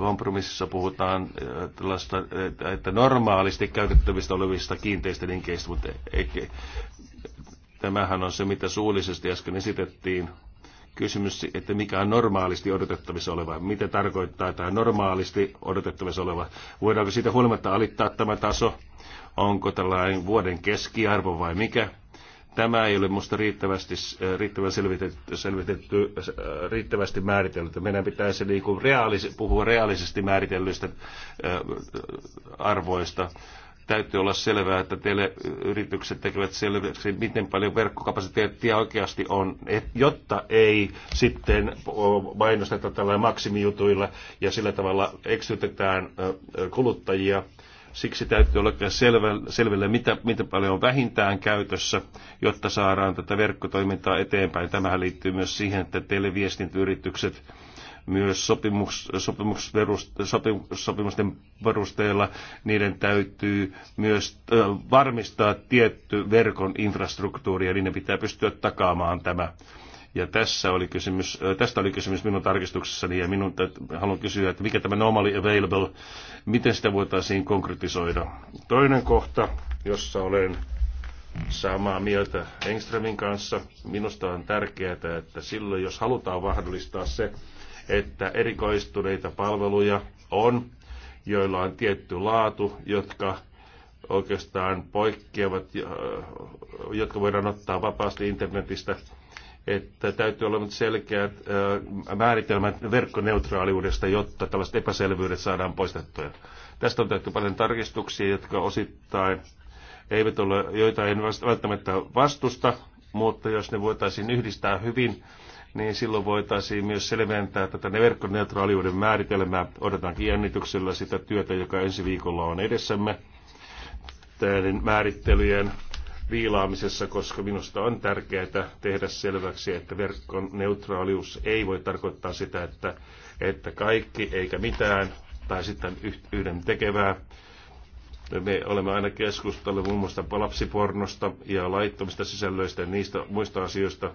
kompromississa puhutaan äh, tällaista, äh, että normaalisti käytettävistä olevista kiinteistä linkeistä, mutta ei, tämähän on se, mitä suullisesti äsken esitettiin. Kysymys, että mikä on normaalisti odotettavissa oleva, mitä tarkoittaa tämä normaalisti odotettavissa oleva, voidaanko siitä huolimatta alittaa tämä taso, onko tällainen vuoden keskiarvo vai mikä, Tämä ei ole minusta riittävästi, äh, riittävän selvitetty, selvitetty, äh, riittävästi määritelty. Meidän pitäisi niin kuin reaalis, puhua reaalisesti määritellyistä äh, arvoista täytyy olla selvää, että teille yritykset tekevät selväksi, miten paljon verkkokapasiteettia oikeasti on, et, jotta ei sitten mainosteta tällä maksimijutuilla ja sillä tavalla eksytetään kuluttajia Siksi täytyy olla selville, mitä, mitä paljon on vähintään käytössä, jotta saadaan tätä verkkotoimintaa eteenpäin. Tämähän liittyy myös siihen, että televiestintäyritykset myös sopimus, sopimus, sopim, sopimusten perusteella niiden täytyy myös varmistaa tietty verkon infrastruktuuri ja niiden pitää pystyä takaamaan tämä ja tässä oli kysymys, tästä oli kysymys minun tarkistuksessani ja minun haluan kysyä, että mikä tämä normally available, miten sitä voitaisiin konkretisoida. Toinen kohta, jossa olen samaa mieltä Engströmin kanssa. Minusta on tärkeää, että silloin jos halutaan mahdollistaa se, että erikoistuneita palveluja on, joilla on tietty laatu, jotka oikeastaan poikkeavat, jotka voidaan ottaa vapaasti internetistä, että täytyy olla selkeät äh, määritelmät verkkoneutraaliudesta, jotta tällaiset epäselvyydet saadaan poistettua. Tästä on tehty paljon tarkistuksia, jotka osittain eivät ole, joita en välttämättä vastusta, mutta jos ne voitaisiin yhdistää hyvin, niin silloin voitaisiin myös selventää tätä verkkoneutraaliuden määritelmää. Odotankin jännityksellä sitä työtä, joka ensi viikolla on edessämme näiden määrittelyjen viilaamisessa, koska minusta on tärkeää tehdä selväksi, että verkon neutraalius ei voi tarkoittaa sitä, että, että kaikki eikä mitään tai sitten yhden tekevää. Me olemme aina keskustelleet muun muassa lapsipornosta ja laittomista sisällöistä ja niistä muista asioista.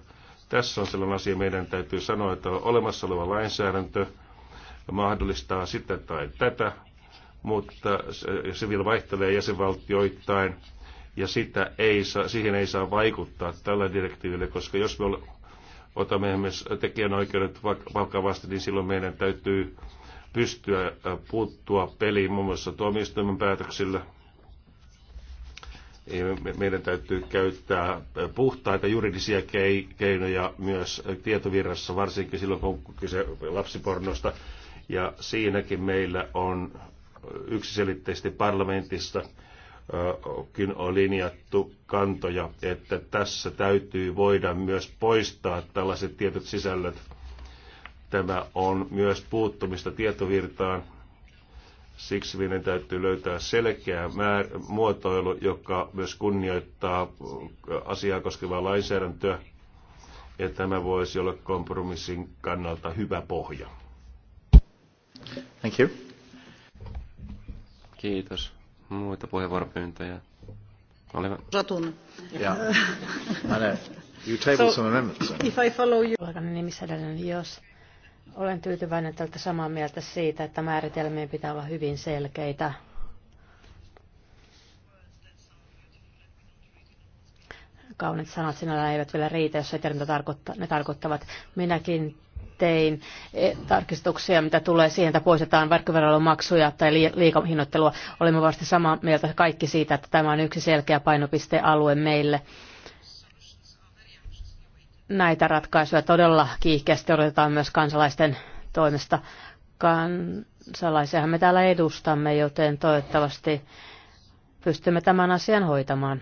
Tässä on sellainen asia, meidän täytyy sanoa, että olemassa oleva lainsäädäntö mahdollistaa sitä tai tätä, mutta se vielä vaihtelee jäsenvaltioittain ja sitä ei saa, siihen ei saa vaikuttaa tällä direktiivillä, koska jos me otamme esimerkiksi tekijänoikeudet vakavasti, niin silloin meidän täytyy pystyä äh, puuttua peliin muun muassa tuomioistuimen päätöksillä. Meidän täytyy käyttää äh, puhtaita juridisia keinoja myös tietovirrassa, varsinkin silloin kun kyse lapsipornosta. Ja siinäkin meillä on yksiselitteisesti parlamentissa on linjattu kantoja, että tässä täytyy voida myös poistaa tällaiset tietyt sisällöt. Tämä on myös puuttumista tietovirtaan. Siksi meidän täytyy löytää selkeä määr- muotoilu, joka myös kunnioittaa asiaa koskevaa lainsäädäntöä. Ja tämä voisi olla kompromissin kannalta hyvä pohja. Thank you. Kiitos muita puheenvuoropyyntöjä? Satun. You table so, some amendments. If I follow you. jos olen tyytyväinen tältä samaa mieltä siitä, että määritelmien pitää olla hyvin selkeitä. Kaunit sanat sinällä eivät vielä riitä, jos ei tiedä, mitä tarkoittaa, ne tarkoittavat. Minäkin tein e, tarkistuksia, mitä tulee siihen, että poistetaan maksuja tai liikahinnoittelua. Olemme varmasti samaa mieltä kaikki siitä, että tämä on yksi selkeä painopistealue meille. Näitä ratkaisuja todella kiihkeästi odotetaan myös kansalaisten toimesta. Kansalaisiahan me täällä edustamme, joten toivottavasti pystymme tämän asian hoitamaan.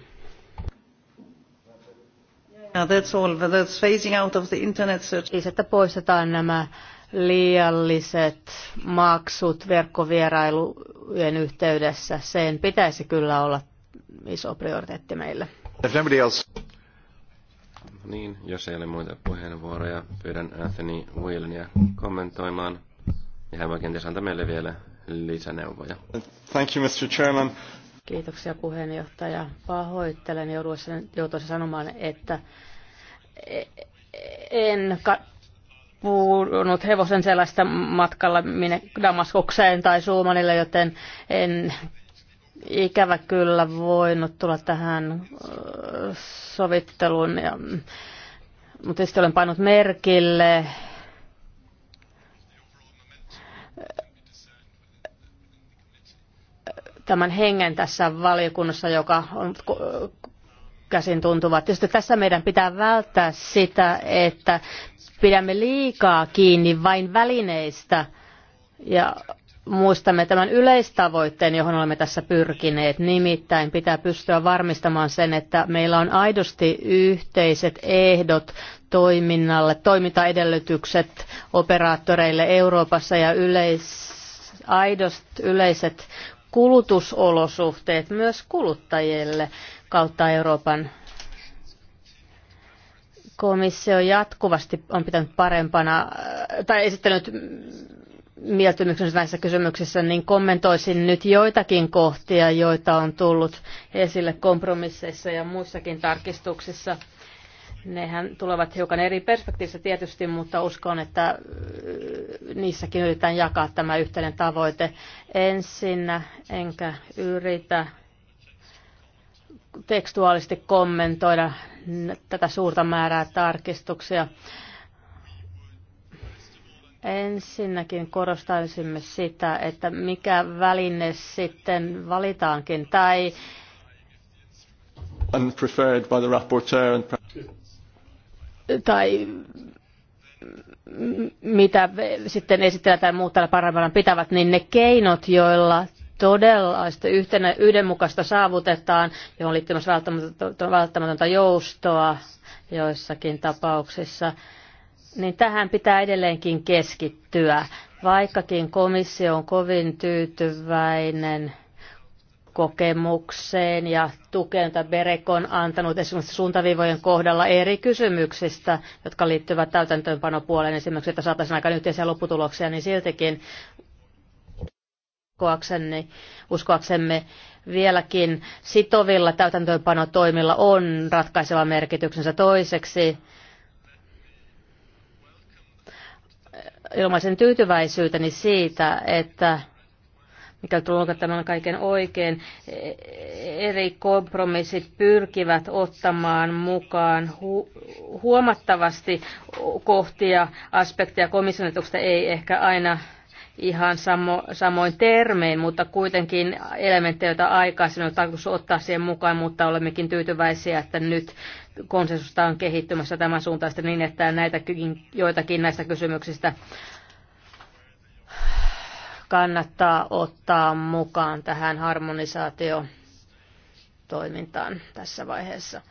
Siis, että poistetaan nämä liialliset maksut verkkovierailujen yhteydessä. Sen pitäisi kyllä olla iso prioriteetti meille. niin, jos ei ole muita puheenvuoroja, pyydän Anthony Wheelania kommentoimaan. Ja hän voi kenties antaa meille vielä lisäneuvoja. Thank you, Mr. Chairman. Kiitoksia puheenjohtaja. Pahoittelen joutuessa sanomaan, että e- en puhunut hevosen sellaista matkalla minne Damaskokseen tai Suomanille, joten en ikävä kyllä voinut tulla tähän sovitteluun. Ja, mutta sitten olen painut merkille tämän hengen tässä valiokunnassa, joka on käsin tuntuva. Tietysti tässä meidän pitää välttää sitä, että pidämme liikaa kiinni vain välineistä ja muistamme tämän yleistavoitteen, johon olemme tässä pyrkineet. Nimittäin pitää pystyä varmistamaan sen, että meillä on aidosti yhteiset ehdot toiminnalle, toimintaedellytykset operaattoreille Euroopassa ja yleis, aidost yleiset kulutusolosuhteet myös kuluttajille kautta Euroopan. Komissio jatkuvasti on pitänyt parempana äh, tai esittänyt mieltymyksensä näissä kysymyksissä, niin kommentoisin nyt joitakin kohtia, joita on tullut esille kompromisseissa ja muissakin tarkistuksissa. Nehän tulevat hiukan eri perspektiivissä tietysti, mutta uskon, että äh, niissäkin yritetään jakaa tämä yhteinen tavoite. Ensin enkä yritä tekstuaalisesti kommentoida tätä suurta määrää tarkistuksia. Ensinnäkin korostaisimme sitä, että mikä väline sitten valitaankin tai by the rapporteur and tai mitä sitten esittelijät tai muut täällä parhaimmillaan pitävät, niin ne keinot, joilla todella yhtenä, yhdenmukaista saavutetaan, johon liittyy myös välttämätöntä, välttämätöntä joustoa joissakin tapauksissa, niin tähän pitää edelleenkin keskittyä, vaikkakin komissio on kovin tyytyväinen – kokemukseen ja tukeen, jota Berek on antanut esimerkiksi suuntaviivojen kohdalla eri kysymyksistä, jotka liittyvät täytäntöönpanopuoleen esimerkiksi, että saataisiin aika yhteisiä lopputuloksia, niin siltikin uskoaksemme, uskoaksemme vieläkin sitovilla täytäntöönpanotoimilla on ratkaiseva merkityksensä toiseksi. Ilmaisen tyytyväisyyteni siitä, että mikäli tulkaa tämän kaiken oikein, eri kompromissit pyrkivät ottamaan mukaan hu- huomattavasti kohtia, aspekteja komission ei ehkä aina ihan samo, samoin termein, mutta kuitenkin elementtejä, joita aikaisemmin on tarkoitus ottaa siihen mukaan, mutta olemmekin tyytyväisiä, että nyt konsensusta on kehittymässä tämän suuntaista niin, että näitäkin, joitakin näistä kysymyksistä kannattaa ottaa mukaan tähän harmonisaatiotoimintaan tässä vaiheessa.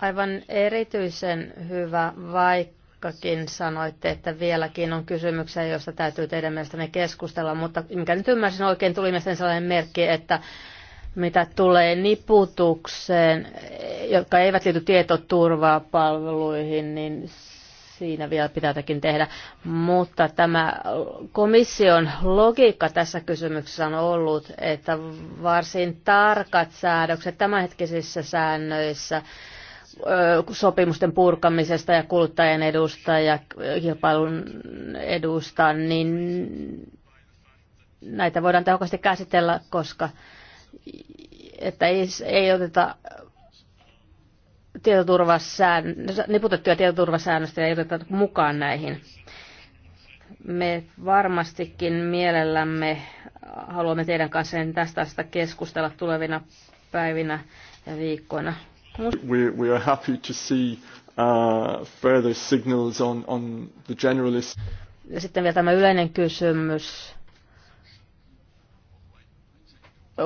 Aivan erityisen hyvä, vaikkakin sanoitte, että vieläkin on kysymyksiä, joista täytyy teidän mielestänne keskustella, mutta mikä nyt ymmärsin oikein, tuli mielestäni sellainen merkki, että mitä tulee niputukseen, jotka eivät liity tietoturvapalveluihin, niin siinä vielä pitää tehdä. Mutta tämä komission logiikka tässä kysymyksessä on ollut, että varsin tarkat säädökset tämänhetkisissä säännöissä sopimusten purkamisesta ja kuluttajien edusta ja kilpailun edusta, niin näitä voidaan tehokkaasti käsitellä, koska että ei, ei oteta tietoturvasään, niputettuja tietoturvasäännöstä ja oteta mukaan näihin. Me varmastikin mielellämme haluamme teidän kanssa niin tästä asiasta keskustella tulevina päivinä ja viikkoina. We, we are happy to see uh, further signals on, on the generalist. Ja sitten vielä tämä yleinen kysymys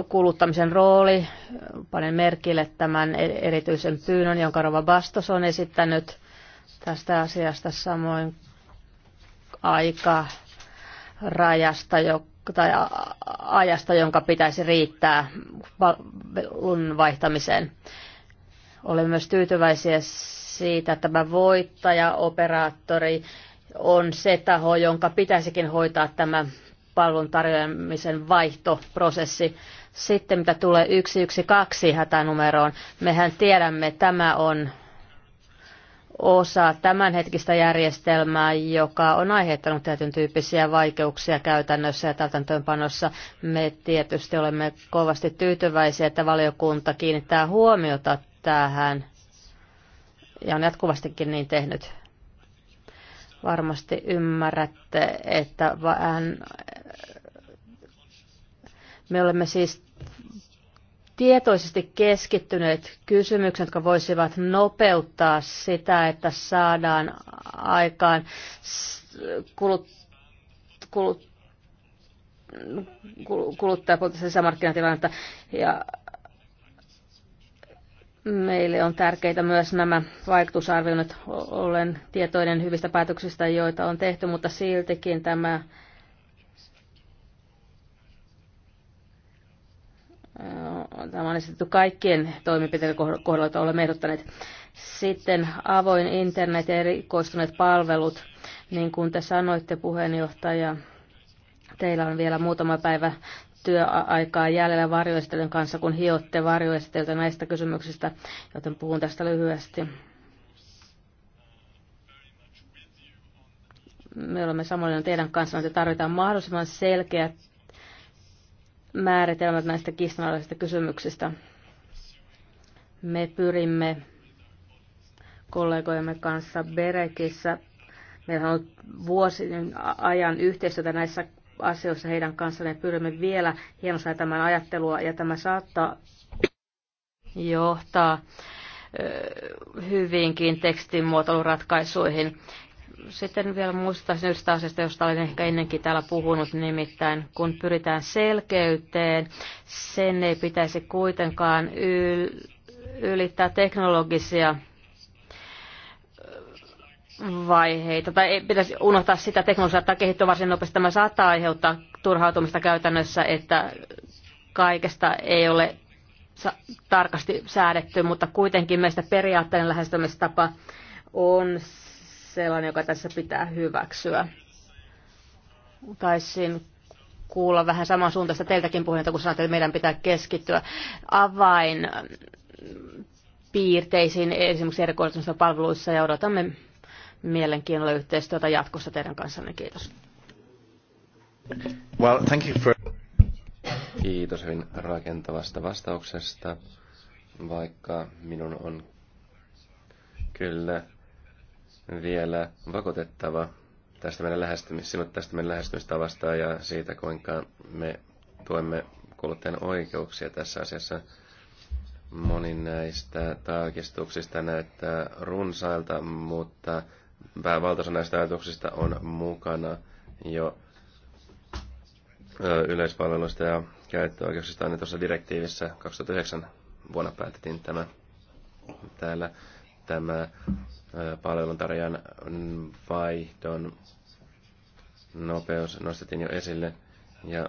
kuluttamisen rooli. Panen merkille tämän erityisen pyynnön, jonka Rova Bastos on esittänyt tästä asiasta samoin aika rajasta jo, tai ajasta, jonka pitäisi riittää palvelun vaihtamiseen. Olen myös tyytyväisiä siitä, että tämä voittaja-operaattori on se taho, jonka pitäisikin hoitaa tämä palvelun tarjoamisen vaihtoprosessi. Sitten mitä tulee 112 hätänumeroon, mehän tiedämme, että tämä on osa tämänhetkistä järjestelmää, joka on aiheuttanut tietyn tyyppisiä vaikeuksia käytännössä ja täytäntöönpanossa. Me tietysti olemme kovasti tyytyväisiä, että valiokunta kiinnittää huomiota tähän ja on jatkuvastikin niin tehnyt. Varmasti ymmärrätte, että vähän me olemme siis tietoisesti keskittyneet kysymykset, jotka voisivat nopeuttaa sitä, että saadaan aikaan kulut, kulut, kuluttajapuolta sisämarkkinatilannetta ja Meille on tärkeitä myös nämä vaikutusarvioinnit. Olen tietoinen hyvistä päätöksistä, joita on tehty, mutta siltikin tämä äh, Tämä on esitetty kaikkien toimenpiteiden kohdalla, joita olemme ehdottaneet. Sitten avoin internet ja erikoistuneet palvelut. Niin kuin te sanoitte, puheenjohtaja, teillä on vielä muutama päivä työaikaa jäljellä varjoistelun kanssa, kun hiotte varjoesteltä näistä kysymyksistä, joten puhun tästä lyhyesti. Me olemme samoin teidän kanssa, että tarvitaan mahdollisimman selkeät määritelmät näistä kiistanalaisista kysymyksistä. Me pyrimme kollegojemme kanssa Berekissä. Meillä on ollut vuosien ajan yhteistyötä näissä asioissa heidän kanssaan ja pyrimme vielä hienosäätämään ajattelua ja tämä saattaa johtaa hyvinkin tekstin muotoiluratkaisuihin. Sitten vielä muistaisin yhdestä asiasta, josta olen ehkä ennenkin täällä puhunut, nimittäin kun pyritään selkeyteen, sen ei pitäisi kuitenkaan ylittää teknologisia vaiheita, tai ei pitäisi unohtaa sitä, että teknologia varsin nopeasti. Tämä saattaa aiheuttaa turhautumista käytännössä, että kaikesta ei ole tarkasti säädetty, mutta kuitenkin meistä periaatteen lähestymistapa on sellainen, joka tässä pitää hyväksyä. Taisin kuulla vähän suuntaista teiltäkin puheenjohtaja, kun sanoitte, että meidän pitää keskittyä avain piirteisiin esimerkiksi erikoistumista palveluissa ja odotamme mielenkiinnolla yhteistyötä jatkossa teidän kanssanne. Kiitos. Well, thank you for... Kiitos hyvin rakentavasta vastauksesta, vaikka minun on kyllä vielä vakotettava tästä meidän, lähestymis, tästä meidän lähestymistavasta ja siitä, kuinka me tuemme kuluttajan oikeuksia tässä asiassa. Moni näistä tarkistuksista näyttää runsailta, mutta päävaltaosa näistä ajatuksista on mukana jo yleispalveluista ja käyttöoikeuksista annetussa direktiivissä 2009 vuonna päätettiin tämä täällä tämä palveluntarjan vaihdon nopeus nostettiin jo esille ja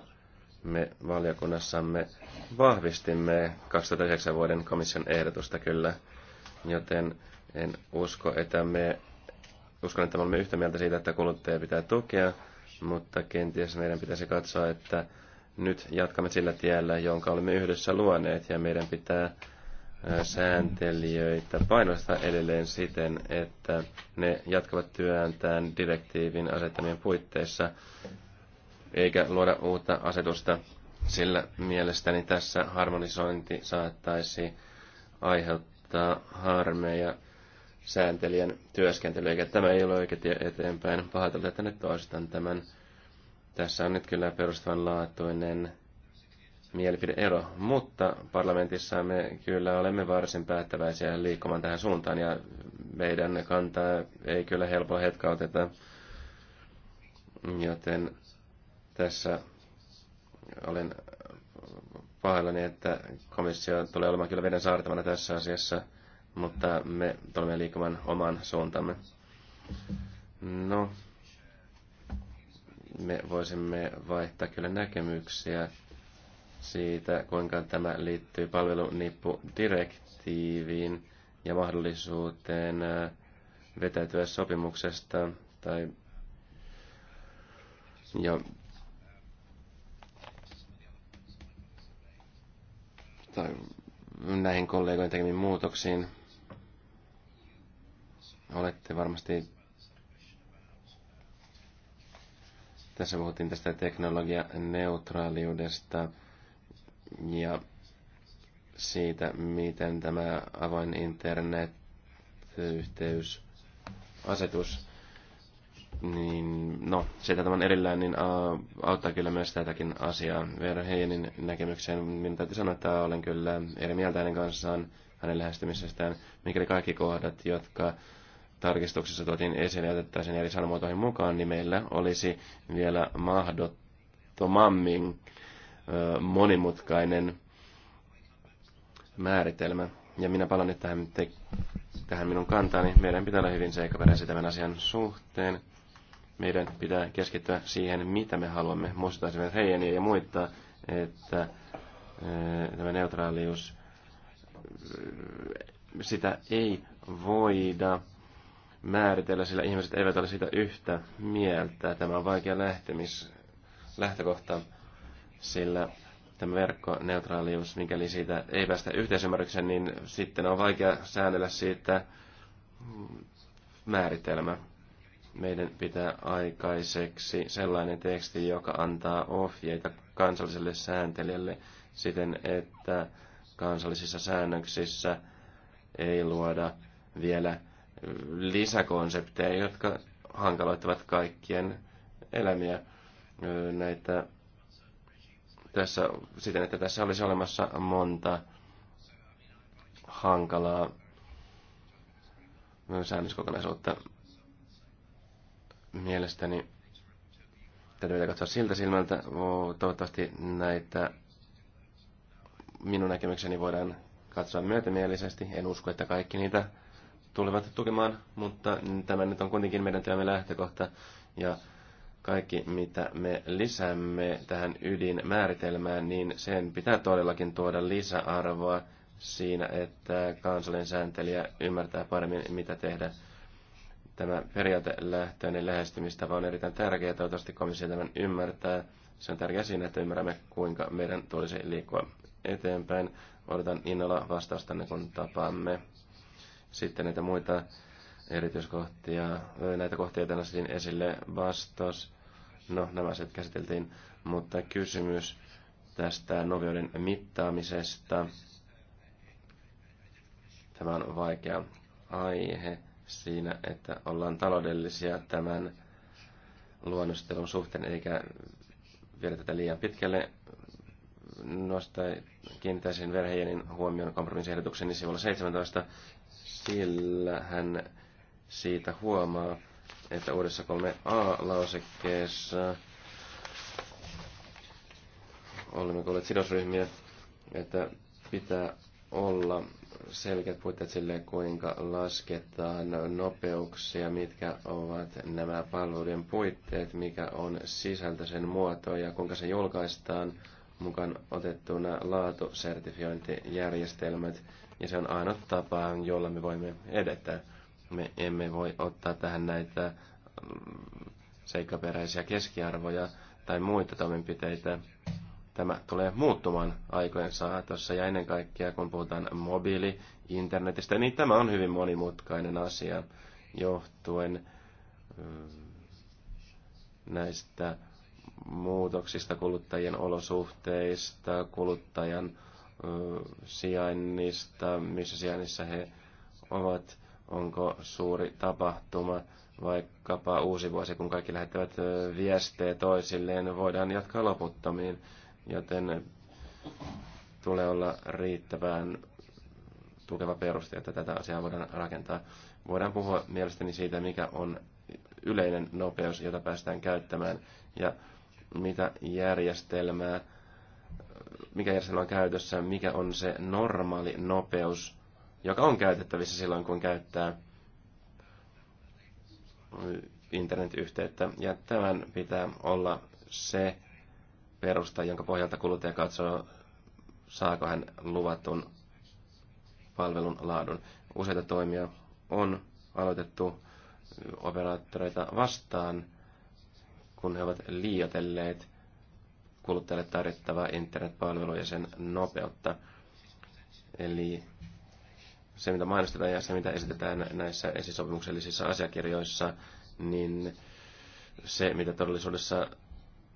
me valiokunnassamme vahvistimme 2009 vuoden komission ehdotusta kyllä, joten en usko, että me uskon, että me olemme yhtä mieltä siitä, että kuluttajia pitää tukea, mutta kenties meidän pitäisi katsoa, että nyt jatkamme sillä tiellä, jonka olemme yhdessä luoneet, ja meidän pitää sääntelijöitä painostaa edelleen siten, että ne jatkavat tämän direktiivin asettamien puitteissa, eikä luoda uutta asetusta, sillä mielestäni tässä harmonisointi saattaisi aiheuttaa harmeja sääntelijän työskentely, eikä tämä ei ole oikein tie eteenpäin. Pahoitella, että nyt toistan tämän. Tässä on nyt kyllä perustavanlaatuinen mielipideero, mutta parlamentissa me kyllä olemme varsin päättäväisiä liikkumaan tähän suuntaan ja meidän kantaa ei kyllä helpolla hetkauteta, joten tässä olen pahoillani, että komissio tulee olemaan kyllä veden saartamana tässä asiassa – mutta me tulemme liikkumaan oman suuntamme. No, me voisimme vaihtaa kyllä näkemyksiä siitä, kuinka tämä liittyy palvelunippudirektiiviin ja mahdollisuuteen äh, vetäytyä sopimuksesta tai ja tai näihin kollegojen tekemiin muutoksiin. Olette varmasti... Tässä puhuttiin tästä teknologianeutraaliudesta ja siitä, miten tämä avoin internet-yhteys asetus niin no, se tämän erillään niin uh, auttaa kyllä myös tätäkin asiaa. Vera Heinin näkemykseen minun täytyy sanoa, että olen kyllä eri mieltä hänen kanssaan, hänen lähestymisestään, mikäli kaikki kohdat, jotka tarkistuksessa tuotiin esille ja otettaisiin eri sanamuotoihin mukaan, niin meillä olisi vielä mahdottomammin monimutkainen määritelmä. Ja minä palaan nyt tähän, te, tähän minun kantaani. Meidän pitää olla hyvin seikkaperäisiä tämän asian suhteen. Meidän pitää keskittyä siihen, mitä me haluamme. Muistaisimme heijeniä ja muita, että tämä neutraalius, sitä ei voida määritellä, sillä ihmiset eivät ole sitä yhtä mieltä. Tämä on vaikea lähtemis, lähtökohta, sillä tämä verkkoneutraalius, mikäli siitä ei päästä yhteisymmärrykseen, niin sitten on vaikea säännellä siitä määritelmä. Meidän pitää aikaiseksi sellainen teksti, joka antaa ohjeita kansalliselle sääntelijälle siten, että kansallisissa säännöksissä ei luoda vielä lisäkonsepteja, jotka hankaloittavat kaikkien elämiä näitä tässä, siten, että tässä olisi olemassa monta hankalaa säännöskokonaisuutta. Mielestäni tätä pitää katsoa siltä silmältä. Toivottavasti näitä minun näkemykseni voidaan katsoa myötämielisesti. En usko, että kaikki niitä tulevat tukemaan, mutta tämä nyt on kuitenkin meidän työmme lähtökohta. Ja kaikki, mitä me lisäämme tähän ydinmääritelmään, niin sen pitää todellakin tuoda lisäarvoa siinä, että kansallinen sääntelijä ymmärtää paremmin, mitä tehdä. Tämä periaatelähtöinen lähestymistapa on erittäin tärkeä, toivottavasti komissio tämän ymmärtää. Se on tärkeää siinä, että ymmärrämme, kuinka meidän tulisi liikkua eteenpäin. Odotan innolla vastaustanne, kun tapaamme sitten niitä muita erityiskohtia, näitä kohtia nostin esille vastaus. No, nämä asiat käsiteltiin, mutta kysymys tästä novioiden mittaamisesta. Tämä on vaikea aihe siinä, että ollaan taloudellisia tämän luonnostelun suhteen, eikä viedä tätä liian pitkälle. Nostai, kiinnittäisin verheijänin huomioon kompromissiehdotukseni niin sivulla 17, sillä hän siitä huomaa, että uudessa 3a-lausekkeessa olemme kuulleet sidosryhmiä, että pitää olla selkeät puitteet sille, kuinka lasketaan nopeuksia, mitkä ovat nämä palveluiden puitteet, mikä on sisältö, sen muoto ja kuinka se julkaistaan mukaan otettuna laatusertifiointijärjestelmät, ja se on ainoa tapa, jolla me voimme edetä. Me emme voi ottaa tähän näitä mm, seikkaperäisiä keskiarvoja tai muita toimenpiteitä. Tämä tulee muuttumaan aikojen saatossa ja ennen kaikkea kun puhutaan mobiili, internetistä, niin tämä on hyvin monimutkainen asia johtuen mm, näistä muutoksista kuluttajien olosuhteista, kuluttajan sijainnista, missä sijainnissa he ovat, onko suuri tapahtuma, vaikkapa uusi vuosi, kun kaikki lähettävät viestejä toisilleen, voidaan jatkaa loputtomiin, joten tulee olla riittävän tukeva peruste, että tätä asiaa voidaan rakentaa. Voidaan puhua mielestäni siitä, mikä on yleinen nopeus, jota päästään käyttämään, ja mitä järjestelmää mikä järjestelmä on käytössä, mikä on se normaali nopeus, joka on käytettävissä silloin, kun käyttää internetyhteyttä. Ja tämän pitää olla se perusta, jonka pohjalta kuluttaja katsoo, saako hän luvatun palvelun laadun. Useita toimia on aloitettu operaattoreita vastaan, kun he ovat liiotelleet – kuluttajalle tarjottavaa internetpalvelua ja sen nopeutta. Eli se, mitä mainostetaan ja se, mitä esitetään näissä esisopimuksellisissa asiakirjoissa, niin se, mitä todellisuudessa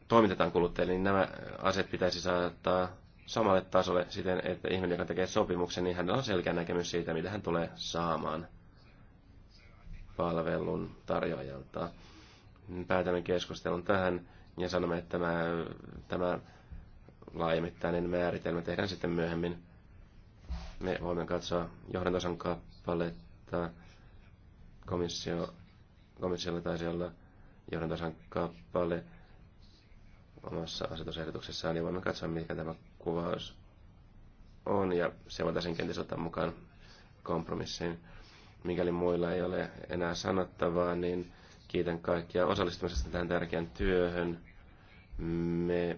toimitetaan kuluttajille, niin nämä asiat pitäisi saattaa samalle tasolle siten, että ihminen, joka tekee sopimuksen, niin hänellä on selkeä näkemys siitä, mitä hän tulee saamaan palvelun tarjoajalta. Päätämme keskustelun tähän ja sanomme, että tämä, tämä laajamittainen määritelmä tehdään sitten myöhemmin. Me voimme katsoa johdantosan kappaletta. Komissio, komissiolla taisi olla johdantosan kappale omassa asetusehdotuksessaan, niin voimme katsoa, mikä tämä kuvaus on, ja se voitaisiin kenties ottaa mukaan kompromissiin. Mikäli muilla ei ole enää sanottavaa, niin Kiitän kaikkia osallistumisesta tähän tärkeään työhön. Me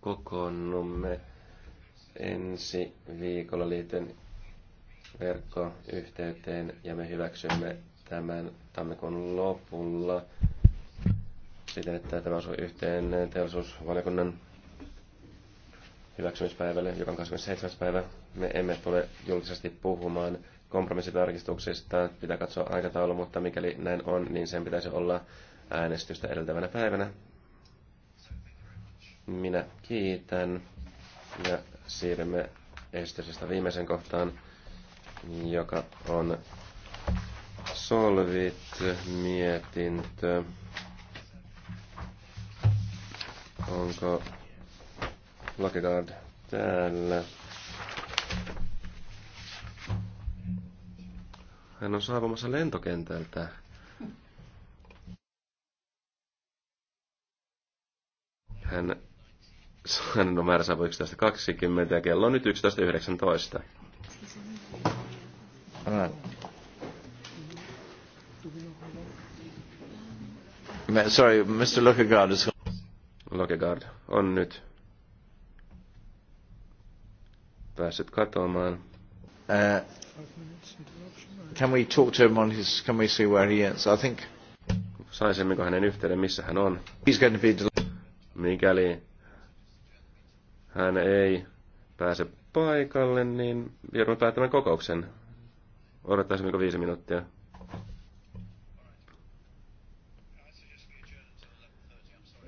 kokoonnumme ensi viikolla liittyen verkkoyhteyteen ja me hyväksymme tämän tammikuun lopulla siten, että tämä osuu yhteen teollisuusvaliokunnan hyväksymispäivälle, joka on 27. päivä. Me emme tule julkisesti puhumaan kompromissitarkistuksista pitää katsoa aikataulu, mutta mikäli näin on, niin sen pitäisi olla äänestystä edeltävänä päivänä. Minä kiitän ja siirrymme esityksestä viimeisen kohtaan, joka on Solvit-mietintö. Onko Lockegard täällä? Hän on saapumassa lentokentältä. Hän, hän on määrä saapu 11.20 ja kello on nyt 11.19. Sorry, Mr. Lokegaard is... Lokegaard on nyt päässyt katoamaan. Äh, can we talk to him on his, can we see where he is? I think... Saisimmeko hänen yhteyden, missä hän on? He's going to be... Mikäli hän ei pääse paikalle, niin joudumme päättämään kokouksen. Odottaisimmeko viisi minuuttia?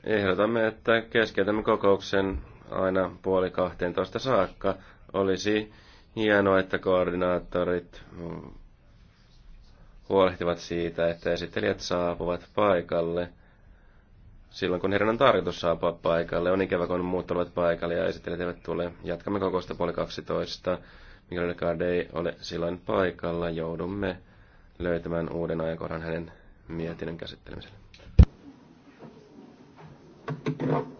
Ehdotamme, että keskeytämme kokouksen aina puoli 12 saakka. Olisi hienoa, että koordinaattorit huolehtivat siitä, että esittelijät saapuvat paikalle silloin, kun heidän on tarkoitus saapua paikalle. On ikävä, kun muut tulevat paikalle ja esittelijät eivät tule. Jatkamme kokousta puoli 12. Mikäli Ricard ei ole silloin paikalla, joudumme löytämään uuden ajankohdan hänen mietinnön käsittelemiselle. Thank you.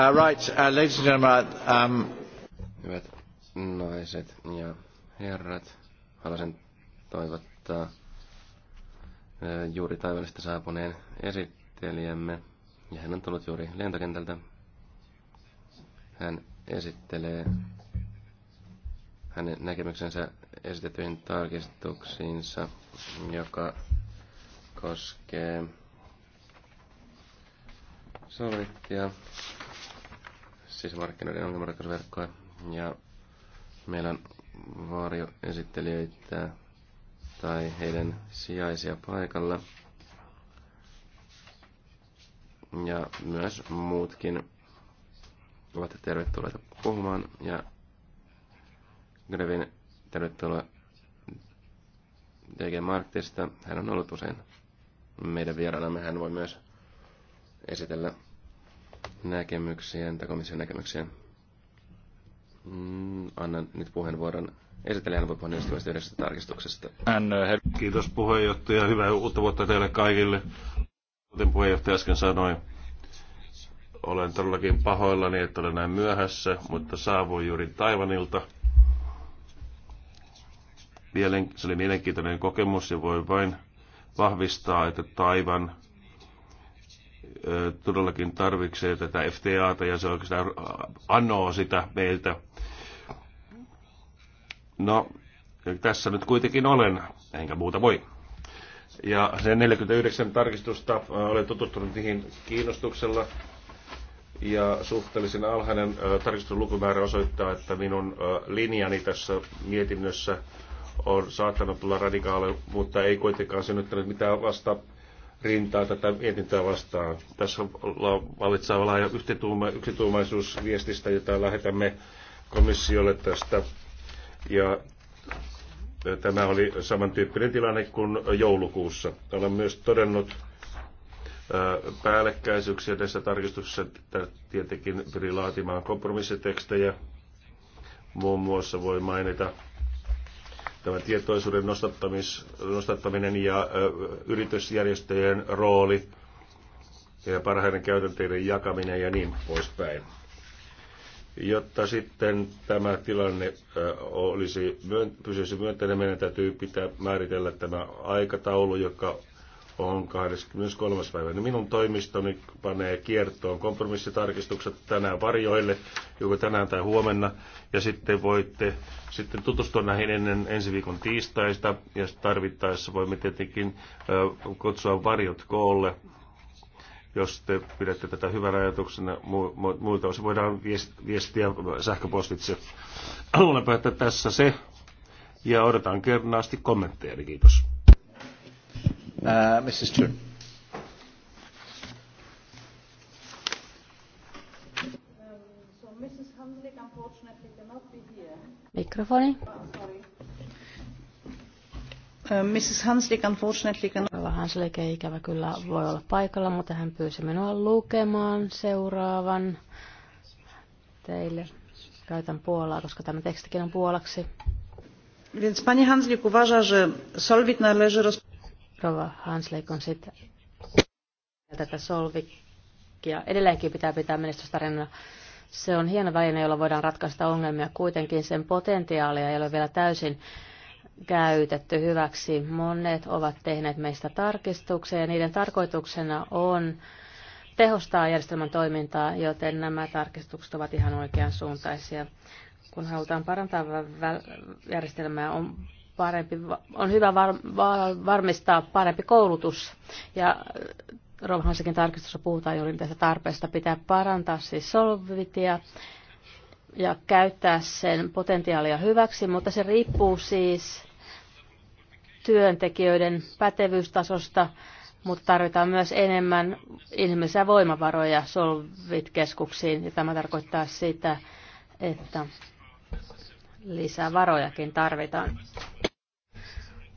Uh, right, uh, ladies and gentlemen, um... Hyvät naiset ja herrat, haluaisin toivottaa uh, juuri taivaallista saapuneen esittelijämme. Ja hän on tullut juuri lentokentältä. Hän esittelee hänen näkemyksensä esitettyihin tarkistuksiinsa, joka koskee solvittia sisämarkkinoiden ongelmanratkaisuverkkoja. Ja meillä on varjoesittelijöitä tai heidän sijaisia paikalla. Ja myös muutkin ovat tervetulleita puhumaan. Ja Grevin tervetuloa DG Marktista. Hän on ollut usein meidän vieraana. Hän voi myös esitellä näkemyksiä, tai komission näkemyksiä. Mm, annan nyt puheenvuoron Esittelijän voi puhua niistä yhdestä tarkistuksesta. Uh, Kiitos puheenjohtaja. Hyvää uutta vuotta teille kaikille. Kuten puheenjohtaja äsken sanoi, olen todellakin pahoillani, että olen näin myöhässä, mutta saavuin juuri Taivanilta. Se oli mielenkiintoinen kokemus ja voi vain vahvistaa, että Taivan todellakin tarvitsee tätä FTAta ja se oikeastaan anoo sitä meiltä. No, tässä nyt kuitenkin olen, enkä muuta voi. Ja se 49 tarkistusta olen tutustunut niihin kiinnostuksella. Ja suhteellisen alhainen tarkistuslukumäärä osoittaa, että minun linjani tässä mietinnössä on saattanut tulla radikaali, mutta ei kuitenkaan synnyttänyt mitään vasta rintaa tätä mietintöä vastaan. Tässä valitsava laaja yksituumaisuus yksituumaisuusviestistä, jota lähetämme komissiolle tästä. Ja tämä oli samantyyppinen tilanne kuin joulukuussa. Olen myös todennut äh, päällekkäisyyksiä tässä tarkistuksessa. Tietenkin pyrin laatimaan kompromissitekstejä. Muun muassa voi mainita tämä tietoisuuden nostattaminen ja yritysjärjestöjen rooli ja parhaiden käytänteiden jakaminen ja niin poispäin. Jotta sitten tämä tilanne olisi, pysyisi myönteinen, meidän täytyy pitää määritellä tämä aikataulu, joka on 23. päivä. Niin minun toimistoni panee kiertoon kompromissitarkistukset tänään varjoille, joko tänään tai huomenna. Ja sitten voitte sitten tutustua näihin ennen ensi viikon tiistaista. Ja tarvittaessa voimme tietenkin kutsua varjot koolle jos te pidätte tätä hyvänä ajatuksena muilta osin. Voidaan viestiä sähköpostitse. Luulenpa, että tässä se. Ja odotan kernaasti kommentteja. Kiitos. Uh, Mrs. Toon. Mikrofoni. Uh, Mrs. Hanslik, unfortunately, can... ei ikävä kyllä voi olla paikalla, mutta hän pyysi minua lukemaan seuraavan teille. Käytän puolaa, koska tämä tekstikin on puolaksi. Więc pani Hanslik uważa, że solvit należy roz... Rova Hanslik on sitten tätä solvikkia. Edelleenkin pitää pitää menestystarinana. Se on hieno väline, jolla voidaan ratkaista ongelmia. Kuitenkin sen potentiaalia ei ole vielä täysin käytetty hyväksi. Monet ovat tehneet meistä tarkistuksia ja niiden tarkoituksena on tehostaa järjestelmän toimintaa, joten nämä tarkistukset ovat ihan oikeansuuntaisia. Kun halutaan parantaa järjestelmää, on parempi, on hyvä var, var, varmistaa parempi koulutus. Ja äh, Rovhansikin tarkistuksessa puhutaan juuri tästä tarpeesta pitää parantaa siis solvitia ja käyttää sen potentiaalia hyväksi, mutta se riippuu siis työntekijöiden pätevyystasosta, mutta tarvitaan myös enemmän ihmisiä voimavaroja Solvit-keskuksiin, ja tämä tarkoittaa sitä, että lisää varojakin tarvitaan.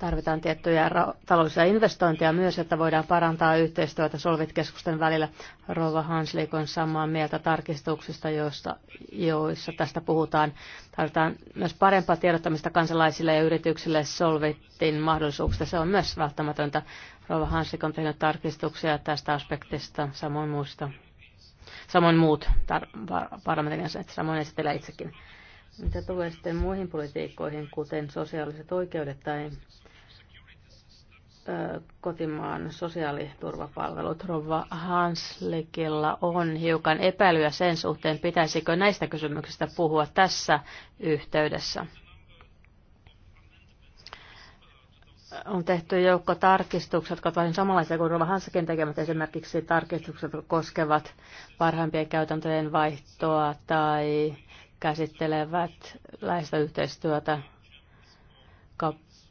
Tarvitaan tiettyjä taloudellisia investointeja myös, että voidaan parantaa yhteistyötä Solvit-keskusten välillä. Rova Hanslik on samaa mieltä tarkistuksista, joista, joissa tästä puhutaan. Tarvitaan myös parempaa tiedottamista kansalaisille ja yrityksille Solvitin mahdollisuuksista. Se on myös välttämätöntä. Rova Hanslik on tehnyt tarkistuksia tästä aspektista, samoin muista. Samoin muut tar- parlamentin jäsenet, samoin esitellään itsekin. Mitä tulee sitten muihin politiikkoihin, kuten sosiaaliset oikeudet tai kotimaan sosiaaliturvapalvelut. Rova Hanslikilla on hiukan epäilyä sen suhteen, pitäisikö näistä kysymyksistä puhua tässä yhteydessä. On tehty joukko tarkistukset, jotka ovat samanlaisia kuin Rova Hanslikin tekemät. Esimerkiksi tarkistukset jotka koskevat parhaimpien käytäntöjen vaihtoa tai käsittelevät läheistä yhteistyötä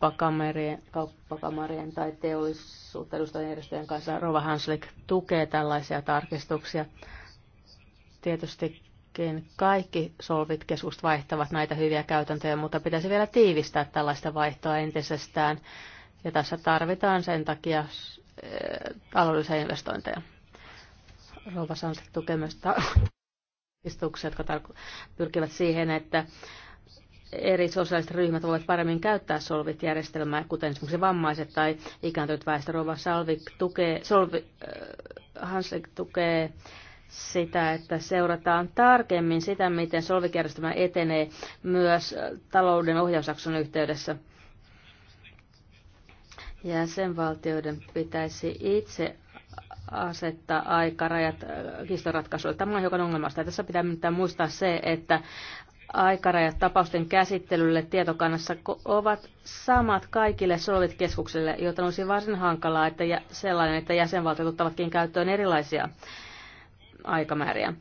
kauppakamarien, kauppakamarien tai teollisuutta edustajien järjestöjen kanssa. Rova Hanslik tukee tällaisia tarkistuksia. Tietystikin kaikki solvit keskust vaihtavat näitä hyviä käytäntöjä, mutta pitäisi vielä tiivistää tällaista vaihtoa entisestään. Ja tässä tarvitaan sen takia eh, taloudellisia investointeja. Rova Hanslik tukee myös tarkistuksia, jotka tarko- pyrkivät siihen, että eri sosiaaliset ryhmät voivat paremmin käyttää solvit-järjestelmää, kuten esimerkiksi vammaiset tai ikääntynyt väestö. Salvik tukee, Solvi, äh, Hanslik tukee sitä, että seurataan tarkemmin sitä, miten solvikjärjestelmä etenee myös äh, talouden ohjausakson yhteydessä. Jäsenvaltioiden pitäisi itse asettaa aikarajat äh, kistoratkaisuille. Tämä on hiukan ongelmasta. Tässä pitää muistaa se, että Aikarajat tapausten käsittelylle tietokannassa ovat samat kaikille solvit-keskuksille, joten olisi varsin hankalaa, että sellainen, että jäsenvaltiot ottavatkin käyttöön erilaisia aikamääriä.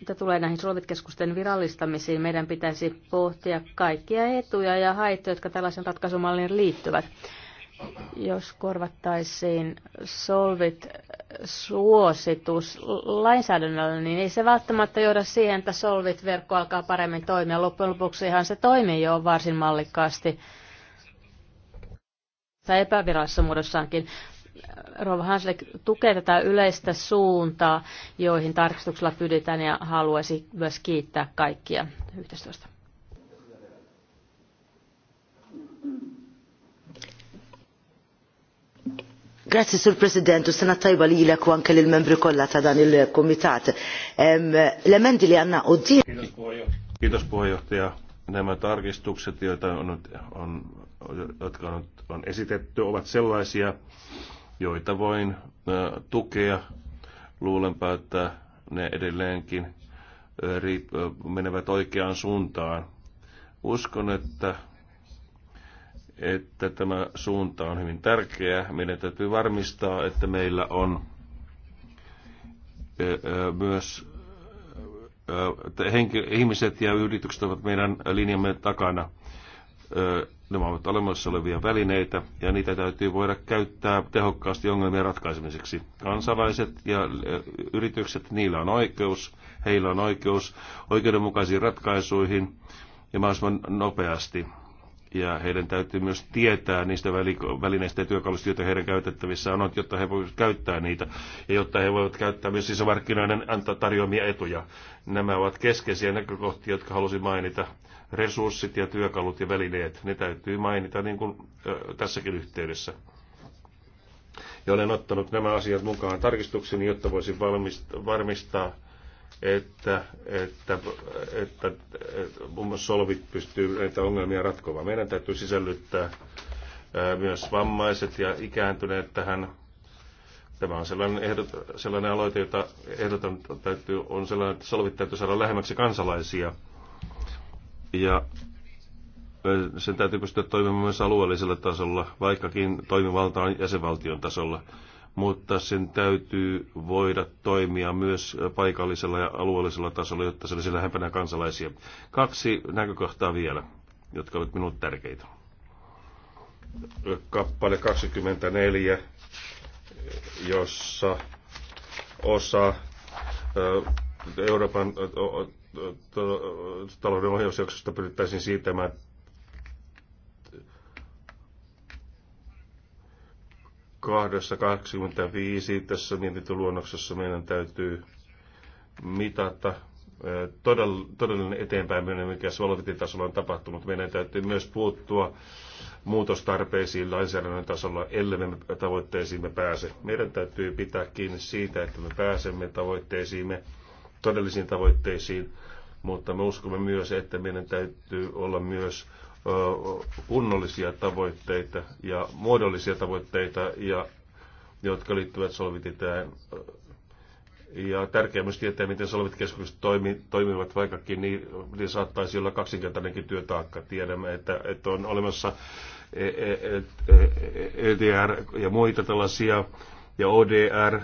Mitä tulee näihin solvitkeskusten virallistamisiin, meidän pitäisi pohtia kaikkia etuja ja haittoja, jotka tällaisen ratkaisumalliin liittyvät jos korvattaisiin solvit suositus lainsäädännöllä, niin ei se välttämättä johda siihen, että solvit verkko alkaa paremmin toimia. Loppujen lopuksi ihan se toimii jo varsin mallikkaasti tai epävirallisessa muodossaankin. Rova Hanslik tukee tätä yleistä suuntaa, joihin tarkistuksella pyydetään ja haluaisi myös kiittää kaikkia yhteistyöstä. Grazzi sur President u sena tajba li jilek u anke lill membri kollha ta' dan il-komitat. L-emendi li għanna u Kiitos puheenjohtaja. Nämä tarkistukset, joita on, on, jotka on, on esitetty, ovat sellaisia, joita voin ä, tukea. Luulenpa, että ne edelleenkin ä, menevät oikeaan suuntaan. Uskon, että että tämä suunta on hyvin tärkeä. Meidän täytyy varmistaa, että meillä on myös ihmiset ja yritykset ovat meidän linjamme takana. Nämä ovat olemassa olevia välineitä ja niitä täytyy voida käyttää tehokkaasti ongelmien ratkaisemiseksi. Kansalaiset ja yritykset, niillä on oikeus, heillä on oikeus oikeudenmukaisiin ratkaisuihin ja mahdollisimman nopeasti ja heidän täytyy myös tietää niistä välineistä ja työkaluista, joita heidän käytettävissä on, jotta he voivat käyttää niitä ja jotta he voivat käyttää myös sisämarkkinoiden antaa tarjoamia etuja. Nämä ovat keskeisiä näkökohtia, jotka halusin mainita. Resurssit ja työkalut ja välineet, ne täytyy mainita niin kuin tässäkin yhteydessä. Ja olen ottanut nämä asiat mukaan tarkistukseni, jotta voisin varmistaa että, että, että, että muun muassa solvit pystyy näitä ongelmia ratkomaan. Meidän täytyy sisällyttää myös vammaiset ja ikääntyneet tähän. Tämä on sellainen, ehdot, sellainen aloite, jota ehdotan, täytyy, on sellainen, että solvit täytyy saada lähemmäksi kansalaisia. Ja sen täytyy pystyä toimimaan myös alueellisella tasolla, vaikkakin toimivalta on jäsenvaltion tasolla mutta sen täytyy voida toimia myös paikallisella ja alueellisella tasolla, jotta se olisi lähempänä kansalaisia. Kaksi näkökohtaa vielä, jotka ovat minulle tärkeitä. Kappale 24, jossa osa Euroopan talouden ohjausjaksosta pyrittäisiin siirtämään Kohdassa 25 tässä mietintöluonnoksessa meidän täytyy mitata todellinen eteenpäin, mikä solvititasolla on tapahtunut. Meidän täytyy myös puuttua muutostarpeisiin lainsäädännön tasolla, ellei me tavoitteisiimme pääse. Meidän täytyy pitää kiinni siitä, että me pääsemme tavoitteisiimme, todellisiin tavoitteisiin, mutta me uskomme myös, että meidän täytyy olla myös kunnollisia tavoitteita ja muodollisia tavoitteita, ja, jotka liittyvät solvititään. Ja tärkeää myös tietää, miten solvitkeskukset toimi, toimivat, vaikkakin niin, niin saattaisi olla kaksinkertainenkin työtaakka. Tiedämme, että, että on olemassa EDR e, e, e, ja muita tällaisia, ja ODR,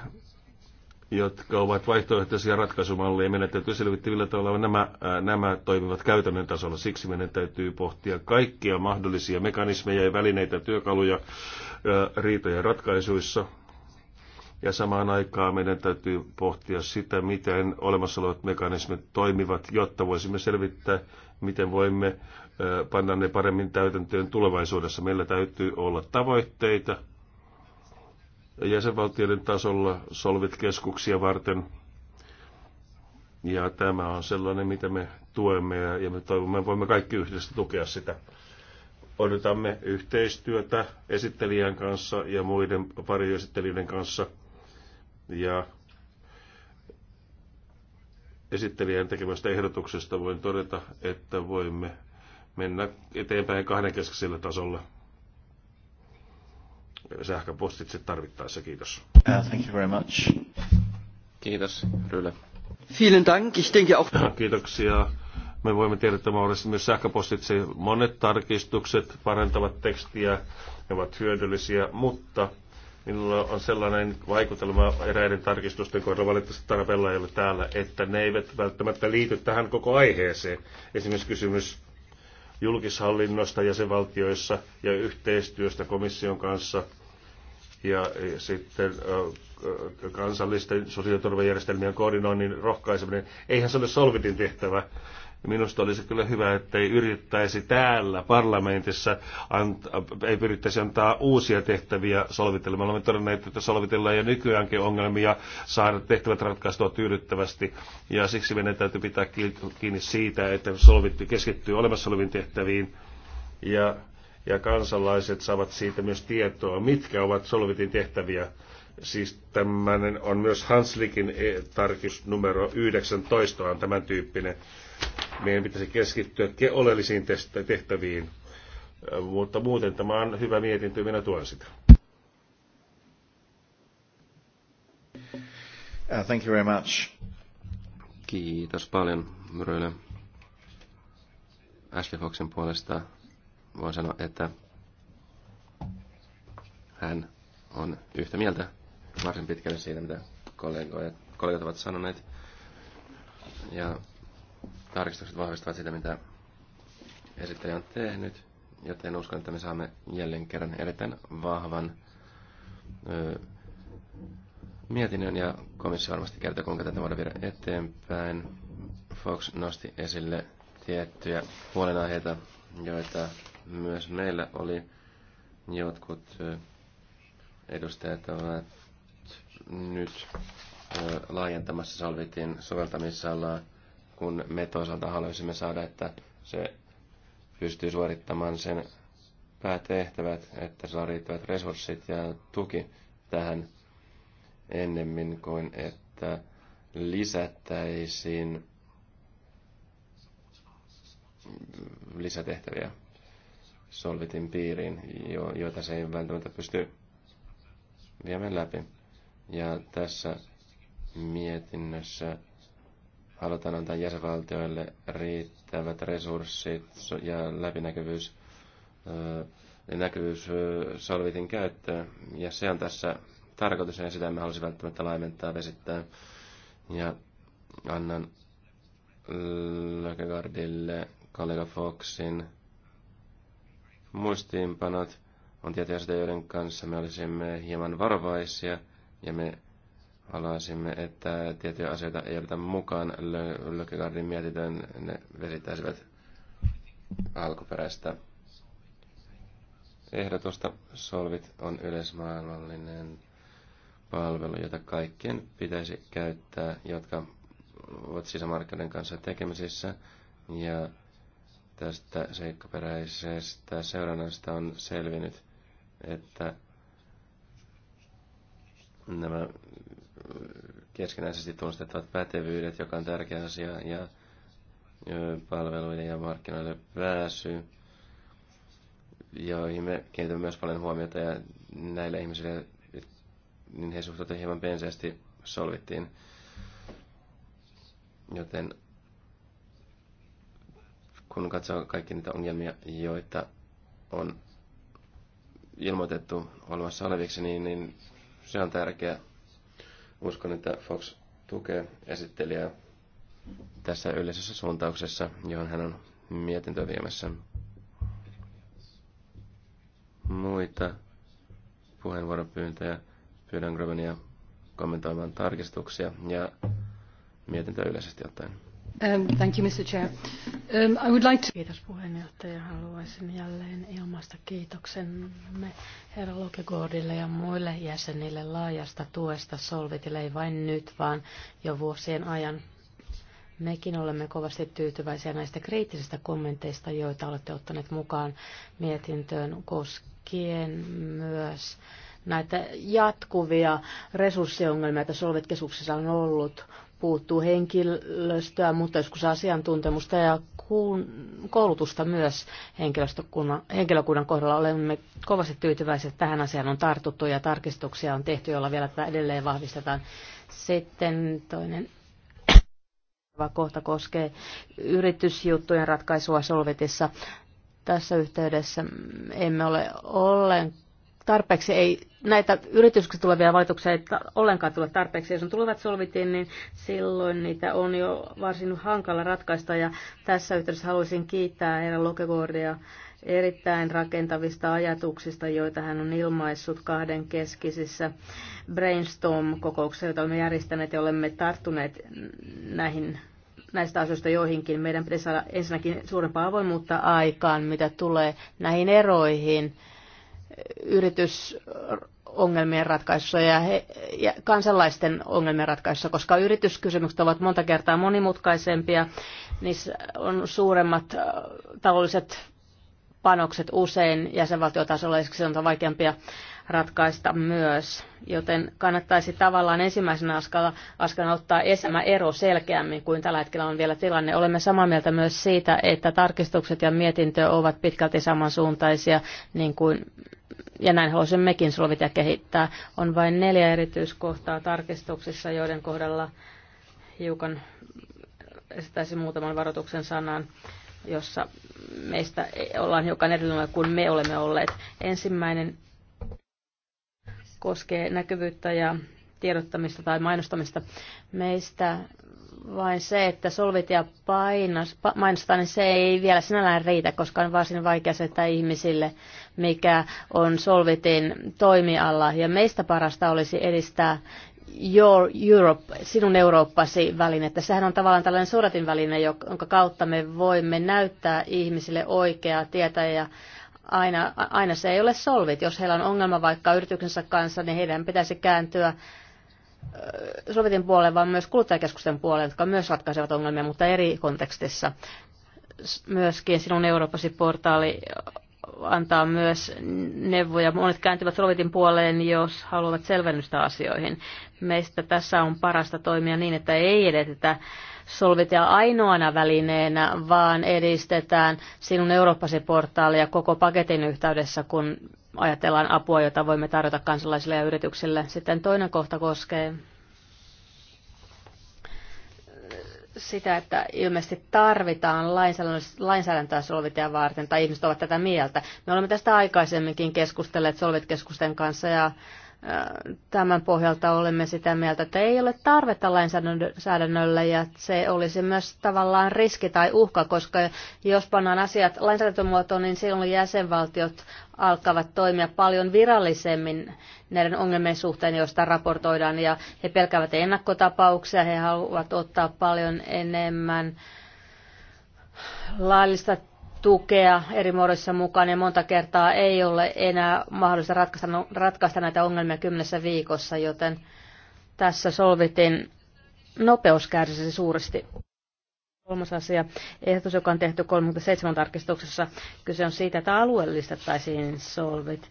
jotka ovat vaihtoehtoisia ratkaisumalleja. Meidän täytyy selvittää, millä tavalla nämä, nämä toimivat käytännön tasolla. Siksi meidän täytyy pohtia kaikkia mahdollisia mekanismeja ja välineitä, työkaluja riitojen ratkaisuissa. Ja samaan aikaan meidän täytyy pohtia sitä, miten olemassa olevat mekanismit toimivat, jotta voisimme selvittää, miten voimme panna ne paremmin täytäntöön tulevaisuudessa. Meillä täytyy olla tavoitteita, jäsenvaltioiden tasolla solvitkeskuksia varten. Ja tämä on sellainen, mitä me tuemme ja me toivomme, että voimme kaikki yhdessä tukea sitä. Odotamme yhteistyötä esittelijän kanssa ja muiden pariesittelijöiden kanssa. Ja esittelijän tekemästä ehdotuksesta voin todeta, että voimme mennä eteenpäin kahdenkeskisellä tasolla sähköpostitse tarvittaessa. Kiitos. Uh, thank you very much. Kiitos, Ryle. Vielen Dank. Ich denke auch... Kiitoksia. Me voimme että mahdollisesti myös sähköpostitse. Monet tarkistukset parantavat tekstiä, ne ovat hyödyllisiä, mutta minulla on sellainen vaikutelma eräiden tarkistusten kohdalla, valitettavasti tarpeella ei ole täällä, että ne eivät välttämättä liity tähän koko aiheeseen. Esimerkiksi kysymys julkishallinnosta jäsenvaltioissa ja yhteistyöstä komission kanssa – ja sitten kansallisten sosiaaliturvajärjestelmien koordinoinnin rohkaiseminen. Eihän se ole Solvitin tehtävä. Minusta olisi kyllä hyvä, että ei yrittäisi täällä parlamentissa, antaa, ei pyrittäisi antaa uusia tehtäviä Solvitille. Me olemme todenneet, että Solvitilla jo nykyäänkin ongelmia saada tehtävät ratkaistua tyydyttävästi. Ja siksi meidän täytyy pitää kiinni siitä, että Solvitti keskittyy olemassa oleviin tehtäviin. Ja ja kansalaiset saavat siitä myös tietoa, mitkä ovat Solvitin tehtäviä. Siis tämmöinen on myös Hanslikin tarkistus numero 19 on tämän tyyppinen. Meidän pitäisi keskittyä oleellisiin tehtäviin, mutta muuten tämä on hyvä mietintö, minä tuen sitä. Uh, thank you very much. Kiitos paljon, Myröille. Ashley Foxin puolesta voin sanoa, että hän on yhtä mieltä varsin pitkälle siitä, mitä kollegoja, kollegat ovat sanoneet. Ja tarkistukset vahvistavat sitä, mitä esittäjä on tehnyt, joten uskon, että me saamme jälleen kerran erittäin vahvan ö, mietinnön ja komissio varmasti kertoo, kuinka tätä voidaan viedä eteenpäin. Fox nosti esille tiettyjä huolenaiheita, joita myös meillä oli jotkut edustajat ovat nyt laajentamassa salvitin soveltamisalaa, kun me toisaalta haluaisimme saada, että se pystyy suorittamaan sen päätehtävät, että saa riittävät resurssit ja tuki tähän ennemmin kuin että lisättäisiin lisätehtäviä solvitin piiriin, jo, joita se ei välttämättä pysty viemään läpi. Ja tässä mietinnössä halutaan antaa jäsenvaltioille riittävät resurssit ja läpinäkyvyys näkyvyys solvitin käyttöön. Ja se on tässä tarkoitus, ja sitä emme halusi välttämättä laimentaa, vesittää. Ja annan Lökegardille kollega Foxin muistiinpanot on tietysti joiden kanssa me olisimme hieman varovaisia ja me haluaisimme, että tiettyjä asioita ei oteta mukaan. Lökkegardin mietitön ne vesittäisivät alkuperäistä ehdotusta. Solvit on yleismaailmallinen palvelu, jota kaikkien pitäisi käyttää, jotka ovat sisämarkkinoiden kanssa tekemisissä. Ja tästä seikkaperäisestä seurannasta on selvinnyt, että nämä keskinäisesti tunnistettavat pätevyydet, joka on tärkeä asia, ja palveluiden ja markkinoille pääsy, joihin me kiinnitämme myös paljon huomiota, ja näille ihmisille niin he suhtautuivat hieman penseästi solvittiin. Joten kun katsoo kaikki niitä ongelmia, joita on ilmoitettu olemassa oleviksi, niin, niin se on tärkeää. Uskon, että Fox tukee esittelijää tässä yleisessä suuntauksessa, johon hän on mietintöä viemässä. Muita puheenvuoropyyntöjä pyydän Grovenia kommentoimaan tarkistuksia ja mietintöä yleisesti ottaen. Um, thank um, Kiitos puheenjohtaja. Haluaisin jälleen ilmaista kiitoksemme herra Lokegordille ja muille jäsenille laajasta tuesta Solvitille, ei vain nyt, vaan jo vuosien ajan. Mekin olemme kovasti tyytyväisiä näistä kriittisistä kommenteista, joita olette ottaneet mukaan mietintöön koskien myös näitä jatkuvia resurssiongelmia, joita Solvit-keskuksessa on ollut puuttuu henkilöstöä, mutta joskus asiantuntemusta ja koulutusta myös henkilökunnan kohdalla. Olemme kovasti tyytyväisiä, että tähän asiaan on tartuttu ja tarkistuksia on tehty, joilla vielä tätä edelleen vahvistetaan. Sitten toinen kohta koskee yritysjuttujen ratkaisua Solvetissa. Tässä yhteydessä emme ole ollenkaan tarpeeksi ei, näitä yrityksistä tulevia valituksia ei ollenkaan tule tarpeeksi. Jos on tulevat solvitiin, niin silloin niitä on jo varsin hankala ratkaista. Ja tässä yhteydessä haluaisin kiittää herra Lokegoordia erittäin rakentavista ajatuksista, joita hän on ilmaissut kahden keskisissä brainstorm-kokouksissa, joita olemme järjestäneet ja olemme tarttuneet näihin näistä asioista joihinkin. Meidän pitäisi saada ensinnäkin suurempaa avoimuutta aikaan, mitä tulee näihin eroihin – yritysongelmien ratkaisussa ja, he, ja kansalaisten ongelmien ratkaisussa, koska yrityskysymykset ovat monta kertaa monimutkaisempia, niissä on suuremmat äh, taloudelliset panokset usein jäsenvaltiotasolla, ja se on vaikeampia ratkaista myös. Joten kannattaisi tavallaan ensimmäisenä askalla, askalla ottaa esimä ero selkeämmin kuin tällä hetkellä on vielä tilanne. Olemme samaa mieltä myös siitä, että tarkistukset ja mietintö ovat pitkälti samansuuntaisia, niin kuin ja näin haluaisimmekin solvita ja kehittää. On vain neljä erityiskohtaa tarkistuksissa, joiden kohdalla hiukan esittäisin muutaman varoituksen sanan, jossa meistä ollaan hiukan erilainen kuin me olemme olleet. Ensimmäinen koskee näkyvyyttä ja tiedottamista tai mainostamista. Meistä vain se, että solvit ja painos, mainostaa, niin se ei vielä sinällään riitä, koska on varsin vaikea että ihmisille, mikä on Solvitin toimialla. Ja meistä parasta olisi edistää Your Europe, sinun Eurooppasi välinettä. Sehän on tavallaan tällainen suratin väline, jonka kautta me voimme näyttää ihmisille oikeaa tietä ja aina, aina se ei ole solvit. Jos heillä on ongelma vaikka yrityksensä kanssa, niin heidän pitäisi kääntyä solvitin puoleen, vaan myös kuluttajakeskusten puoleen, jotka myös ratkaisevat ongelmia, mutta eri kontekstissa. Myöskin sinun Euroopasi-portaali antaa myös neuvoja. Monet kääntyvät Rovitin puoleen, jos haluavat selvennystä asioihin. Meistä tässä on parasta toimia niin, että ei edetetä solvitia ainoana välineenä, vaan edistetään sinun Eurooppasi portaalia koko paketin yhteydessä, kun ajatellaan apua, jota voimme tarjota kansalaisille ja yrityksille. Sitten toinen kohta koskee sitä, että ilmeisesti tarvitaan lainsäädäntöä solvitia varten, tai ihmiset ovat tätä mieltä. Me olemme tästä aikaisemminkin keskustelleet solvitkeskusten kanssa, ja tämän pohjalta olemme sitä mieltä, että ei ole tarvetta lainsäädännölle ja se olisi myös tavallaan riski tai uhka, koska jos pannaan asiat lainsäädäntömuotoon, niin silloin jäsenvaltiot alkavat toimia paljon virallisemmin näiden ongelmien suhteen, joista raportoidaan ja he pelkäävät ennakkotapauksia, he haluavat ottaa paljon enemmän laillista tukea eri muodoissa mukaan ja monta kertaa ei ole enää mahdollista ratkaista, no- ratkaista näitä ongelmia kymmenessä viikossa, joten tässä solvitin nopeus kärsisi suuresti. Kolmas asia, ehdotus, joka on tehty 37 tarkistuksessa, kyse on siitä, että alueellistettaisiin solvit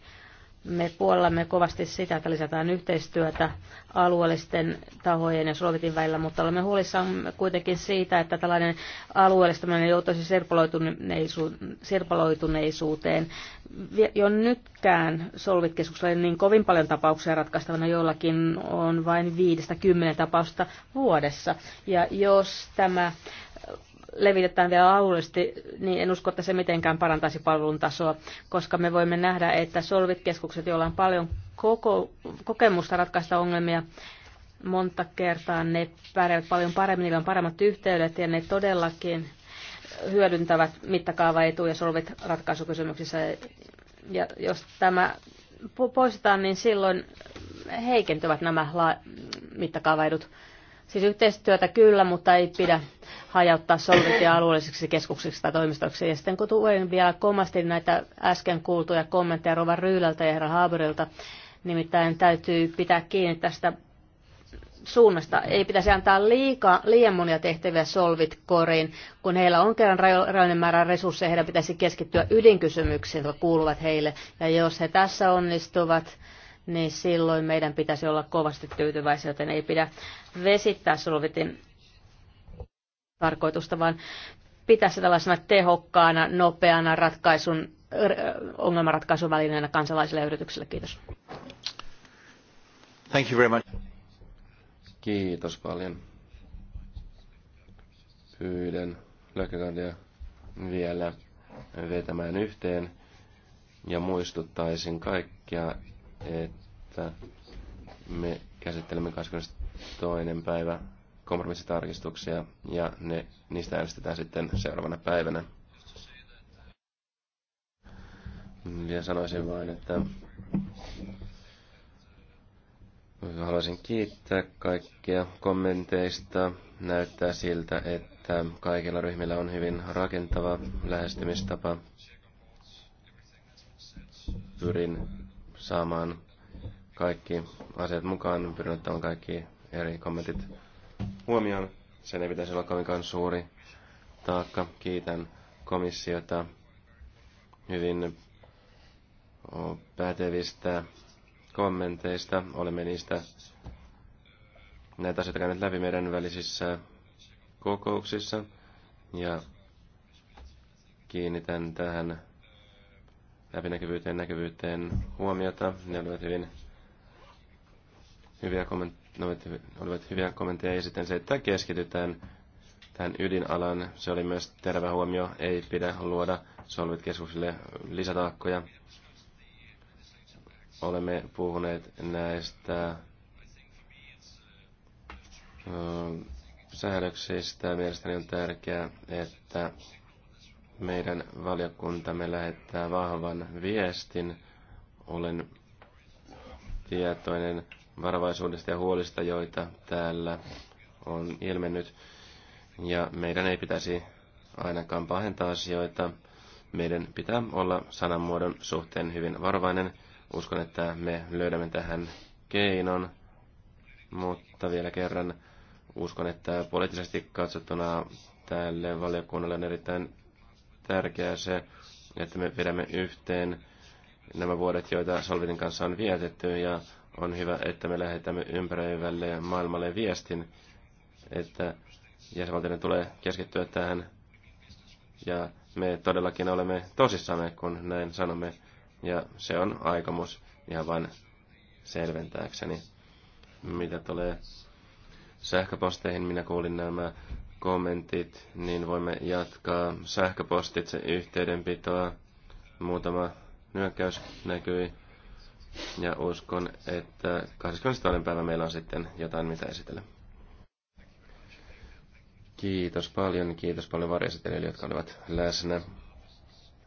me puolellamme kovasti sitä, että lisätään yhteistyötä alueellisten tahojen ja Solvitin välillä, mutta olemme huolissamme kuitenkin siitä, että tällainen alueellistaminen joutuisi sirpaloituneisuuteen. Jo nytkään Solvit-keskuksella ei niin kovin paljon tapauksia ratkaistavana, joillakin on vain viidestä kymmenen tapausta vuodessa. Ja jos tämä levitetään vielä alueellisesti, niin en usko, että se mitenkään parantaisi palvelun tasoa, koska me voimme nähdä, että solvitkeskukset, joilla on paljon koko, kokemusta ratkaista ongelmia, monta kertaa ne pärjäävät paljon paremmin, niillä on paremmat yhteydet ja ne todellakin hyödyntävät mittakaavaetuja solvit ratkaisukysymyksissä. Ja jos tämä poistetaan, niin silloin heikentyvät nämä mittakaavaedut. Siis yhteistyötä kyllä, mutta ei pidä hajauttaa solvitia alueellisiksi keskuksiksi tai toimistoksi. Ja sitten kun tuen vielä komasti näitä äsken kuultuja kommentteja Rovan Ryylältä ja Herra Haaberilta, nimittäin täytyy pitää kiinni tästä suunnasta. Ei pitäisi antaa liika, liian monia tehtäviä solvit koriin. Kun heillä on kerran rajallinen määrä resursseja, heidän pitäisi keskittyä ydinkysymyksiin, jotka kuuluvat heille. Ja jos he tässä onnistuvat, niin silloin meidän pitäisi olla kovasti tyytyväisiä, joten ei pidä vesittää solvitin tarkoitusta, vaan pitää se tällaisena tehokkaana, nopeana ratkaisun, ongelmanratkaisuvälineenä kansalaisille ja yrityksille. Kiitos. Thank you very much. Kiitos paljon. Pyydän Lökkäkandia vielä vetämään yhteen ja muistuttaisin kaikkia, että me käsittelemme 22. päivä kompromissitarkistuksia ja ne, niistä äänestetään sitten seuraavana päivänä. Ja sanoisin vain, että haluaisin kiittää kaikkia kommenteista. Näyttää siltä, että kaikilla ryhmillä on hyvin rakentava lähestymistapa. Pyrin saamaan kaikki asiat mukaan, pyrin ottamaan kaikki eri kommentit huomioon. Sen ei pitäisi olla kovinkaan suuri taakka. Kiitän komissiota hyvin pätevistä kommenteista. Olemme niistä näitä asioita käyneet läpi meidän välisissä kokouksissa. Ja kiinnitän tähän läpinäkyvyyteen, näkyvyyteen huomiota. Ne olivat hyvin hyviä komment- olivat, olivat hyviä kommentteja ja sitten se, että keskitytään tähän ydinalan. Se oli myös terve huomio, ei pidä luoda solvit keskuksille lisätaakkoja. Olemme puhuneet näistä säädöksistä. Mielestäni on tärkeää, että meidän valiokuntamme lähettää vahvan viestin. Olen tietoinen varovaisuudesta ja huolista, joita täällä on ilmennyt. Ja meidän ei pitäisi ainakaan pahentaa asioita. Meidän pitää olla sananmuodon suhteen hyvin varovainen. Uskon, että me löydämme tähän keinon, mutta vielä kerran uskon, että poliittisesti katsottuna tälle valiokunnalle on erittäin tärkeää se, että me vedämme yhteen nämä vuodet, joita Solvitin kanssa on vietetty, ja on hyvä, että me lähetämme ympäröivälle maailmalle viestin, että jäsenvaltioiden tulee keskittyä tähän, ja me todellakin olemme tosissamme, kun näin sanomme, ja se on aikomus ihan vain selventääkseni, mitä tulee sähköposteihin. Minä kuulin nämä kommentit, niin voimme jatkaa sähköpostitse yhteydenpitoa. Muutama nyökkäys näkyi. Ja uskon, että 22. päivä meillä on sitten jotain, mitä esitellä. Kiitos paljon, kiitos paljon varjesitelijöille, jotka olivat läsnä.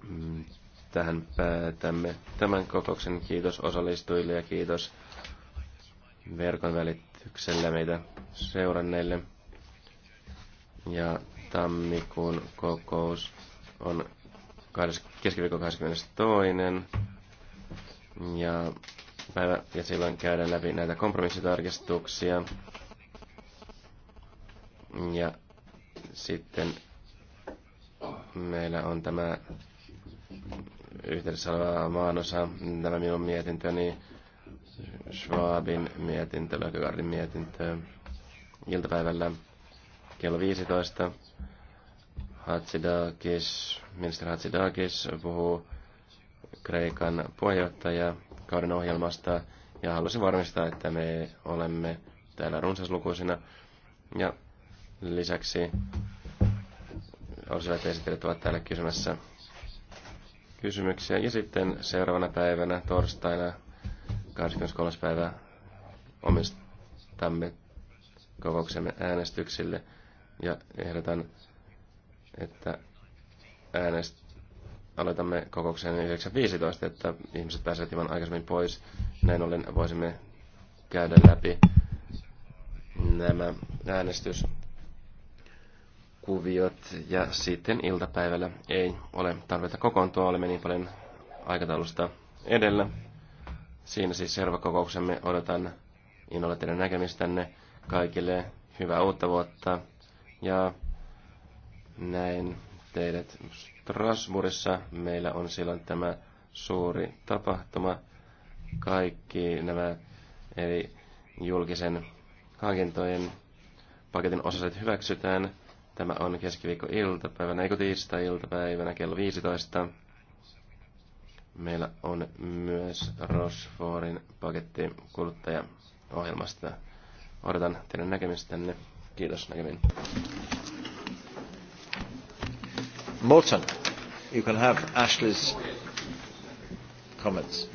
Mm, tähän päätämme tämän kokouksen. Kiitos osallistujille ja kiitos verkon välityksellä meitä seuranneille ja tammikuun kokous on keskiviikko 22. Ja, päivä, ja silloin käydään läpi näitä kompromissitarkistuksia. Ja sitten meillä on tämä yhteydessä oleva maanosa, tämä minun mietintöni, Schwabin mietintö, Lökegardin mietintö iltapäivällä kello 15. Hatsidakis, ministeri Hatsidakis puhuu Kreikan puheenjohtaja kauden ohjelmasta ja halusin varmistaa, että me olemme täällä runsaslukuisina. Ja lisäksi olisivat esittelijät ovat täällä kysymässä kysymyksiä. Ja sitten seuraavana päivänä, torstaina 23. päivä, omistamme kokouksemme äänestyksille – ja ehdotan, että äänest... aloitamme kokoukseen 9.15, että ihmiset pääsevät hieman aikaisemmin pois. Näin ollen voisimme käydä läpi nämä äänestyskuviot ja sitten iltapäivällä ei ole tarvetta kokoontua, olemme niin paljon aikataulusta edellä. Siinä siis seuraava kokouksemme odotan innolla teidän näkemistänne kaikille. Hyvää uutta vuotta! ja näin teidät Strasbourgissa. Meillä on silloin tämä suuri tapahtuma. Kaikki nämä eli julkisen hankintojen paketin osaset hyväksytään. Tämä on keskiviikko-iltapäivänä, eikö tiistai-iltapäivänä kello 15. Meillä on myös Rosforin paketti kuluttajaohjelmasta. Odotan teidän näkemistänne. Kiitos näkemiin. Morton, you can have Ashley's comments.